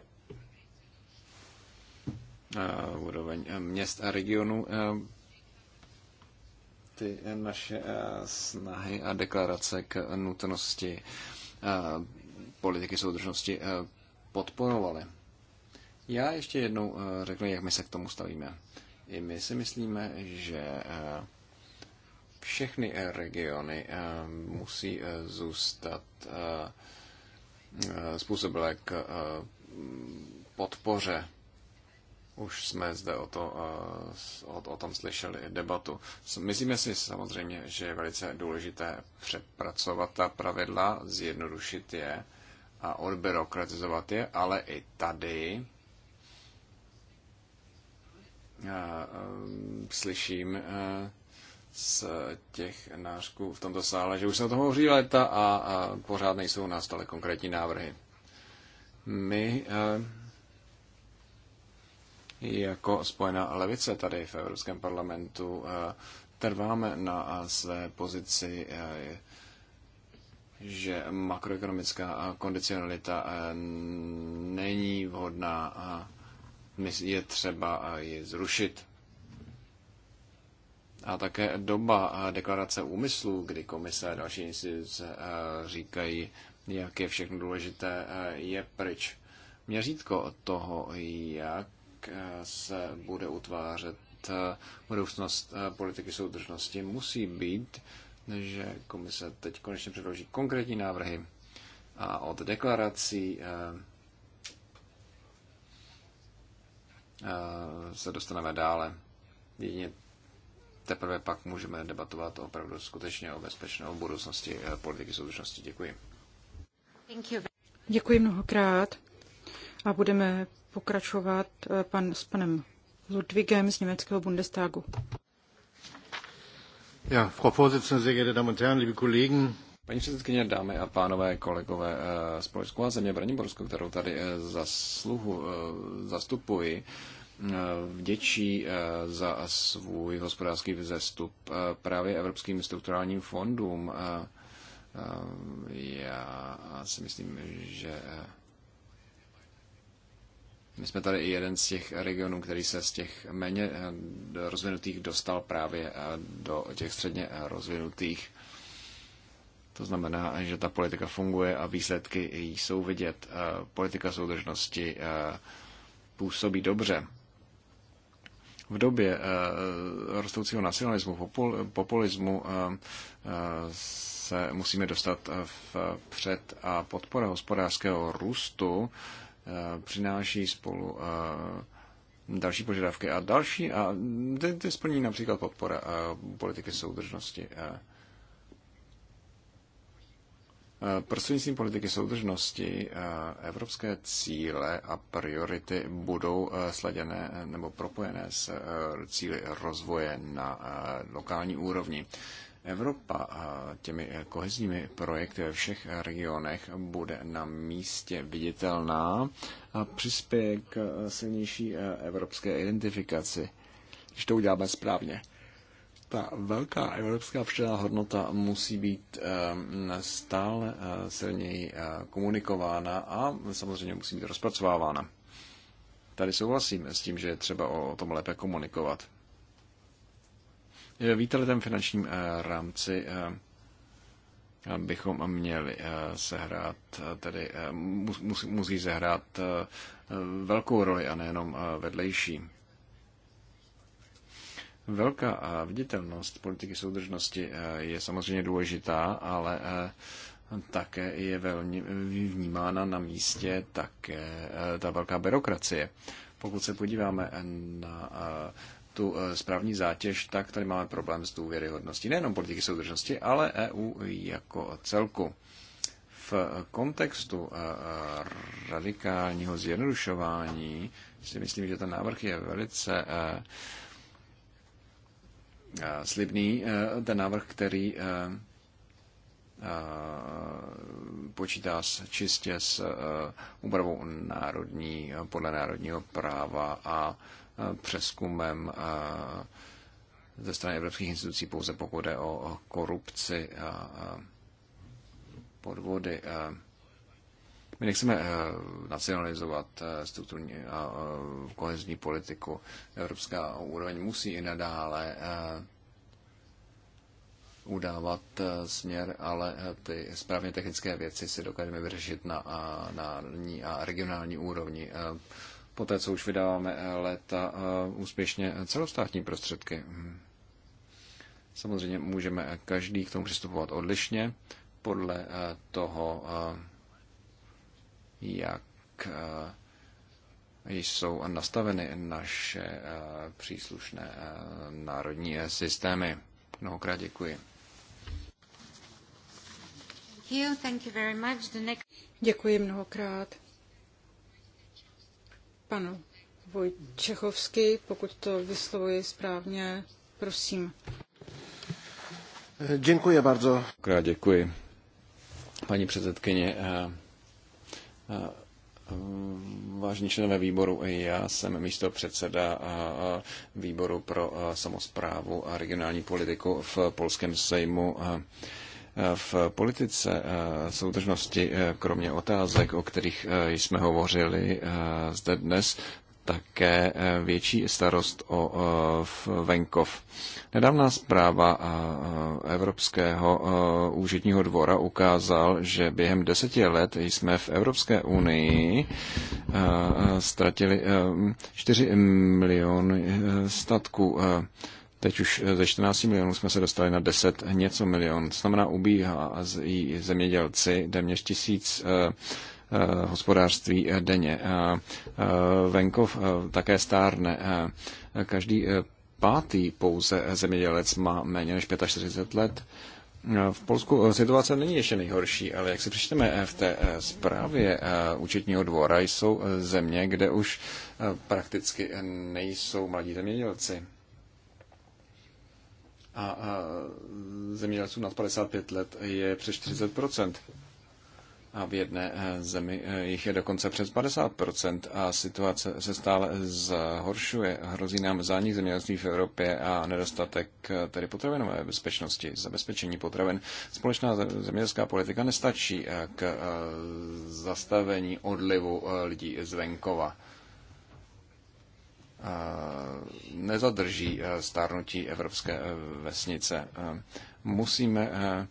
úroveň měst a regionů ty naše eh, snahy a deklarace k nutnosti eh, politiky soudržnosti eh, podporovaly. Já ještě jednou řeknu, jak my se k tomu stavíme. I my si myslíme, že všechny regiony musí zůstat způsobilé k podpoře už jsme zde o, to, eh, o, o tom slyšeli debatu. Myslíme si samozřejmě, že je velice důležité přepracovat ta pravidla, zjednodušit je a odbyrokratizovat je, ale i tady eh, eh, slyším z těch nářků v tomto sále, že už se o tom hovoří léta a, a pořád nejsou na stole konkrétní návrhy. My jako spojená levice tady v Evropském parlamentu eh, trváme na své pozici, eh, že makroekonomická kondicionalita eh, není vhodná a je třeba ji zrušit. A také doba deklarace úmyslu, kdy komise a další instituce říkají, jak je všechno důležité, je pryč. Měřítko toho, jak Eh, se bude utvářet eh, budoucnost eh, politiky soudržnosti, musí být, že komise teď konečně předloží konkrétní návrhy a od deklarací se dostaneme dále. Jedině teprve pak můžeme debatovat opravdu skutečně o bezpečné o budoucnosti politiky soudržnosti. Děkuji. Děkuji mnohokrát a budeme pokračovat eh, pan, s panem Ludwigem z německého Bundestagu. Ja, Frau Vorsitzende, sehr geehrte Damen und Herren, liebe Kollegen. Paní předsedkyně, dámy a pánové, kolegové, eh, a země Braniborsko, kterou tady eh, zasluhu, zastupuji, vděčí za svůj hospodářský vzestup právě evropským strukturálním fondům. Já si myslím, že my jsme tady i jeden z těch regionů, který se z těch méně eh, rozvinutých dostal právě eh, do těch středně eh, rozvinutých. To znamená, že ta politika funguje a výsledky jsou vidět. Politika soudržnosti působí dobře. V době rostoucího nacionalismu, populismu se musíme dostat v před a podpora hospodářského růstu Eh, přináší spolu eh, další požadavky a další a ty, ty splní například podpora eh, politiky soudržnosti. Prostřednictvím politiky soudržnosti evropské cíle a priority budou sladěné nebo propojené s cíly rozvoje na lokální úrovni. Evropa těmi kohezními projekty ve všech regionech bude na místě viditelná a přispěje k silnější eh, evropské identifikaci, když to uděláme správně. Ta velká evropská přidaná hodnota musí být eh, stále eh, silněji komunikována a samozřejmě musí být rozpracovávána. Tady souhlasím s tím, že je třeba o tom lépe komunikovat víteletém finančním eh, rámci eh, bychom měli eh, sehrát, tedy musí, musí sehrát velkou roli a nejenom vedlejší. Velká viditelnost politiky soudržnosti je samozřejmě důležitá, ale také je velmi vnímána na místě také ta velká byrokracie. Pokud se podíváme na tu eh, správní zátěž, tak tady máme problém s důvěryhodností nejenom politiky soudržnosti, ale EU jako celku. V kontextu eh, eh, radikálního zjednodušování si myslím, že ten návrh je velice slibný. Ten návrh, který počítá s, čistě s úpravou národní, podle národního práva a Eh, přeskumem eh, ze strany evropských institucí pouze pokud jde o korupci a podvody. Eh, my nechceme nacionalizovat strukturní a kohezní politiku. Evropská úroveň musí i nadále udávat směr, ale ty správně technické věci si dokážeme vyřešit na národní a regionální úrovni poté co už vydáváme eh, léta eh, úspěšně celostátní prostředky. Hmm. Samozřejmě můžeme eh, každý k tomu přistupovat odlišně podle toho, jak jsou nastaveny naše příslušné národní systémy. Mnohokrát děkuji. Děkuji mnohokrát. Pan Vojčechovský, pokud to vyslovuji správně, prosím. Děkuji bardzo. Děkuji. Paní předsedkyně, eh, eh, Vážení členové výboru, já jsem místo předseda eh, výboru pro samozprávu a regionální politiku v Polském sejmu. V politice eh, soudržnosti, eh, kromě otázek, o kterých eh, jsme hovořili zde dnes, také větší starost o venkov. Nedávná zpráva Evropského úředního dvora ukázal, že během deseti let jsme v Evropské unii ztratili 4 miliony statků Teď už eh, ze 14 milionů jsme se dostali na 10 něco milion. To znamená, ubíhá zemědělci téměř tisíc eh, eh, hospodářství denně. Venkov také stárne. Každý pátý pouze zemědělec má méně než 45 let. V Polsku situace není ještě nejhorší, ale jak si přečteme v té zprávě účetního dvora, jsou země, kde už prakticky nejsou mladí zemědělci a zemědělců nad 55 let je přes 40 a v jedné eh, zemi eh, jich je dokonce přes 50% a situace se stále zhoršuje. Hrozí nám zánik zemědělství v Evropě a nedostatek eh, tedy potravinové bezpečnosti, zabezpečení potravin. Společná zemědělská politika nestačí k zastavení odlivu lidí z venkova nezadrží stárnutí evropské e, vesnice. Musíme e, e,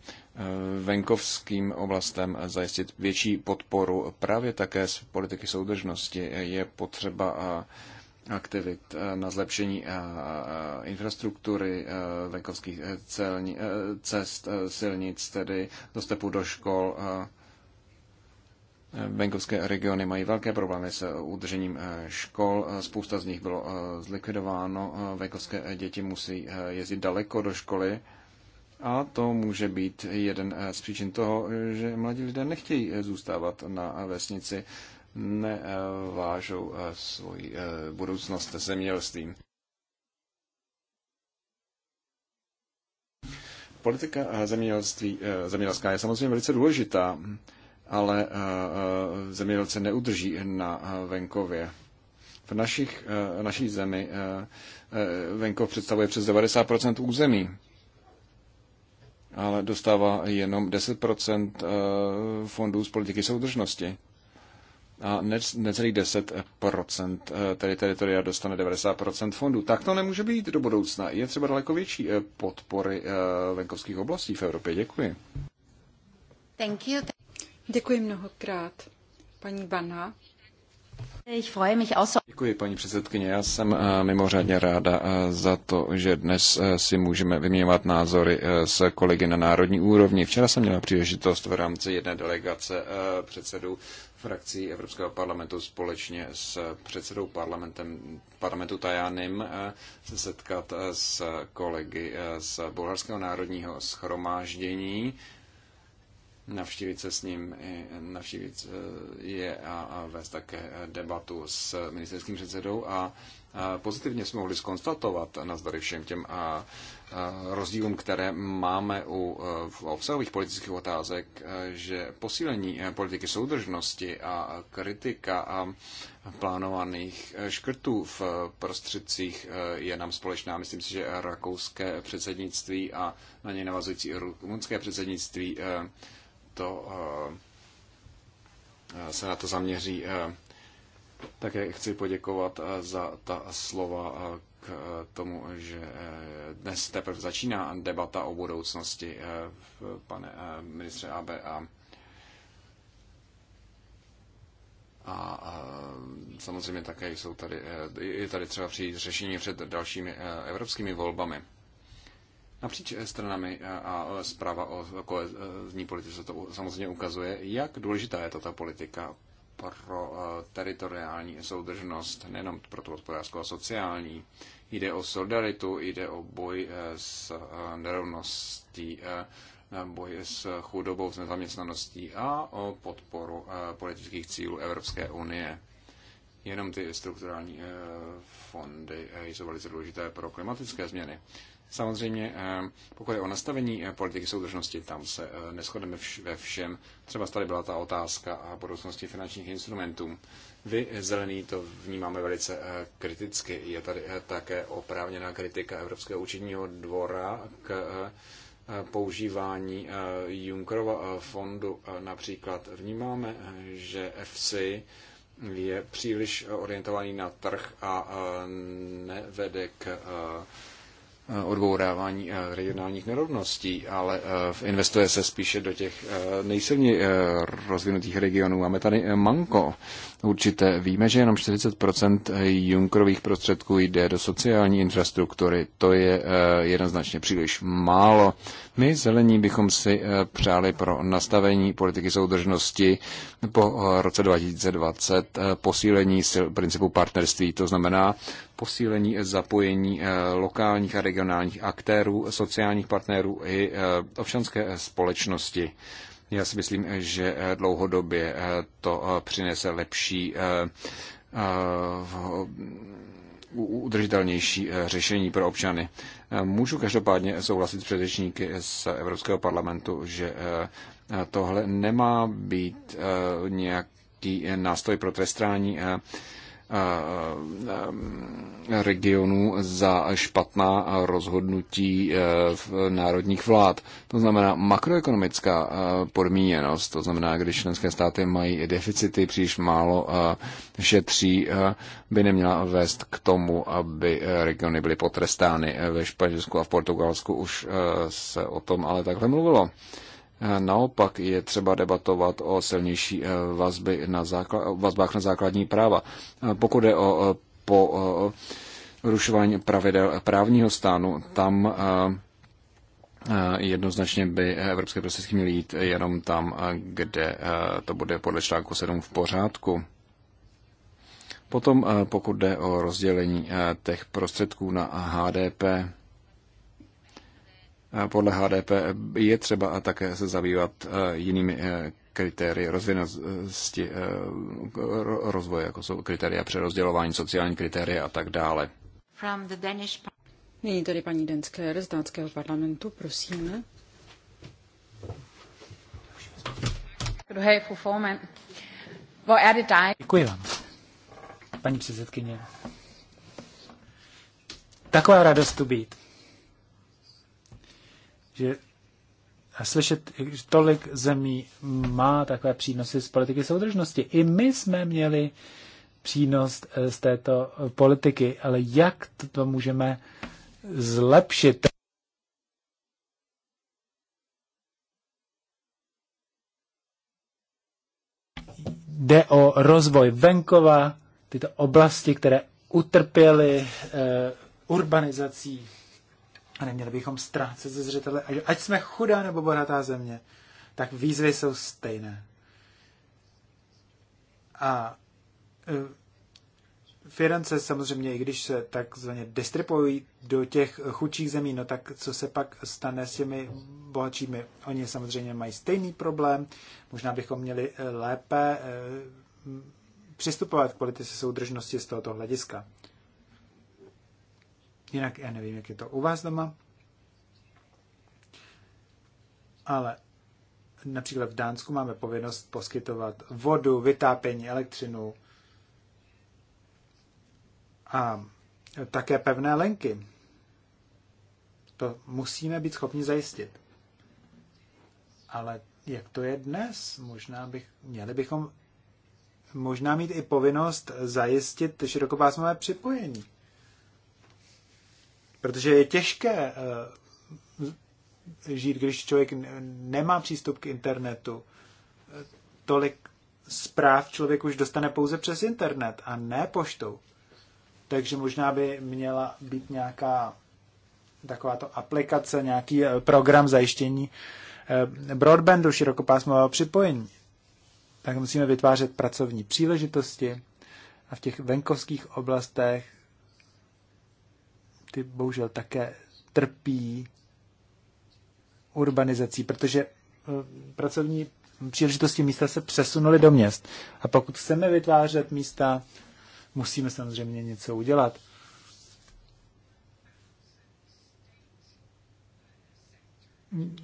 venkovským oblastem zajistit větší podporu právě také z politiky soudržnosti. Je potřeba aktivit na zlepšení infrastruktury venkovských celní, cest, silnic, tedy dostupu do škol, Venkovské regiony mají velké problémy s eh, udržením eh, škol, eh, spousta z nich bylo zlikvidováno, venkovské děti musí jezdit daleko do školy a to může být jeden z příčin toho, že mladí lidé nechtějí zůstávat na vesnici, nevážou svoji budoucnost zemědělstvím. Politika zemědělství, zemědělská je samozřejmě velice důležitá ale eh, eh, zemědělce neudrží na eh, venkově. V našich, naší zemi venkov představuje přes 90 území, ale dostává jenom 10 fondů z politiky soudržnosti. A necelých 10 tedy teritoria dostane 90 fondů. Tak to nemůže být do budoucna. Je třeba daleko větší podpory venkovských oblastí v Evropě. Děkuji. Thank you, Děkuji mnohokrát, paní Banha. Děkuji, paní předsedkyně. Já jsem eh, mimořádně ráda eh, za to, že dnes eh, si můžeme vyměňovat názory s kolegy na národní úrovni. Včera jsem měla příležitost v rámci jedné delegace předsedů frakcí Evropského parlamentu společně s předsedou parlamentu Tajánem se setkat s kolegy z Bulharského národního schromáždění navštívit se s ním, navštívit eh, je a, a vést také debatu s ministerským předsedou a pozitivně jsme mohli skonstatovat zdory všem těm a rozdílům, které máme u eh, obsahových politických otázek, eh, že posílení politiky soudržnosti a kritika a plánovaných škrtů v prostředcích je nám společná. Myslím si, že rakouské předsednictví a na něj navazující rumunské předsednictví to eh, se na to zaměří. Eh, také chci poděkovat eh, za ta slova k tomu, že dnes teprve začíná debata o budoucnosti, pane ministře AB A samozřejmě také jsou tady, je tady třeba přijít řešení před dalšími evropskými volbami napříč eh, stranami eh, a eh, zpráva o kohezní politice to samozřejmě ukazuje, jak důležitá je tato politika pro teritoriální soudržnost, nejenom pro tu hospodářskou a sociální. Jde o solidaritu, jde o boj s nerovností, boj s chudobou, s nezaměstnaností a o podporu politických cílů Evropské unie. Jenom ty strukturální fondy jsou velice důležité pro klimatické změny. Samozřejmě, eh, pokud je o nastavení eh, politiky soudržnosti, tam se eh, neschodeme ve všem. Třeba tady byla ta otázka a budoucnosti finančních instrumentů. Vy, zelený, to vnímáme velice kriticky. Je tady také oprávněná kritika Evropského účetního dvora k používání Junckerova fondu. Například vnímáme, že FC je příliš orientovaný na trh a nevede k Eh, odbourávání eh, regionálních nerovností, ale eh, investuje se spíše do těch nejsilně rozvinutých regionů. Máme tady manko. Určitě víme, že jenom 40% Junkerových prostředků jde do sociální infrastruktury. To je jednoznačně příliš málo. My zelení bychom si přáli pro nastavení politiky soudržnosti po roce 2020 posílení sil, principu partnerství. To znamená posílení zapojení eh, lokálních a regionálních aktérů, sociálních partnerů i eh, občanské společnosti. Já si myslím, že eh, dlouhodobě to přinese lepší udržitelnější řešení pro občany. Můžu každopádně souhlasit s předřečníky z Evropského parlamentu, že tohle nemá být nějaký nástroj pro trestání regionů za špatná rozhodnutí e, národních vlád. To znamená makroekonomická e, podmíněnost, to znamená, když členské státy mají deficity, příliš málo šetří, e, by neměla vést k tomu, aby regiony byly potrestány. Ve Španělsku a v Portugalsku už se o tom ale takhle mluvilo. Naopak je třeba debatovat o silnější eh, vazby na zákla- vazbách na základní práva. Eh, pokud je o eh, po rušování pravidel právního stánu, tam jednoznačně by evropské prostředky měly jít jenom tam, kde to bude podle článku 7 v pořádku. Potom, pokud jde o rozdělení těch prostředků na HDP, podle HDP je třeba a také se zabývat e, jinými e, kritérii rozvinutosti e, rozvoje, jako jsou kritéria přerozdělování, sociální kritéria a tak dále. From the Danish... Nyní tady paní Denské z dánského parlamentu, prosím. Er Děkuji vám, paní předsedkyně. Taková radost tu být že slyšet, že tolik zemí má takové přínosy z politiky soudržnosti. I my jsme měli přínos eh, z této eh, politiky, ale jak to můžeme zlepšit? Jde o rozvoj venkova, tyto oblasti, které utrpěly eh, urbanizací a neměli bychom ztrácet ze zřetele, ať jsme chudá nebo bohatá země, tak výzvy jsou stejné. A e, finance samozřejmě, i když se takzvaně distribuují do těch chudších zemí, no tak co se pak stane s těmi bohatšími? Oni samozřejmě mají stejný problém, možná bychom měli e, lépe e, přistupovat k politice soudržnosti z tohoto hlediska. Jinak já nevím, jak je to u vás doma, ale například v Dánsku máme povinnost poskytovat vodu, vytápění, elektřinu a také pevné lenky. To musíme být schopni zajistit. Ale jak to je dnes? Možná bych, měli bychom možná mít i povinnost zajistit širokopásmové připojení. Protože je těžké eh, žít, když člověk nemá přístup k internetu. Tolik zpráv člověk už dostane pouze přes internet a ne poštou. Takže možná by měla být nějaká takováto aplikace, nějaký eh, program zajištění eh, broadbandu širokopásmového připojení. Tak musíme vytvářet pracovní příležitosti a v těch venkovských oblastech ty bohužel také trpí urbanizací, protože eh, pracovní příležitosti místa se přesunuly do měst. A pokud chceme vytvářet místa, musíme samozřejmě něco udělat.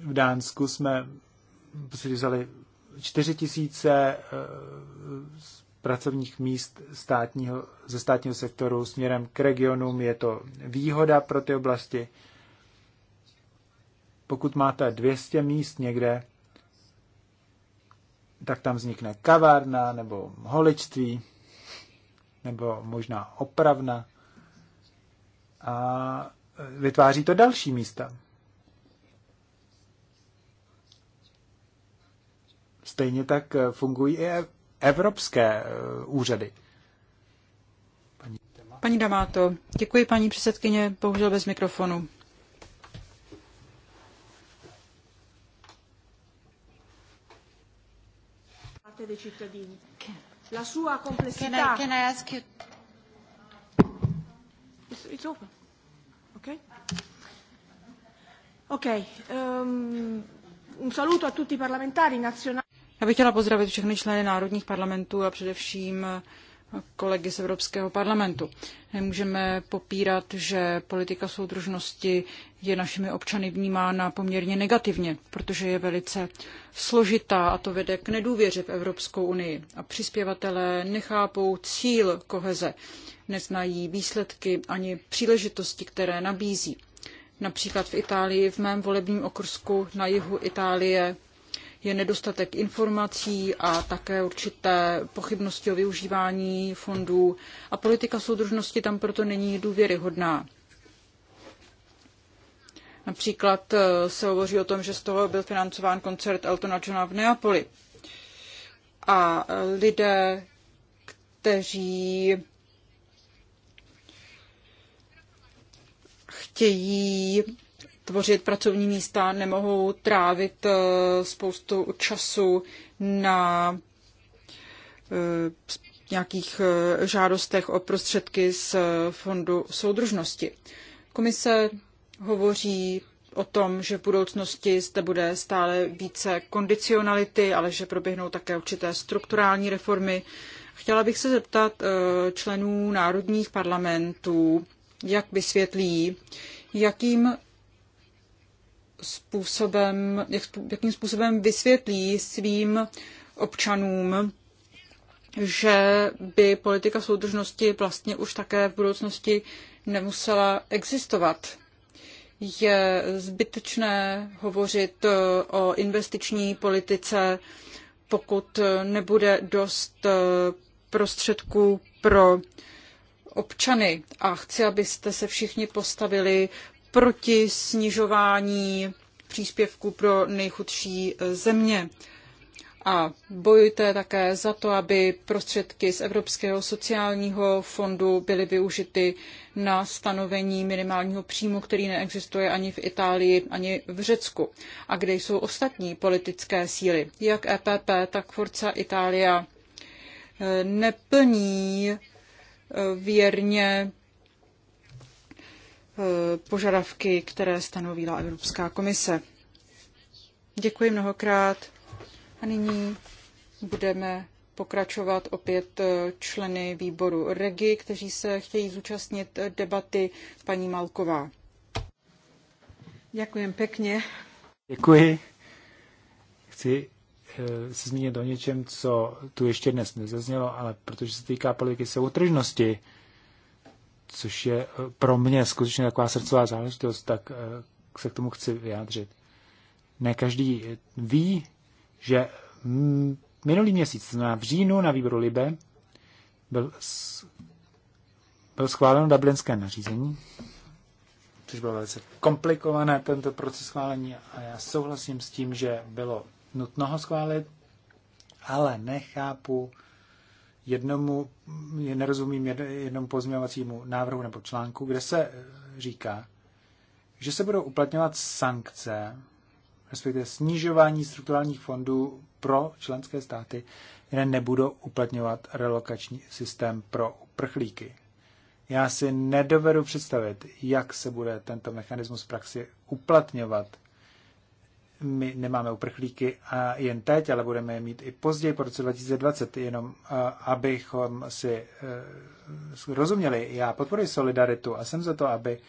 V Dánsku jsme vzali čtyři tisíce eh, pracovních míst státního, ze státního sektoru směrem k regionům. Je to výhoda pro ty oblasti. Pokud máte 200 míst někde, tak tam vznikne kavárna nebo holičství nebo možná opravna a vytváří to další místa. Stejně tak fungují i evropské eh, úřady. Paní Damáto, děkuji paní předsedkyně, bohužel bez mikrofonu. Can I, can I ask you? It's, it's open. Okay. Okay. Um, un saluto a tutti i parlamentari nazionali. Já bych chtěla pozdravit všechny členy národních parlamentů a především kolegy z Evropského parlamentu. Nemůžeme popírat, že politika soudržnosti je našimi občany vnímána poměrně negativně, protože je velice složitá a to vede k nedůvěře v Evropskou unii. A přispěvatelé nechápou cíl koheze, neznají výsledky ani příležitosti, které nabízí. Například v Itálii, v mém volebním okrsku na jihu Itálie, je nedostatek informací a také určité pochybnosti o využívání fondů a politika soudržnosti tam proto není důvěryhodná. Například eh, se hovoří o tom, že z toho byl financován koncert Eltona Johna v Neapoli. A eh, lidé, kteří chtějí tvořit pracovní místa, nemohou trávit eh, spoustu času na eh, nějakých eh, žádostech o prostředky z Fondu soudržnosti. Komise hovoří o tom, že v budoucnosti zde bude stále více kondicionality, ale že proběhnou také určité strukturální reformy. Chtěla bych se zeptat členů národních parlamentů, jak vysvětlí, jakým způsobem, jak, jakým způsobem vysvětlí svým občanům, že by politika soudržnosti vlastně už také v budoucnosti nemusela existovat. Je zbytečné hovořit eh, o investiční politice, pokud eh, nebude dost eh, prostředků pro občany. A chci, abyste se všichni postavili proti snižování příspěvku pro nejchudší země. A bojujte také za to, aby prostředky z Evropského sociálního fondu byly využity na stanovení minimálního příjmu, který neexistuje ani v Itálii, ani v Řecku. A kde jsou ostatní politické síly? Jak EPP, tak Forza Italia eh, neplní eh, věrně Eh, požadavky, které stanovila Evropská komise. Děkuji mnohokrát a nyní budeme pokračovat opět eh, členy výboru REGI, kteří se chtějí zúčastnit eh, debaty paní Malková. Děkuji pěkně. Děkuji. Chci se zmínit o něčem, co tu ještě dnes nezaznělo, ale protože se týká politiky soutržnosti, což je eh, pro mě skutečně taková srdcová záležitost, tak eh, se k tomu chci vyjádřit. Ne každý eh, ví, že mm, minulý měsíc, na v říjnu na výboru Libe, byl, byl schváleno dublinské nařízení, což bylo velice komplikované, tento proces schválení, a já souhlasím s tím, že bylo nutno ho schválit, ale nechápu, jednomu, nerozumím jednomu pozměňovacímu návrhu nebo článku, kde se eh, říká, že se budou uplatňovat sankce, respektive snižování strukturálních fondů pro členské státy, které nebudou uplatňovat relokační systém pro uprchlíky. Já si nedovedu představit, jak se bude tento mechanismus v praxi uplatňovat my nemáme uprchlíky a jen teď, ale budeme je mít i později po roce 2020, jenom eh, abychom si eh, rozuměli. Já podporuji solidaritu a jsem za to, aby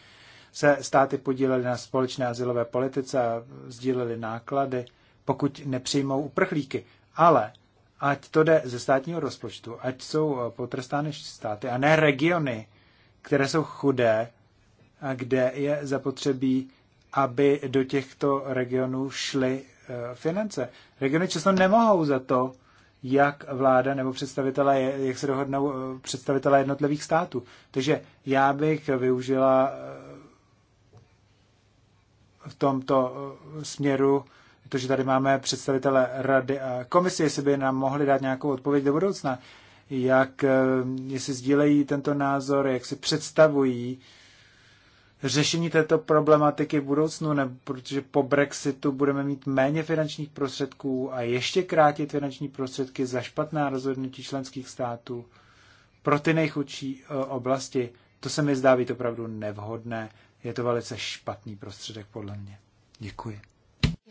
se státy podílely na společné asilové politice a sdílely náklady, pokud nepřijmou uprchlíky. Ale ať to jde ze státního rozpočtu, ať jsou eh, potrestány státy a ne regiony, které jsou chudé a kde je zapotřebí aby do těchto regionů šly e, finance. Regiony často nemohou za to, jak vláda nebo představitelé, jak se dohodnou e, představitelé jednotlivých států. Takže já bych využila e, v tomto směru, že tady máme představitele rady a komisie, jestli by nám mohli dát nějakou odpověď do budoucna, jak, jestli sdílejí tento názor, jak si představují řešení této problematiky v budoucnu, ne, protože po Brexitu budeme mít méně finančních prostředků a ještě krátit finanční prostředky za špatná rozhodnutí členských států pro ty nejchudší e, oblasti. To se mi zdá být opravdu nevhodné. Je to velice špatný prostředek podle mě. Děkuji.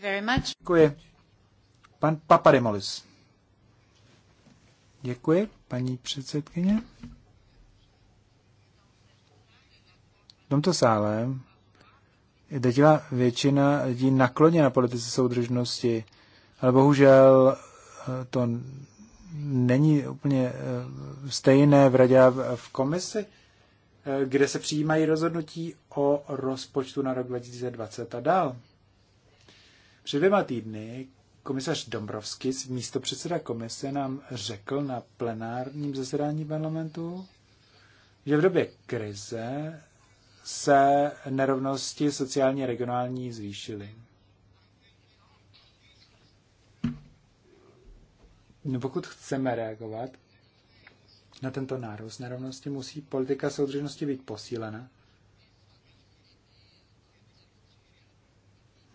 Very much. Děkuji. Pan Papadimolis. Děkuji, paní předsedkyně. tomto sále je drtivá většina lidí nakloněna politice soudržnosti, ale bohužel eh, to není úplně eh, stejné v radě v komisi, eh, kde se přijímají rozhodnutí o rozpočtu na rok 2020 a dál. Před dvěma týdny komisař Dombrovský, místo předseda komise, nám řekl na plenárním zasedání parlamentu, že v době krize se nerovnosti sociálně regionální zvýšily. No pokud chceme reagovat na tento nárůst nerovnosti, musí politika soudržnosti být posílena.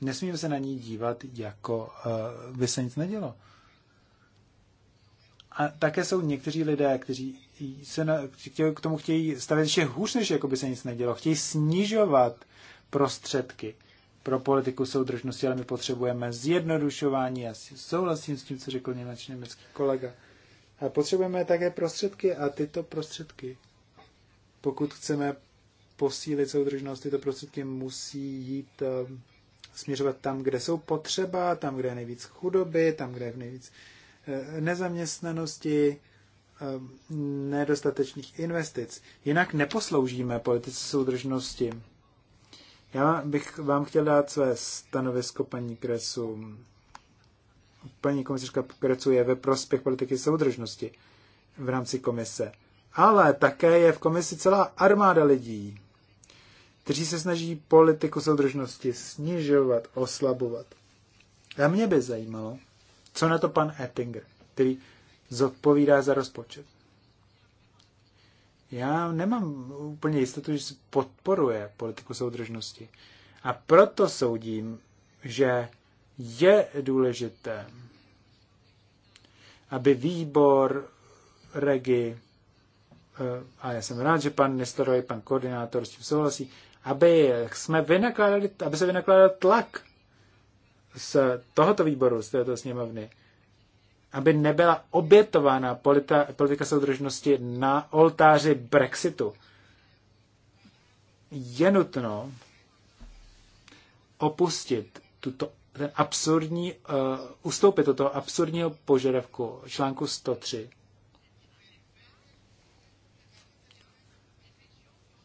Nesmíme se na ní dívat, jako uh, by se nic nedělo. A také jsou někteří lidé, kteří se na, k tomu chtějí stavět ještě hůř, než jako by se nic nedělo. Chtějí snižovat prostředky pro politiku soudržnosti, ale my potřebujeme zjednodušování. Já souhlasím s tím, co řekl německý, německý kolega. A potřebujeme také prostředky a tyto prostředky, pokud chceme posílit soudržnost, tyto prostředky musí jít eh, směřovat tam, kde jsou potřeba, tam, kde je nejvíc chudoby, tam, kde je nejvíc nezaměstnanosti, ehm, nedostatečných investic. Jinak neposloužíme politice soudržnosti. Já bych vám chtěl dát své stanovisko paní Kresu. Paní komisařka Kresu je ve prospěch politiky soudržnosti v rámci komise. Ale také je v komisi celá armáda lidí, kteří se snaží politiku soudržnosti snižovat, oslabovat. A mě by zajímalo, co na to pan Ettinger, který zodpovídá za rozpočet? Já nemám úplně jistotu, že podporuje politiku soudržnosti. A proto soudím, že je důležité, aby výbor regi, eh, a já jsem rád, že pan Nestoroj, pan koordinátor s tím souhlasí, aby jsme vynakládali, aby se vynakládal tlak z tohoto výboru, z této sněmovny, aby nebyla obětována politika, politika soudržnosti na oltáři Brexitu. Je nutno opustit tuto, ten absurdní, uh, ustoupit toto absurdního požadavku článku 103.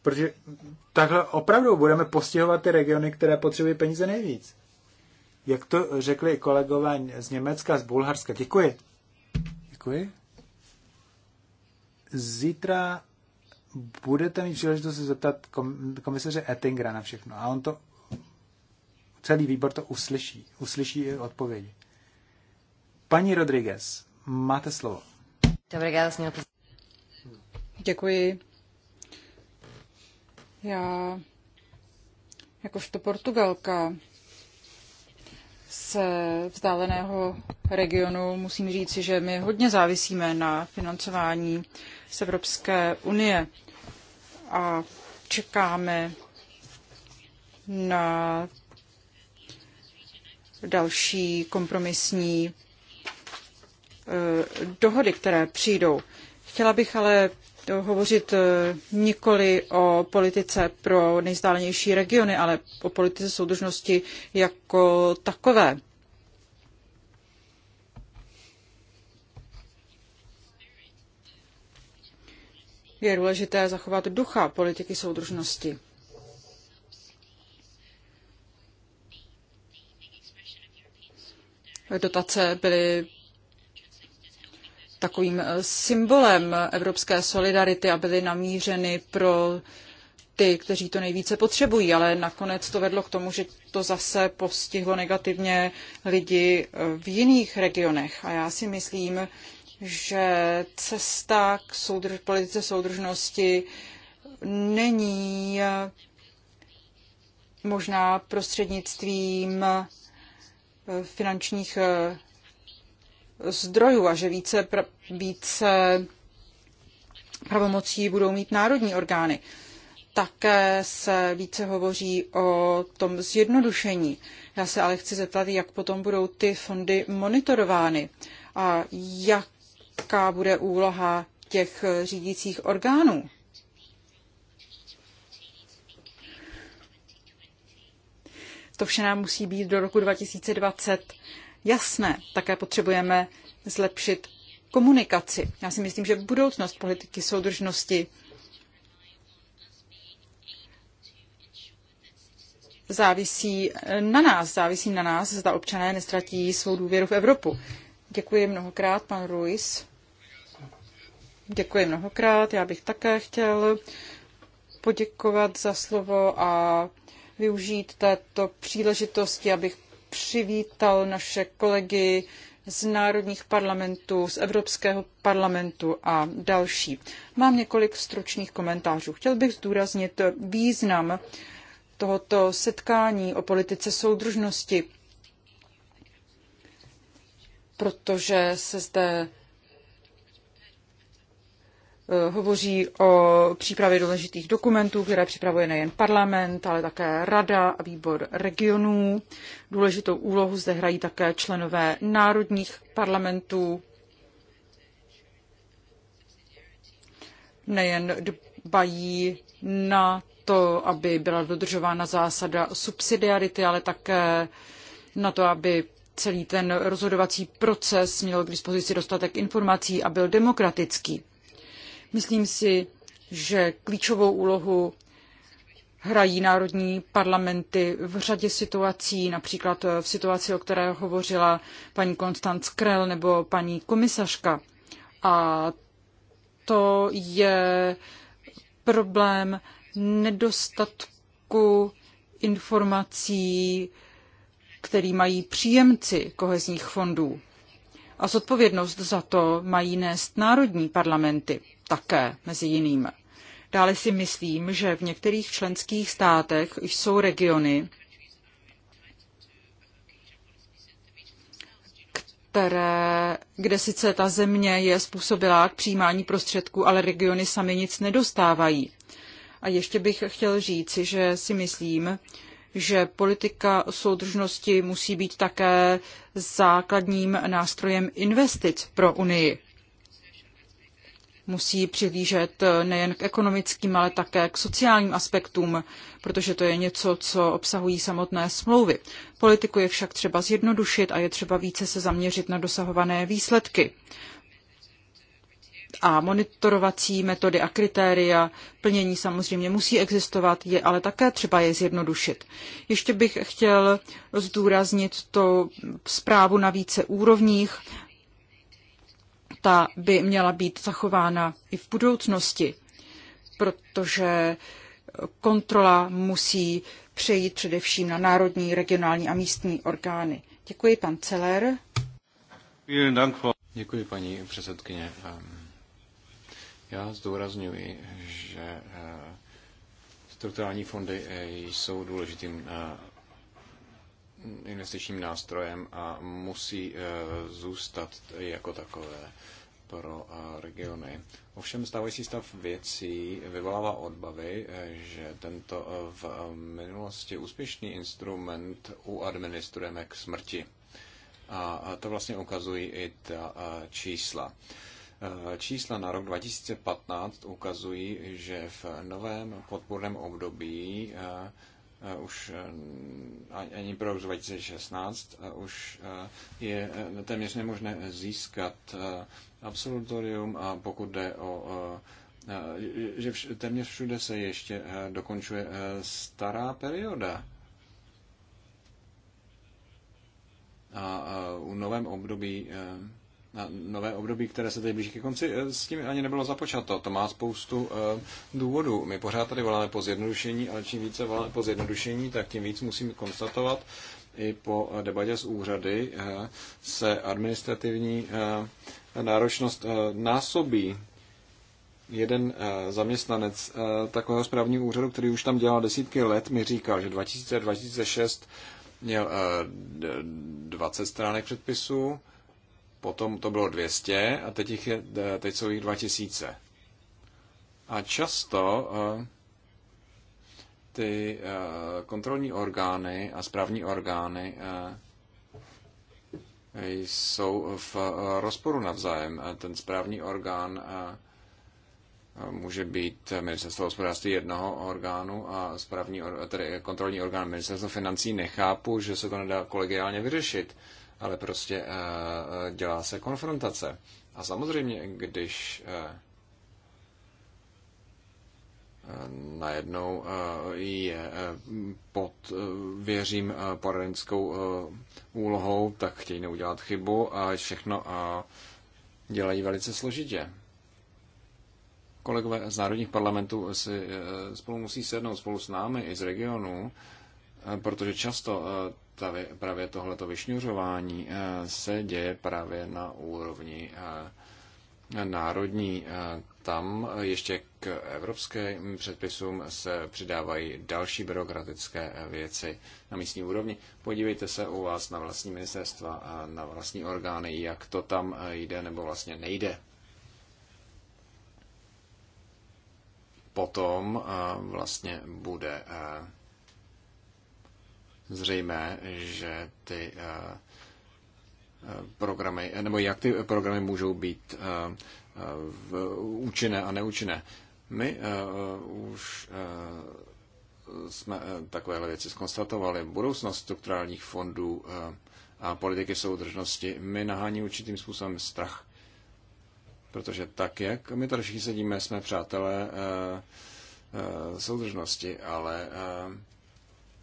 Protože takhle opravdu budeme postihovat ty regiony, které potřebují peníze nejvíc jak to řekli kolegové z Německa, z Bulharska. Děkuji. Děkuji. Zítra budete mít příležitost se zeptat komisaře Ettingera na všechno. A on to, celý výbor to uslyší. Uslyší i odpovědi. Paní Rodriguez, máte slovo. Dobrý den, Děkuji. Já jakožto Portugalka z vzdáleného regionu, musím říci, že my hodně závisíme na financování z Evropské unie a čekáme na další kompromisní eh, dohody, které přijdou. Chtěla bych ale hovořit eh, nikoli o politice pro nejzdálenější regiony, ale o politice soudržnosti jako takové. Je důležité zachovat ducha politiky soudržnosti. Dotace byly takovým eh, symbolem evropské solidarity a byly namířeny pro ty, kteří to nejvíce potřebují, ale nakonec to vedlo k tomu, že to zase postihlo negativně lidi eh, v jiných regionech. A já si myslím, že cesta k soudrž- politice soudržnosti není eh, možná prostřednictvím finančních zdrojů a že více, pra, více pravomocí budou mít národní orgány. Také se více hovoří o tom zjednodušení. Já se ale chci zeptat, jak potom budou ty fondy monitorovány a jaká bude úloha těch řídících orgánů. To vše nám musí být do roku 2020 jasné. Také potřebujeme zlepšit komunikaci. Já si myslím, že budoucnost politiky soudržnosti závisí na nás, závisí na nás, zda občané nestratí svou důvěru v Evropu. Děkuji mnohokrát, pan Ruiz. Děkuji mnohokrát. Já bych také chtěl poděkovat za slovo a využít této příležitosti, abych přivítal naše kolegy z národních parlamentů, z Evropského parlamentu a další. Mám několik stručných komentářů. Chtěl bych zdůraznit význam tohoto setkání o politice soudržnosti, protože se zde Eh, hovoří o přípravě důležitých dokumentů, které připravuje nejen parlament, ale také rada a výbor regionů. Důležitou úlohu zde hrají také členové národních parlamentů. Nejen dbají na to, aby byla dodržována zásada subsidiarity, ale také na to, aby celý ten rozhodovací proces měl k dispozici dostatek informací a byl demokratický. Myslím si, že klíčovou úlohu hrají národní parlamenty v řadě situací, například v situaci, o které hovořila paní Konstanc Krell nebo paní komisařka. A to je problém nedostatku informací, který mají příjemci kohezních fondů. A zodpovědnost za to mají nést národní parlamenty také mezi jiným. Dále si myslím, že v některých členských státech jsou regiony, které, kde sice ta země je způsobilá k přijímání prostředků, ale regiony sami nic nedostávají. A ještě bych chtěl říci, že si myslím, že politika soudržnosti musí být také základním nástrojem investic pro Unii musí přihlížet eh, nejen k ekonomickým, ale také k sociálním aspektům, protože to je něco, co obsahují samotné smlouvy. Politiku je však třeba zjednodušit a je třeba více se zaměřit na dosahované výsledky. A monitorovací metody a kritéria plnění samozřejmě musí existovat, je ale také třeba je zjednodušit. Ještě bych chtěl zdůraznit to zprávu na více úrovních ta by měla být zachována i v budoucnosti, protože kontrola musí přejít především na národní, regionální a místní orgány. Děkuji, pan Celer. Děkuji, paní předsedkyně. Ehm, já zdůrazňuji, že eh, strukturální fondy eh, jsou důležitým eh, investičním nástrojem a musí eh, zůstat jako takové pro eh, regiony. Ovšem stávající stav věcí vyvolává odbavy, eh, že tento v minulosti úspěšný instrument uadministrujeme k smrti. A to vlastně ukazují i ta čísla. Čísla na rok 2015 ukazují, že v novém podpůrném období Eh, už eh, ani pro rok 2016 eh, už je téměř nemožné získat absolutorium a pokud jde o že vš, téměř všude se ještě dokončuje stará perioda. A u novém období nové období, které se teď blíží ke konci, eh, s tím ani nebylo započato. To má spoustu eh, důvodů. My pořád tady voláme po zjednodušení, ale čím více voláme po zjednodušení, tak tím víc musíme konstatovat, i po eh, debatě s úřady se administrativní náročnost násobí. Jeden zaměstnanec takového správního úřadu, který už tam dělal desítky let, mi říkal, že 2000 2006 měl 20 stránek předpisů, potom to bylo 200 a teď, jich je, eh, teď jsou jich 2000. A často eh, ty eh, kontrolní orgány a správní orgány jsou v rozporu navzájem. Ten správní orgán může být ministerstvo hospodářství jednoho orgánu a správní, tedy kontrolní orgán ministerstva financí. Nechápu, že se to nedá kolegiálně vyřešit ale prostě eh, eh, dělá se konfrontace. A samozřejmě, když eh, najednou je pod, věřím, poradenskou úlohou, tak chtějí neudělat chybu a všechno dělají velice složitě. Kolegové z národních parlamentů si spolu musí sednout spolu s námi i z regionu Eh, protože často eh, tady právě tohleto vyšňuřování eh, se děje právě na úrovni národní. Tam ještě k evropským předpisům se přidávají další byrokratické věci na místní úrovni. Podívejte se u vás na vlastní ministerstva a na vlastní orgány, jak to tam jde nebo vlastně nejde. Potom vlastně bude zřejmé, že ty eh, programy, nebo jak ty programy můžou být eh, účinné a neúčinné. My eh, už jsme takovéhle věci skonstatovali. Budoucnost strukturálních fondů a politiky soudržnosti my nahání určitým způsobem strach. Protože tak, jak my tady všichni sedíme, jsme přátelé soudržnosti, ale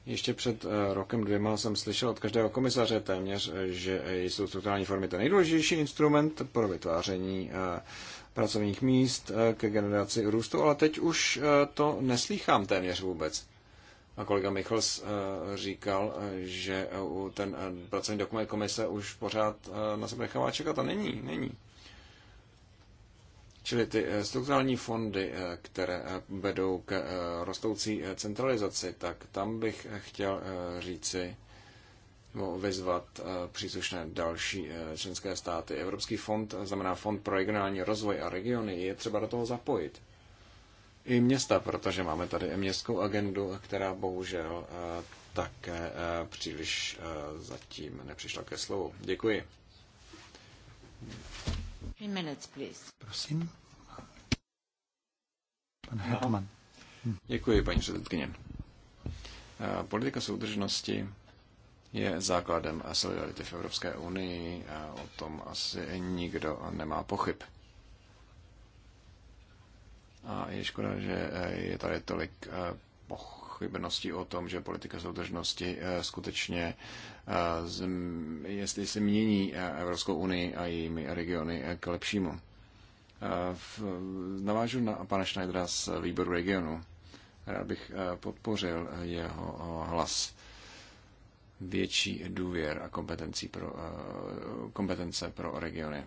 ještě před eh, rokem dvěma jsem slyšel od každého komisaře téměř, eh, že eh, jsou strukturální formy ten nejdůležitější instrument pro vytváření pracovních míst ke generaci růstu, ale teď už to neslýchám téměř vůbec. A kolega Michals říkal, že ten pracovní dokument komise už pořád na sebe nechává čekat a není, není. Čili ty eh, strukturální fondy, eh, které eh, vedou k rostoucí centralizaci, tak tam bych chtěl říci, vyzvat příslušné další členské státy. Evropský fond, znamená Fond pro regionální rozvoj a regiony, je třeba do toho zapojit. I města, protože máme tady městskou agendu, která bohužel také příliš zatím nepřišla ke slovu. Děkuji. Three minutes, please. Prosím. Pan Hetman. Hm. No. Děkuji, paní předsedkyně. Eh, politika soudržnosti je základem solidarity v Evropské unii a o tom asi nikdo nemá pochyb. A je škoda, že eh, je tady tolik eh, poch pochybnosti o tom, že politika soudržnosti eh, skutečně eh, jestli se mění eh, Evropskou unii a jejími regiony k lepšímu. Navážu na pana Schneidera z výboru regionu. Rád bych podpořil jeho hlas větší důvěr a pro, kompetence pro regiony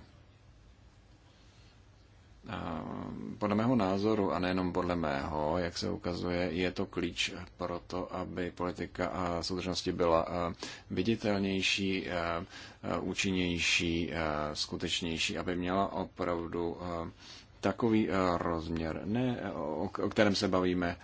podle mého názoru, a nejenom podle mého, jak se ukazuje, je to klíč pro to, aby politika a soudržnosti byla viditelnější, účinnější, skutečnější, aby měla opravdu takový rozměr, ne, o kterém se bavíme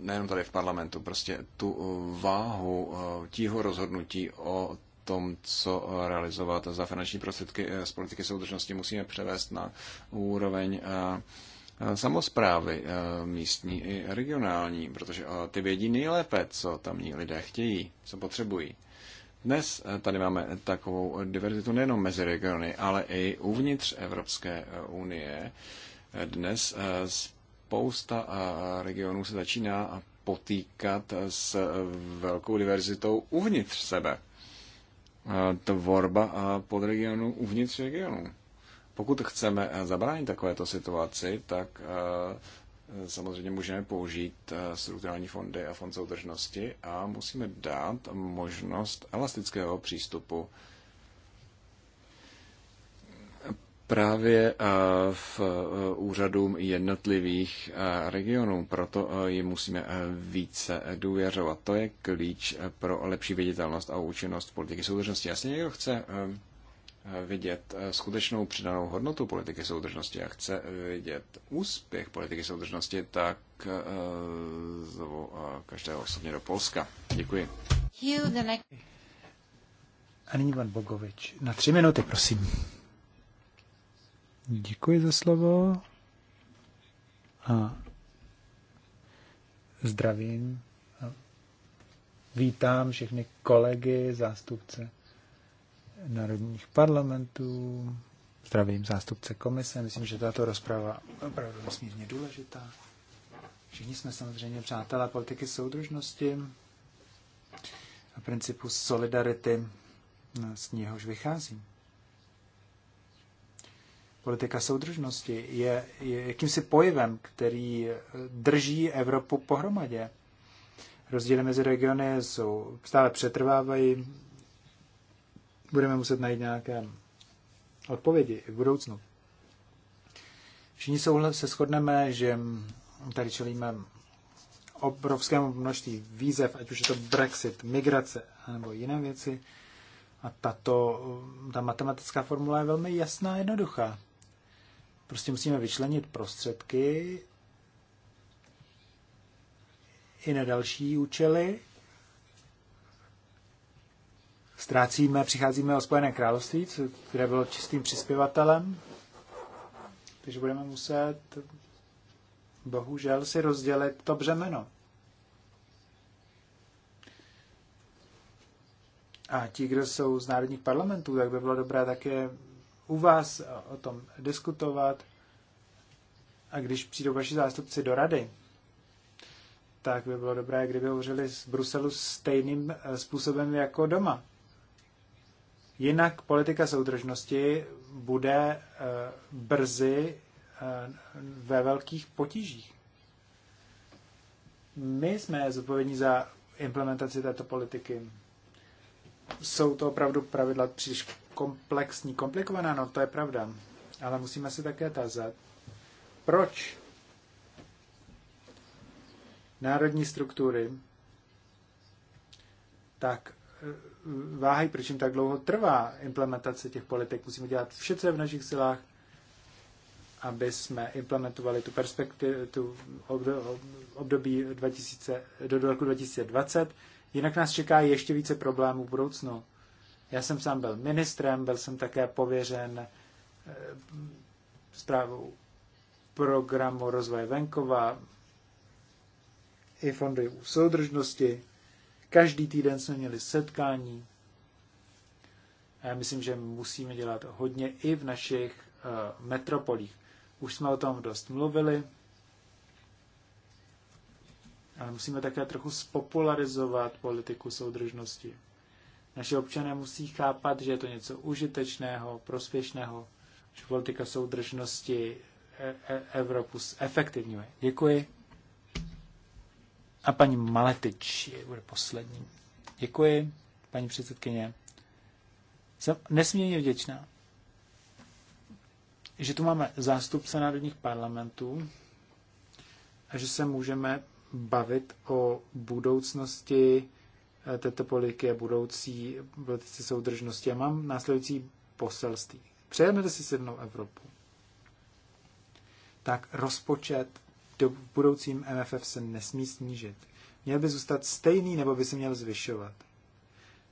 nejenom tady v parlamentu, prostě tu váhu tího rozhodnutí o tom, co eh, realizovat za finanční prostředky eh, z politiky soudržnosti, musíme převést na úroveň eh, samozprávy místní i regionální, protože ty vědí nejlépe, co tamní lidé chtějí, co potřebují. Dnes tady máme takovou diverzitu nejenom mezi regiony, ale i uvnitř Evropské unie. Dnes spousta regionů se začíná potýkat s velkou diverzitou uvnitř sebe tvorba podregionu uvnitř regionu. Pokud chceme eh, zabránit takovéto situaci, tak eh, samozřejmě můžeme použít eh, strukturální fondy a fond soudržnosti a musíme dát možnost elastického přístupu právě eh, v eh, úřadům jednotlivých eh, regionů. Proto ji musíme více důvěřovat. To je klíč pro lepší viditelnost a účinnost politiky soudržnosti. Jestli někdo chce vidět skutečnou přidanou hodnotu politiky soudržnosti a chce vidět úspěch politiky soudržnosti, tak zvu každého osobně do Polska. Děkuji. A nyní pan Bogovič. Na tři minuty, prosím. Děkuji za slovo a zdravím. A vítám všechny kolegy, zástupce národních parlamentů, zdravím zástupce komise. Myslím, že tato rozprava je opravdu nesmírně důležitá. Všichni jsme samozřejmě přátelé politiky soudržnosti a principu solidarity, z něhož vycházím politika soudržnosti je, je jakýmsi pojivem, který drží Evropu pohromadě. Rozdíly mezi regiony jsou, stále přetrvávají. Budeme muset najít nějaké odpovědi v budoucnu. Všichni se shodneme, že tady čelíme obrovskému množství výzev, ať už je to Brexit, migrace nebo jiné věci. A tato, ta matematická formula je velmi jasná a jednoduchá. Prostě musíme vyčlenit prostředky i na další účely. Ztrácíme, přicházíme o Spojené království, které bylo čistým přispěvatelem, takže budeme muset bohužel si rozdělit to břemeno. A ti, kdo jsou z národních parlamentů, tak by bylo dobré také u vás o tom diskutovat a když přijdou vaši zástupci do rady, tak by bylo dobré, kdyby hovořili z Bruselu stejným eh, způsobem jako doma. Jinak politika soudržnosti bude eh, brzy eh, ve velkých potížích. My jsme zodpovědní za implementaci této politiky. Jsou to opravdu pravidla příliš komplexní, komplikovaná, no to je pravda. Ale musíme se také tazat, proč národní struktury tak eh, váhají, proč jim tak dlouho trvá implementace těch politik. Musíme dělat vše, co je v našich silách, aby jsme implementovali tu perspektivu, tu období 2000, do roku 2020. Jinak nás čeká ještě více problémů v budoucnu. Já jsem sám byl ministrem, byl jsem také pověřen eh, zprávou programu rozvoje venkova i fondy soudržnosti. Každý týden jsme měli setkání. A já myslím, že musíme dělat hodně i v našich eh, metropolích. Už jsme o tom dost mluvili, ale musíme také trochu spopularizovat politiku soudržnosti. Naši občané musí chápat, že je to něco užitečného, prospěšného, že politika soudržnosti e-, e-, Evropu zefektivňuje. Děkuji. A paní Maletič je bude poslední. Děkuji, paní předsedkyně. Jsem nesmírně vděčná, že tu máme zástupce národních parlamentů a že se můžeme bavit o budoucnosti této politiky a budoucí politice soudržnosti. A mám následující poselství. Přejeme si silnou Evropu. Tak rozpočet do budoucím MFF se nesmí snížit. Měl by zůstat stejný nebo by se měl zvyšovat.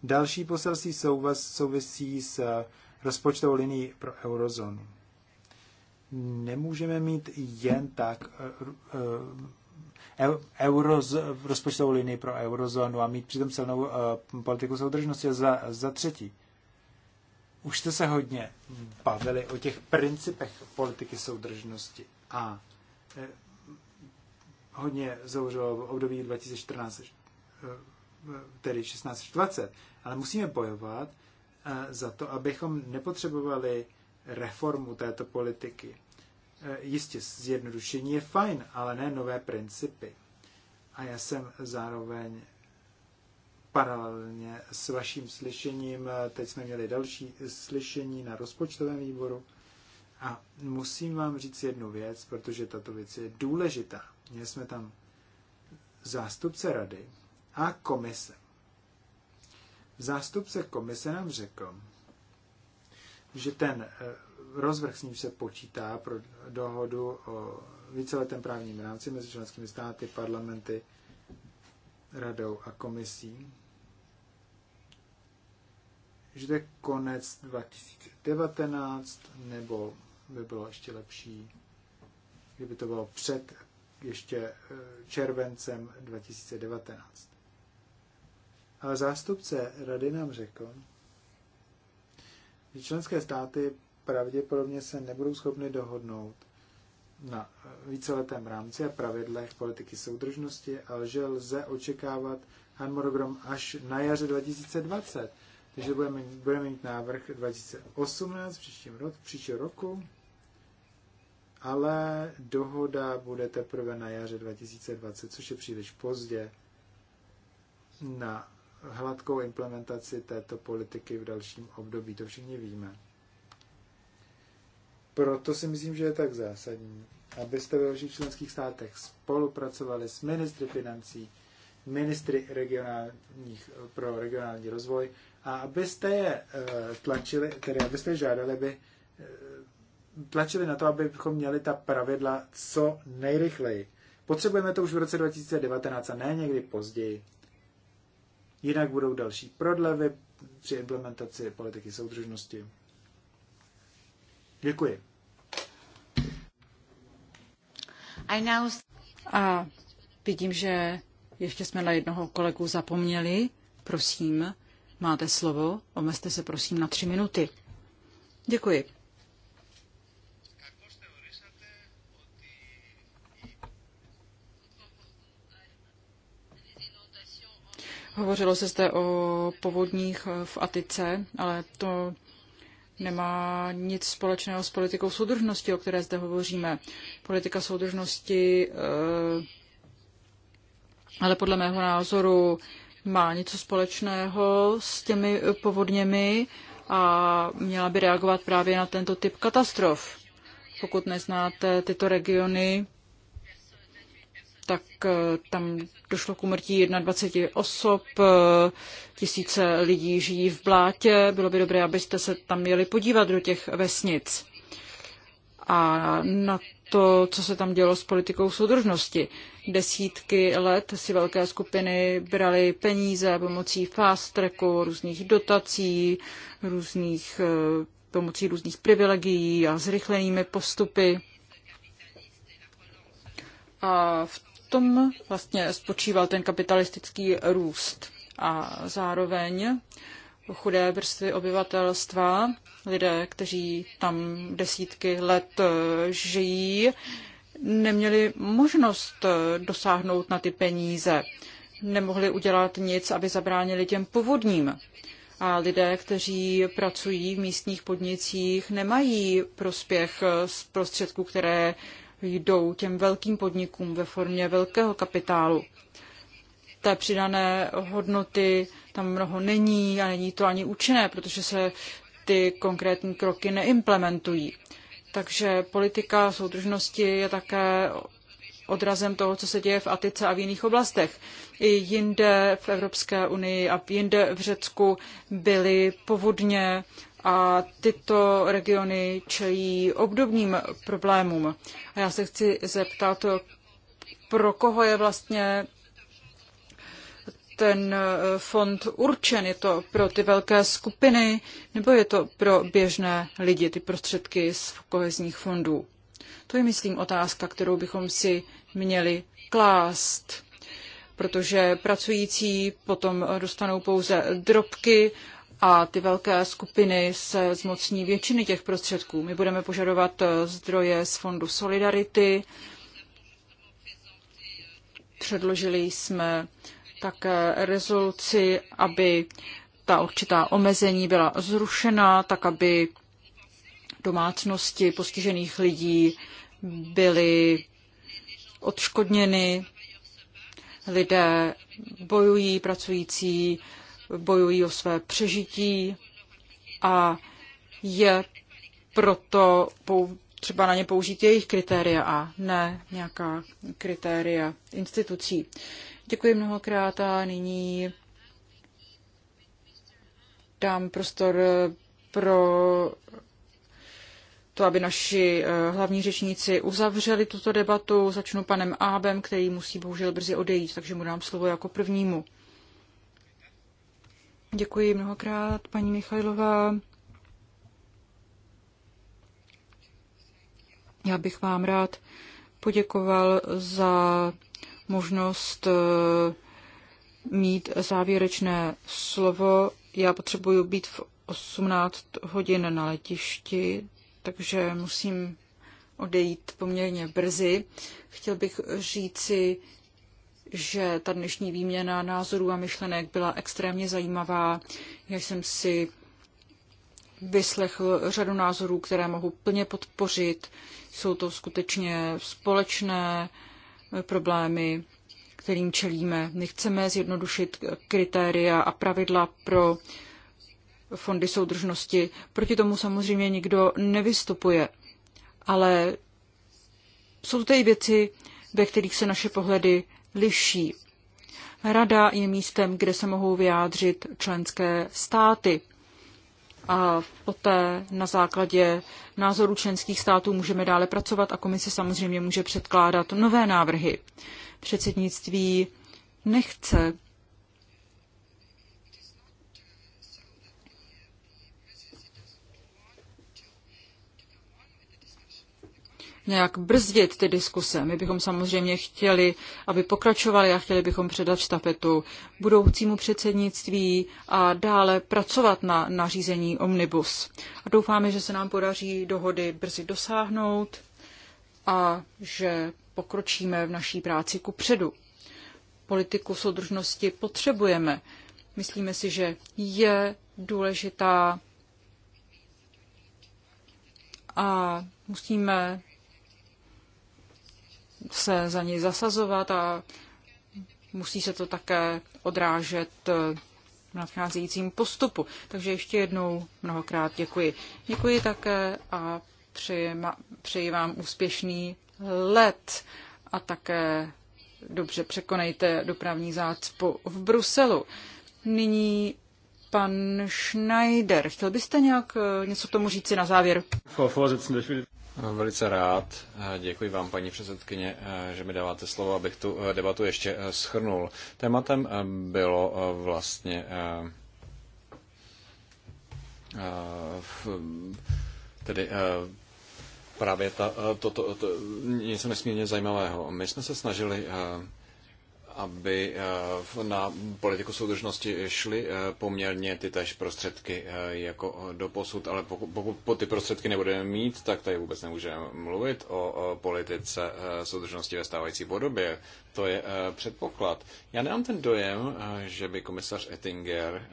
Další poselství souvisí s rozpočtovou linií pro eurozónu nemůžeme mít jen tak eh, eh, euro, rozpočtovou linii pro eurozónu a mít přitom silnou eh, politiku soudržnosti. Za, za třetí, už jste se hodně bavili o těch principech politiky soudržnosti a eh, hodně zauřilo v období 2014, eh, tedy 16-20, ale musíme bojovat za to, abychom nepotřebovali reformu této politiky. Eh, jistě zjednodušení je fajn, ale ne nové principy. A já jsem zároveň paralelně s vaším slyšením, eh, teď jsme měli další slyšení na rozpočtovém výboru, a musím vám říct jednu věc, protože tato věc je důležitá. Měli jsme tam zástupce rady a komise. Zástupce komise nám řekl, že ten eh, rozvrh, s ním se počítá pro dohodu o víceletém právním rámci mezi členskými státy, parlamenty, radou a komisí, že to je konec 2019, nebo by bylo ještě lepší, kdyby to bylo před ještě eh, červencem 2019. Ale zástupce rady nám řekl, že členské státy pravděpodobně se nebudou schopny dohodnout na víceletém rámci a pravidlech politiky soudržnosti ale že lze očekávat harmonogram až na jaře 2020. Takže budeme, budeme mít návrh 2018 v příštím rok, příští roku, ale dohoda bude teprve na jaře 2020, což je příliš pozdě na hladkou implementaci této politiky v dalším období. To všichni víme. Proto si myslím, že je tak zásadní, abyste ve vašich členských státech spolupracovali s ministry financí, ministry regionálních, pro regionální rozvoj a abyste je eh, tlačili, tedy abyste žádali, aby eh, tlačili na to, abychom měli ta pravidla co nejrychleji. Potřebujeme to už v roce 2019 a ne někdy později. Jinak budou další prodlevy při implementaci politiky soudržnosti. Děkuji. A vidím, že ještě jsme na jednoho kolegu zapomněli. Prosím, máte slovo. Omezte se prosím na tři minuty. Děkuji. Hovořilo se zde o povodních v Atice, ale to nemá nic společného s politikou soudržnosti, o které zde hovoříme. Politika soudržnosti eh, ale podle mého názoru má něco společného s těmi povodněmi a měla by reagovat právě na tento typ katastrof. Pokud neznáte tyto regiony, tak eh, tam došlo k umrtí 21 osob, eh, tisíce lidí žijí v blátě. Bylo by dobré, abyste se tam měli podívat do těch vesnic a na to, co se tam dělo s politikou soudržnosti. Desítky let si velké skupiny brali peníze pomocí fast tracku, různých dotací, různých, eh, pomocí různých privilegií a zrychlenými postupy. A v tom vlastně spočíval ten kapitalistický růst. A zároveň chudé vrstvy obyvatelstva, lidé, kteří tam desítky let eh, žijí, neměli možnost eh, dosáhnout na ty peníze. Nemohli udělat nic, aby zabránili těm povodním. A lidé, kteří pracují v místních podnicích, nemají prospěch z prostředků, které jdou těm velkým podnikům ve formě velkého kapitálu. Té přidané hodnoty tam mnoho není a není to ani účinné, protože se ty konkrétní kroky neimplementují. Takže politika soudržnosti je také odrazem toho, co se děje v Atice a v jiných oblastech. I jinde v Evropské unii a jinde v Řecku byly povodně, a tyto regiony čelí obdobným problémům. A já se chci zeptat, pro koho je vlastně ten eh, fond určen? Je to pro ty velké skupiny nebo je to pro běžné lidi, ty prostředky z kohezních fondů? To je, myslím, otázka, kterou bychom si měli klást, protože pracující potom dostanou pouze drobky a ty velké skupiny se zmocní většiny těch prostředků. My budeme požadovat eh, zdroje z Fondu Solidarity. Předložili jsme také rezoluci, aby ta určitá omezení byla zrušena, tak aby domácnosti postižených lidí byly odškodněny. Lidé bojují, pracující bojují o své přežití a je proto třeba na ně použít jejich kritéria a ne nějaká kritéria institucí. Děkuji mnohokrát a nyní dám prostor pro to, aby naši eh, hlavní řečníci uzavřeli tuto debatu. Začnu panem Ábem, který musí bohužel brzy odejít, takže mu dám slovo jako prvnímu. Děkuji mnohokrát, paní Michajlová. Já bych vám rád poděkoval za možnost eh, mít závěrečné slovo. Já potřebuji být v 18 hodin na letišti, takže musím odejít poměrně brzy. Chtěl bych říci, že ta dnešní výměna názorů a myšlenek byla extrémně zajímavá. Já jsem si vyslechl řadu názorů, které mohu plně podpořit. Jsou to skutečně společné problémy, kterým čelíme. Nechceme chceme zjednodušit kritéria a pravidla pro fondy soudržnosti. Proti tomu samozřejmě nikdo nevystupuje, ale jsou to i věci, ve kterých se naše pohledy liší. Rada je místem, kde se mohou vyjádřit členské státy. A poté na základě názoru členských států můžeme dále pracovat a komise samozřejmě může předkládat nové návrhy. Předsednictví nechce nějak brzdit ty diskuse. My bychom samozřejmě chtěli, aby pokračovali a chtěli bychom předat štafetu budoucímu předsednictví a dále pracovat na nařízení Omnibus. A doufáme, že se nám podaří dohody brzy dosáhnout a že pokročíme v naší práci ku předu. Politiku soudržnosti potřebujeme. Myslíme si, že je důležitá a musíme se za něj zasazovat a musí se to také odrážet eh, v nadcházejícím postupu. Takže ještě jednou mnohokrát děkuji. Děkuji také a přeji, přeji vám úspěšný let a také dobře překonejte dopravní zácpu v Bruselu. Nyní pan Schneider. Chtěl byste nějak eh, něco k tomu říci na závěr? Velice rád. Děkuji vám, paní předsedkyně, že mi dáváte slovo, abych tu debatu ještě schrnul. Tématem bylo vlastně tedy právě ta, to, to, to, něco nesmírně zajímavého. My jsme se snažili aby eh, na politiku soudržnosti šly eh, poměrně ty tež prostředky eh, jako do posud, ale pokud po ty prostředky nebudeme mít, tak tady vůbec nemůžeme mluvit o politice soudržnosti ve stávající podobě. To je předpoklad. Já nemám ten dojem, že by komisař Ettinger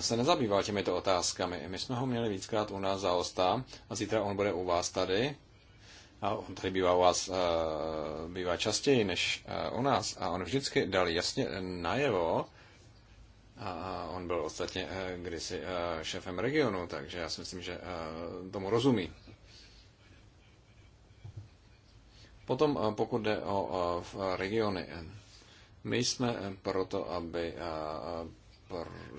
se nezabýval těmito otázkami. My jsme ho měli víckrát u nás za osta a zítra on bude u vás tady a on tady bývá u vás, eh, bývá častěji než eh, u nás a on vždycky dal jasně najevo, a on byl ostatně eh, kdysi šéfem regionu, takže já si myslím, že tomu rozumí. Potom, pokud jde o regiony, my jsme proto, aby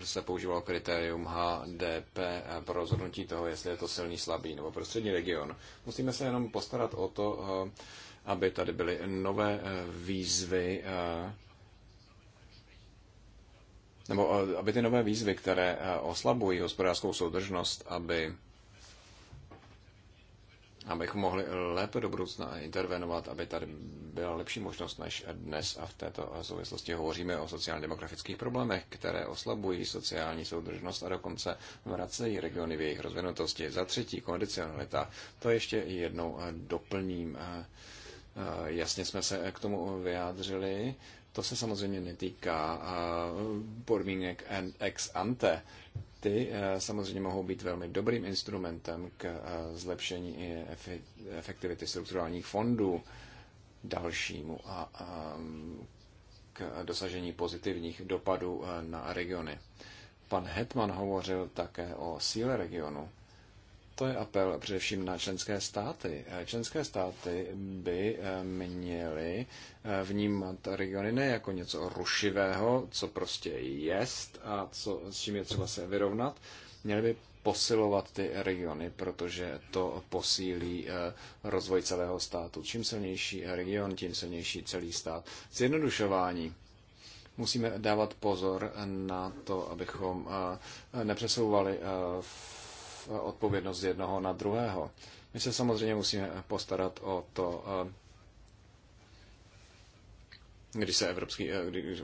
se používalo kritérium HDP pro rozhodnutí toho, jestli je to silný, slabý nebo prostřední region. Musíme se jenom postarat o to, eh, aby tady byly nové eh, výzvy, eh, nebo aby ty nové výzvy, které oslabují hospodářskou soudržnost, aby abychom mohli lépe do budoucna intervenovat, aby tady byla lepší možnost než dnes. A v této souvislosti hovoříme o sociálně-demografických problémech, které oslabují sociální soudržnost a dokonce vracejí regiony v jejich rozvinutosti. Za třetí, kondicionalita. To ještě jednou doplním. Jasně jsme se k tomu vyjádřili. To se samozřejmě netýká podmínek ex ante ty eh, samozřejmě mohou být velmi dobrým instrumentem k eh, zlepšení efektivity strukturálních fondů dalšímu a k dosažení pozitivních dopadů eh, na regiony. Pan Hetman hovořil také o síle regionu to je apel především na členské státy. Eh, členské státy by eh, měly eh, vnímat regiony ne jako něco rušivého, co prostě jest a co, s čím je třeba se vyrovnat. Měly by posilovat ty regiony, protože to posílí rozvoj celého státu. Čím silnější region, tím silnější celý stát. Zjednodušování musíme dávat pozor na to, abychom nepřesouvali v odpovědnost z jednoho na druhého. My se samozřejmě musíme postarat o to, když se evropský, když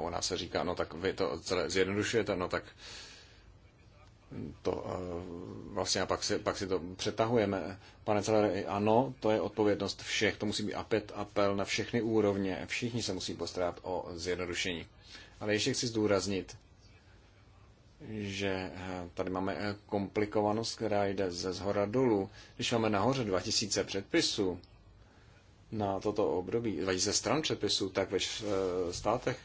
u nás se říká, no tak vy to celé zjednodušujete, no tak to vlastně a pak si, pak si to přetahujeme. Pane Celere, ano, to je odpovědnost všech, to musí být apet, apel na všechny úrovně, všichni se musí postarat o zjednodušení. Ale ještě chci zdůraznit, že eh, tady máme eh, komplikovanost, která jde ze zhora dolů. Když máme nahoře 2000 předpisů na toto období, 2000 stran předpisů, tak ve eh, státech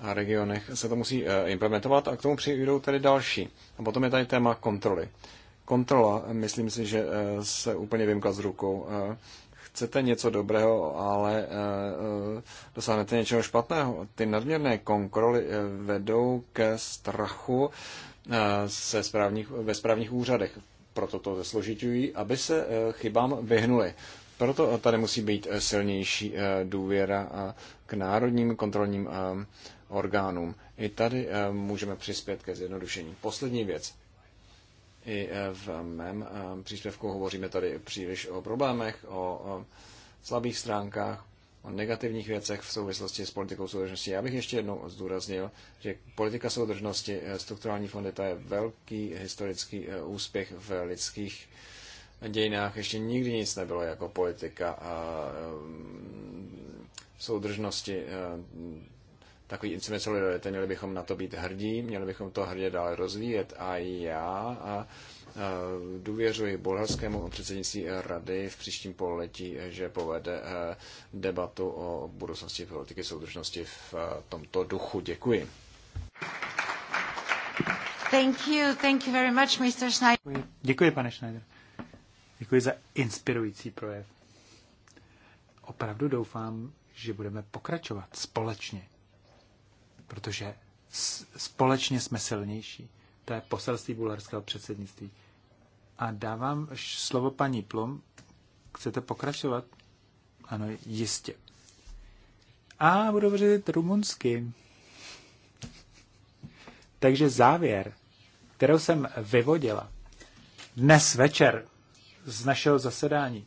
a regionech se to musí implementovat a k tomu přijdou tedy další. A potom je tady téma kontroly. Kontrola, myslím si, že se úplně vymkla z rukou chcete něco dobrého, ale eh, eh, dosáhnete něčeho špatného. Ty nadměrné kontroly eh, vedou ke strachu se správních, ve správních úřadech. Proto to zesložitují, aby se chybám vyhnuli. Proto tady musí být silnější důvěra k národním kontrolním orgánům. I tady můžeme přispět ke zjednodušení. Poslední věc i eh, v mém eh, příspěvku hovoříme tady příliš o problémech, o slabých stránkách, o negativních věcech v souvislosti s politikou soudržnosti. Já bych ještě jednou zdůraznil, že politika soudržnosti, eh, strukturální fondy, to je velký historický úspěch v lidských dějinách. Ještě nikdy nic nebylo jako politika soudržnosti takový instrument solidarity. Měli bychom na to být hrdí, měli bychom to hrdě dále rozvíjet a já a důvěřuji bulharskému předsednictví rady v příštím pololetí, že povede e, debatu o budoucnosti politiky soudržnosti v e, tomto duchu. Děkuji. Thank you, thank you very much, Mr. Schneider. děkuji, pane Schneider. Děkuji za inspirující projev. Opravdu doufám, že budeme pokračovat společně protože společně jsme silnější. To je poselství bulharského předsednictví. A dávám slovo paní Plum. Chcete pokračovat? Ano, jistě. A budu hovořit rumunsky. Takže závěr, kterou jsem vyvodila dnes večer z našeho zasedání,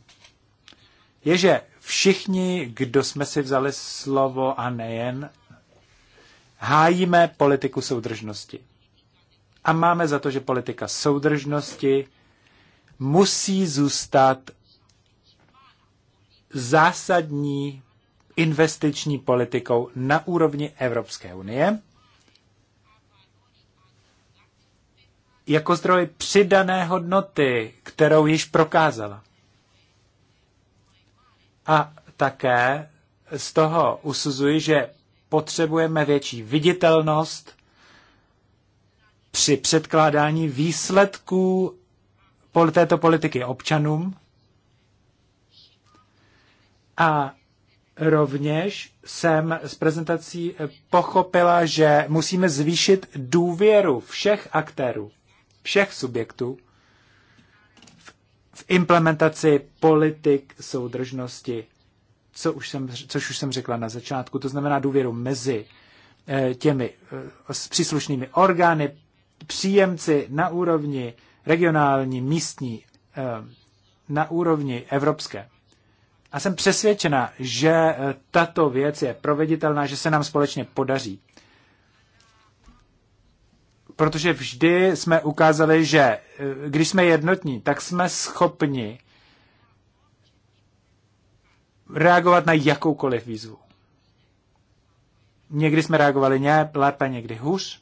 je, že všichni, kdo jsme si vzali slovo a nejen, hájíme politiku soudržnosti. A máme za to, že politika soudržnosti musí zůstat zásadní investiční politikou na úrovni Evropské unie jako zdroj přidané hodnoty, kterou již prokázala. A také z toho usuzuji, že potřebujeme větší viditelnost při předkládání výsledků této politiky občanům a Rovněž jsem z prezentací pochopila, že musíme zvýšit důvěru všech aktérů, všech subjektů v implementaci politik soudržnosti co už jsem, což už jsem řekla na začátku, to znamená důvěru mezi eh, těmi eh, příslušnými orgány, příjemci na úrovni regionální, místní, eh, na úrovni evropské. A jsem přesvědčena, že tato věc je proveditelná, že se nám společně podaří. Protože vždy jsme ukázali, že když jsme jednotní, tak jsme schopni reagovat na jakoukoliv výzvu. Někdy jsme reagovali ně, lépe, někdy hůř.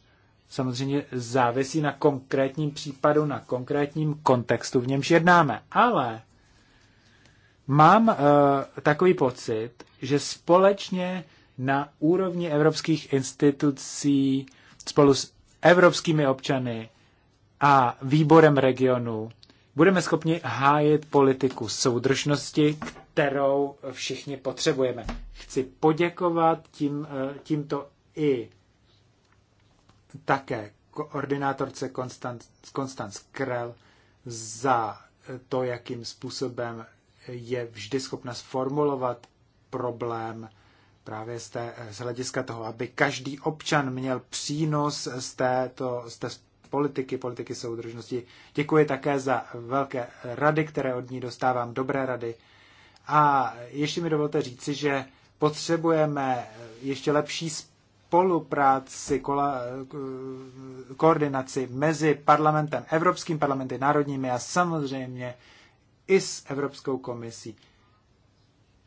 Samozřejmě závisí na konkrétním případu, na konkrétním kontextu, v němž jednáme. Ale mám uh, takový pocit, že společně na úrovni evropských institucí spolu s evropskými občany a výborem regionu budeme schopni hájit politiku soudržnosti, kterou všichni potřebujeme. Chci poděkovat tím, eh, tímto i také koordinátorce Konstanc, Krell za eh, to, jakým způsobem je vždy schopna sformulovat problém právě z, té, eh, z hlediska toho, aby každý občan měl přínos z, této, z té politiky, politiky soudržnosti. Děkuji také za velké rady, které od ní dostávám, dobré rady. A ještě mi dovolte říci, že potřebujeme ještě lepší spolupráci, kola, koordinaci mezi parlamentem, Evropským parlamentem, národními a samozřejmě i s Evropskou komisí,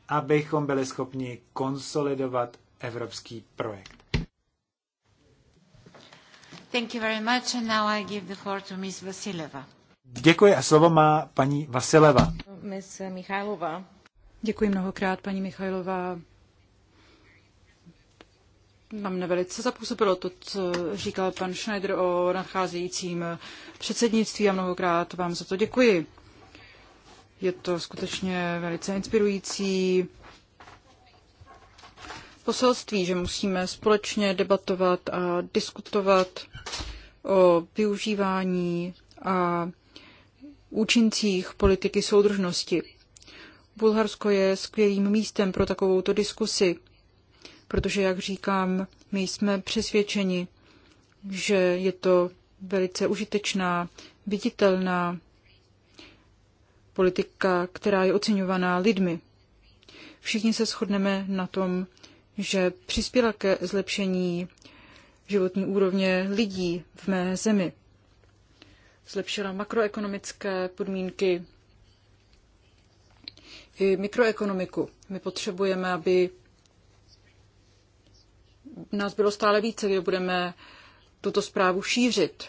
abychom byli schopni konsolidovat evropský projekt. Thank you very much and now I give the floor to Ms. Vasileva. Děkuji a slovo má paní Vasileva. Ms. Michailová. Děkuji mnohokrát, paní Michailová. Na mne velice zapůsobilo to, co říkal pan Schneider o nadcházejícím předsednictví a mnohokrát vám za to děkuji. Je to skutečně velice inspirující poselství, že musíme společně debatovat a diskutovat o využívání a účincích politiky soudržnosti. Bulharsko je skvělým místem pro takovouto diskusi, protože, jak říkám, my jsme přesvědčeni, že je to velice užitečná, viditelná politika, která je oceňovaná lidmi. Všichni se shodneme na tom, že přispěla ke zlepšení životní úrovně lidí v mé zemi. Zlepšila makroekonomické podmínky i mikroekonomiku. My potřebujeme, aby nás bylo stále více, kdo budeme tuto zprávu šířit.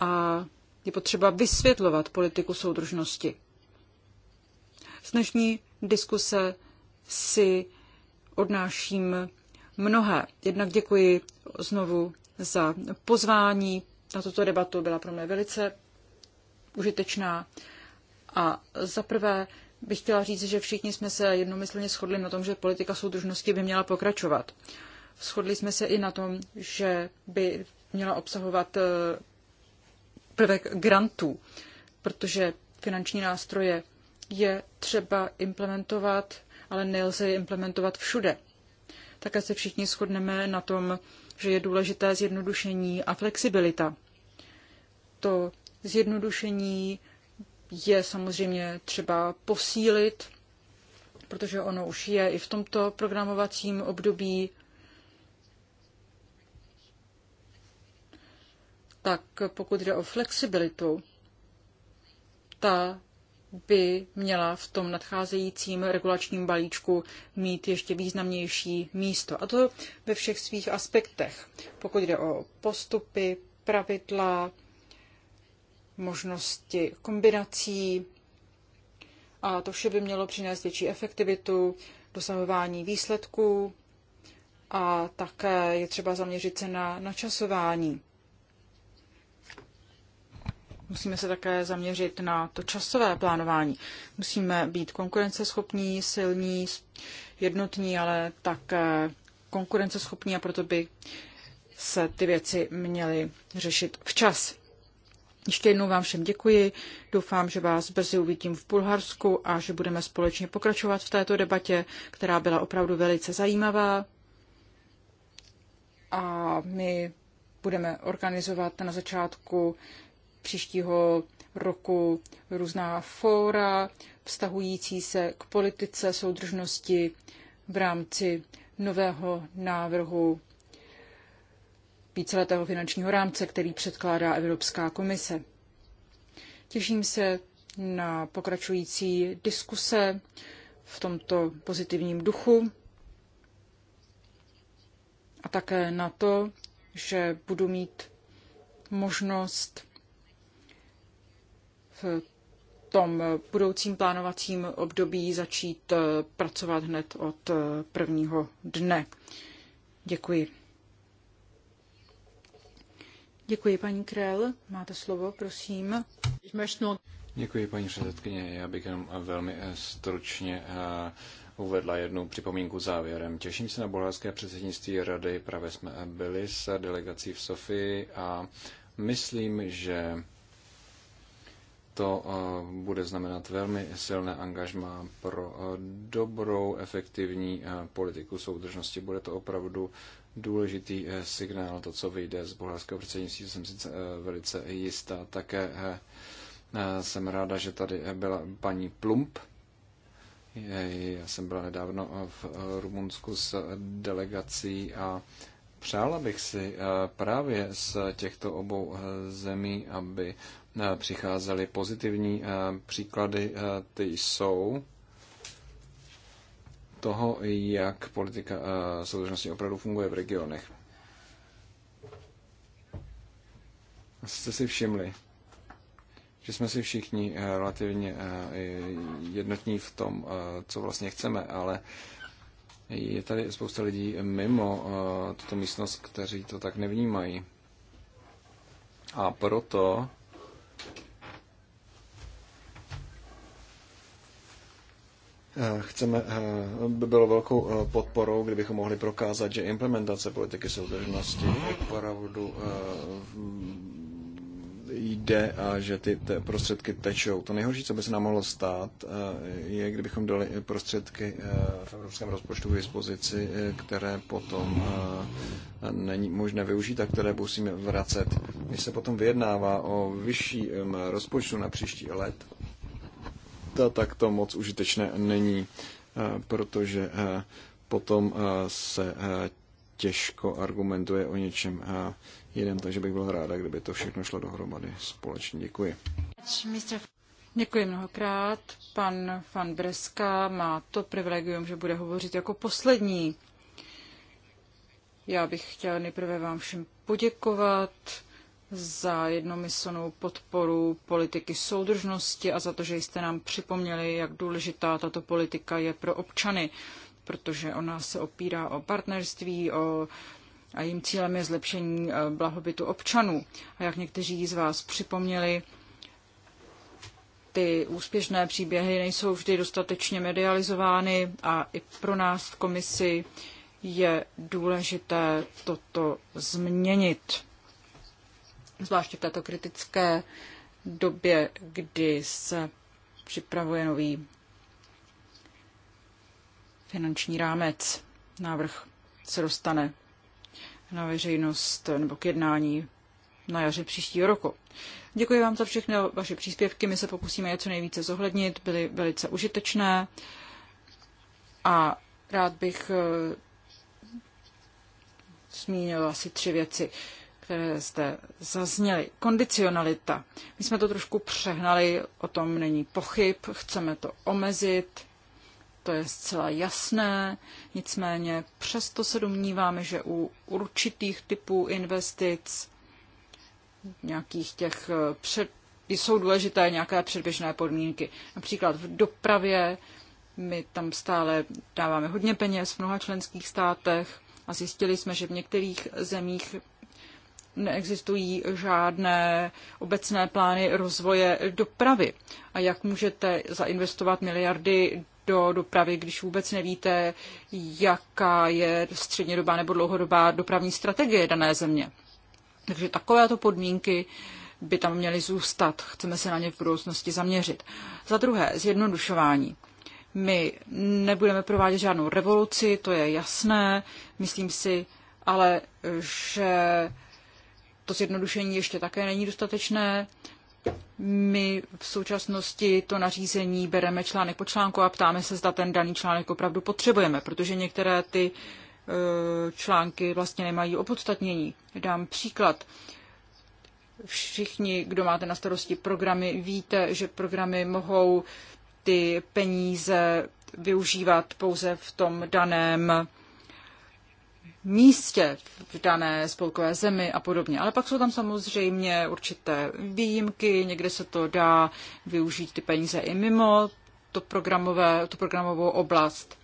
A je potřeba vysvětlovat politiku soudržnosti. Z dnešní diskuse si odnáším mnohé. Jednak děkuji znovu za pozvání na tuto debatu, byla pro mě velice užitečná. A za prvé bych chtěla říct, že všichni jsme se jednomyslně shodli na tom, že politika soudržnosti by měla pokračovat. Shodli jsme se i na tom, že by měla obsahovat eh, prvek grantů, protože finanční nástroje je třeba implementovat ale nelze je implementovat všude. Také se všichni shodneme na tom, že je důležité zjednodušení a flexibilita. To zjednodušení je samozřejmě třeba posílit, protože ono už je i v tomto programovacím období. Tak pokud jde o flexibilitu, ta by měla v tom nadcházejícím regulačním balíčku mít ještě významnější místo. A to ve všech svých aspektech. Pokud jde o postupy, pravidla, možnosti kombinací. A to vše by mělo přinést větší efektivitu, dosahování výsledků a také je třeba zaměřit se na načasování. Musíme se také zaměřit na to časové plánování. Musíme být konkurenceschopní, silní, jednotní, ale také konkurenceschopní a proto by se ty věci měly řešit včas. Ještě jednou vám všem děkuji. Doufám, že vás brzy uvidím v Bulharsku a že budeme společně pokračovat v této debatě, která byla opravdu velice zajímavá. A my budeme organizovat na začátku příštího roku různá fóra vztahující se k politice soudržnosti v rámci nového návrhu víceletého finančního rámce, který předkládá Evropská komise. Těším se na pokračující diskuse v tomto pozitivním duchu a také na to, že budu mít možnost v tom budoucím plánovacím období začít eh, pracovat hned od eh, prvního dne. Děkuji. Děkuji, paní Krell. Máte slovo, prosím. Děkuji, paní předsedkyně. Já bych jenom velmi eh, stručně uvedla jednu připomínku závěrem. Těším se na bulharské předsednictví rady. Právě jsme byli s delegací v Sofii a myslím, že to eh, bude znamenat velmi silné angažmá pro eh, dobrou, efektivní eh, politiku soudržnosti. Bude to opravdu důležitý signál, to, co vyjde z bulharského předsednictví, jsem si velice jistá. Také jsem ráda, že tady byla paní Plump. Já jsem byla nedávno v Rumunsku s delegací a přála bych si právě z těchto obou zemí, aby Eh, přicházely pozitivní eh, příklady, eh, ty jsou toho, jak politika soudržnosti opravdu funguje v regionech. Jste si všimli, že jsme si všichni relativně jednotní v tom, co vlastně chceme, ale je tady spousta lidí mimo tuto místnost, kteří to tak nevnímají. A proto Eh, chceme, eh, by bylo velkou eh, podporou, kdybychom mohli prokázat, že implementace politiky soudržnosti opravdu jde a že ty te prostředky tečou. To nejhorší, co by se nám mohlo stát, je, kdybychom dali prostředky v evropském rozpočtu k dispozici, které potom není možné využít a které musíme vracet. Když se potom vyjednává o vyšším rozpočtu na příští let, data, tak to moc užitečné není, eh, protože eh, potom eh, se těžko argumentuje o něčem jiném, takže bych byl ráda, kdyby to všechno šlo dohromady společně. Děkuji. Děkuji mnohokrát. Pan Van Breska má to privilegium, že bude hovořit jako poslední. Já bych chtěl nejprve vám všem poděkovat za jednomyslnou podporu politiky soudržnosti a za to, že jste nám připomněli, jak důležitá tato politika je pro občany, protože ona se opírá o partnerství, o a jejím cílem je zlepšení eh, blahobytu občanů. A jak někteří z vás připomněli, ty úspěšné příběhy nejsou vždy dostatečně medializovány a i pro nás v komisi je důležité toto změnit zvláště v této kritické době, kdy se připravuje nový finanční rámec. Návrh se dostane na veřejnost nebo k jednání na jaře příštího roku. Děkuji vám za všechny vaše příspěvky, my se pokusíme je co nejvíce zohlednit, byly velice užitečné a rád bych eh, zmínil asi tři věci které zde zazněly. Kondicionalita. My jsme to trošku přehnali, o tom není pochyb, chceme to omezit, to je zcela jasné, nicméně přesto se domníváme, že u určitých typů investic, nějakých těch eh, před, jsou důležité nějaké předběžné podmínky. Například v dopravě, my tam stále dáváme hodně peněz v mnoha členských státech a zjistili jsme, že v některých zemích neexistují žádné obecné plány rozvoje dopravy. A jak můžete zainvestovat miliardy do dopravy, když vůbec nevíte, jaká je střednědobá nebo dlouhodobá dopravní strategie dané země. Takže takovéto podmínky by tam měly zůstat. Chceme se na ně v budoucnosti zaměřit. Za druhé, zjednodušování. My nebudeme provádět žádnou revoluci, to je jasné, myslím si, ale že to zjednodušení ještě také není dostatečné. My v současnosti to nařízení bereme článek po článku a ptáme se, zda ten daný článek opravdu potřebujeme, protože některé ty e, články vlastně nemají opodstatnění. Dám příklad. Všichni, kdo máte na starosti programy, víte, že programy mohou ty peníze využívat pouze v tom daném místě v dané spolkové zemi a podobně. Ale pak jsou tam samozřejmě určité výjimky, někde se to dá využít ty peníze i mimo to programové, tu programovou oblast.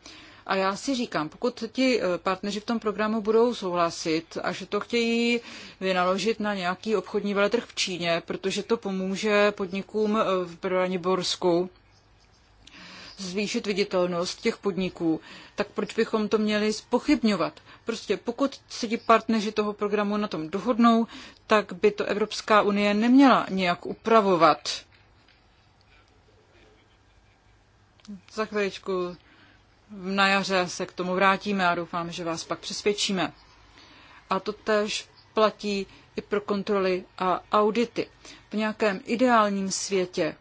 A já si říkám, pokud ti eh, partneři v tom programu budou souhlasit a že to chtějí vynaložit na nějaký obchodní veletrh v Číně, protože to pomůže podnikům eh, v Borsku zvýšit viditelnost těch podniků, tak proč bychom to měli spochybňovat? Prostě pokud se ti partneři toho programu na tom dohodnou, tak by to Evropská unie neměla nějak upravovat. Za chviličku na jaře se k tomu vrátíme a doufám, že vás pak přesvědčíme. A to tež platí i pro kontroly a audity. V nějakém ideálním světě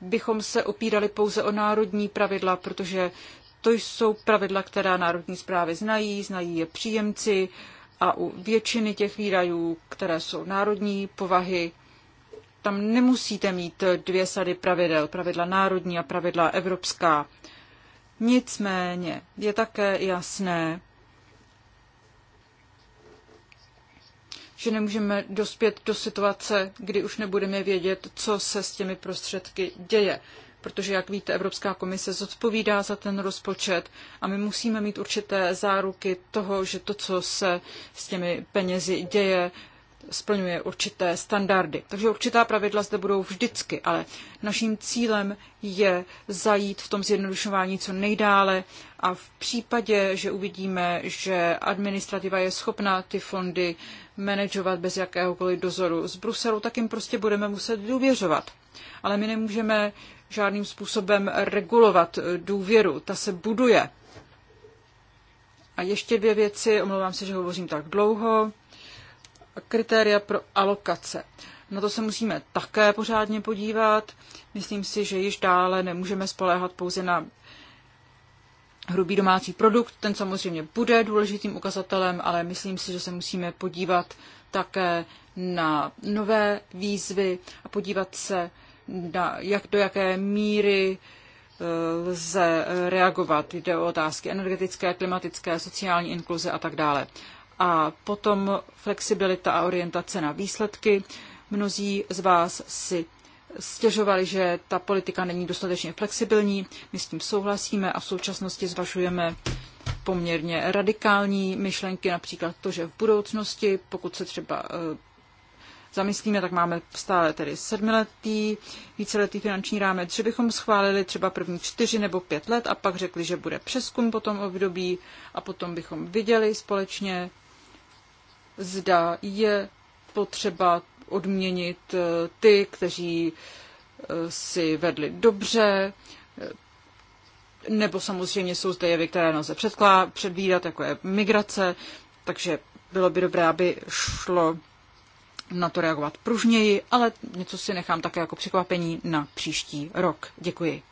bychom se opírali pouze o národní pravidla, protože to jsou pravidla, která národní zprávy znají, znají je příjemci a u většiny těch výdajů, které jsou národní povahy, tam nemusíte mít dvě sady pravidel, pravidla národní a pravidla evropská. Nicméně je také jasné, že nemůžeme dospět do situace, kdy už nebudeme vědět, co se s těmi prostředky děje. Protože, jak víte, Evropská komise zodpovídá za ten rozpočet a my musíme mít určité záruky toho, že to, co se s těmi penězi děje, splňuje určité standardy. Takže určitá pravidla zde budou vždycky, ale naším cílem je zajít v tom zjednodušování co nejdále a v případě, že uvidíme, že administrativa je schopná ty fondy manažovat bez jakéhokoliv dozoru z Bruselu, tak jim prostě budeme muset důvěřovat. Ale my nemůžeme žádným způsobem regulovat důvěru, ta se buduje. A ještě dvě věci, omlouvám se, že hovořím tak dlouho kritéria pro alokace. Na to se musíme také pořádně podívat. Myslím si, že již dále nemůžeme spoléhat pouze na hrubý domácí produkt. Ten samozřejmě bude důležitým ukazatelem, ale myslím si, že se musíme podívat také na nové výzvy a podívat se, na jak, do jaké míry e, lze reagovat. Jde o otázky energetické, klimatické, sociální inkluze a tak dále a potom flexibilita a orientace na výsledky. Mnozí z vás si stěžovali, že ta politika není dostatečně flexibilní. My s tím souhlasíme a v současnosti zvažujeme poměrně radikální myšlenky, například to, že v budoucnosti, pokud se třeba eh, zamyslíme, tak máme stále tedy sedmiletý, víceletý finanční rámec, že bychom schválili třeba první čtyři nebo pět let a pak řekli, že bude přeskum po tom období a potom bychom viděli společně, zda je potřeba odměnit eh, ty, kteří eh, si vedli dobře, eh, nebo samozřejmě jsou zde jevy, které nelze předvídat, jako je migrace, takže bylo by dobré, aby šlo na to reagovat pružněji, ale něco si nechám také jako překvapení na příští rok. Děkuji.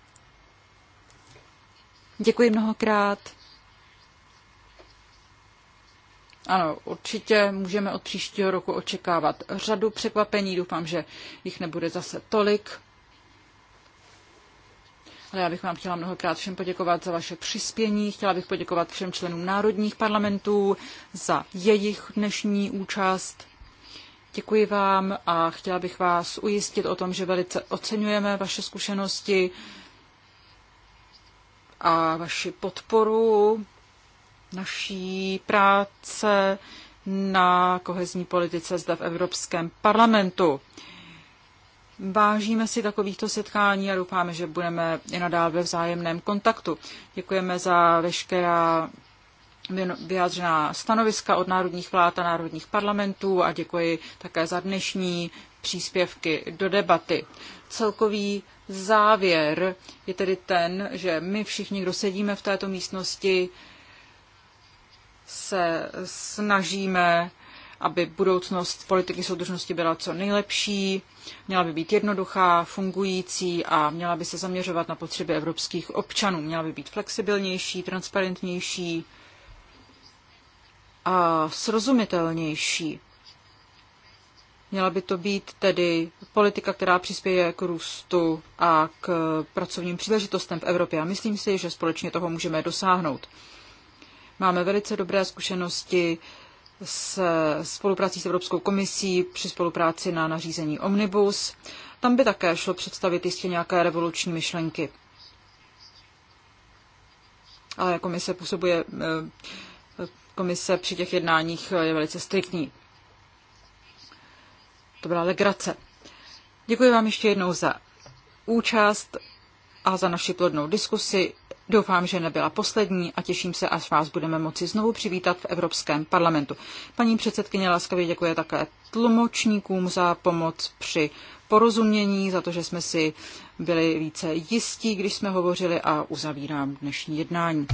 Děkuji mnohokrát. Ano, určitě můžeme od příštího roku očekávat řadu překvapení. Doufám, že jich nebude zase tolik. Ale já bych vám chtěla mnohokrát všem poděkovat za vaše přispění. Chtěla bych poděkovat všem členům národních parlamentů za jejich dnešní účast. Děkuji vám a chtěla bych vás ujistit o tom, že velice oceňujeme vaše zkušenosti a vaši podporu naší práce na kohezní politice zde v Evropském parlamentu. Vážíme si takovýchto setkání a doufáme, že budeme i nadále ve vzájemném kontaktu. Děkujeme za veškerá vyjádřená stanoviska od národních vlád a národních parlamentů a děkuji také za dnešní příspěvky do debaty. Celkový závěr je tedy ten, že my všichni, kdo sedíme v této místnosti, se snažíme, aby budoucnost politiky soudržnosti byla co nejlepší, měla by být jednoduchá, fungující a měla by se zaměřovat na potřeby evropských občanů. Měla by být flexibilnější, transparentnější a srozumitelnější. Měla by to být tedy politika, která přispěje k růstu a k pracovním příležitostem v Evropě. A myslím si, že společně toho můžeme dosáhnout. Máme velice dobré zkušenosti s spoluprací s Evropskou komisí při spolupráci na nařízení Omnibus. Tam by také šlo představit jistě nějaké revoluční myšlenky. Ale komise působuje, eh, komise při těch jednáních eh, je velice striktní. To byla legrace. Děkuji vám ještě jednou za účast a za naši plodnou diskusi. Doufám, že nebyla poslední a těším se, až vás budeme moci znovu přivítat v Evropském parlamentu. Paní předsedkyně laskavě děkuje také tlumočníkům za pomoc při porozumění, za to, že jsme si byli více jistí, když jsme hovořili a uzavírám dnešní jednání.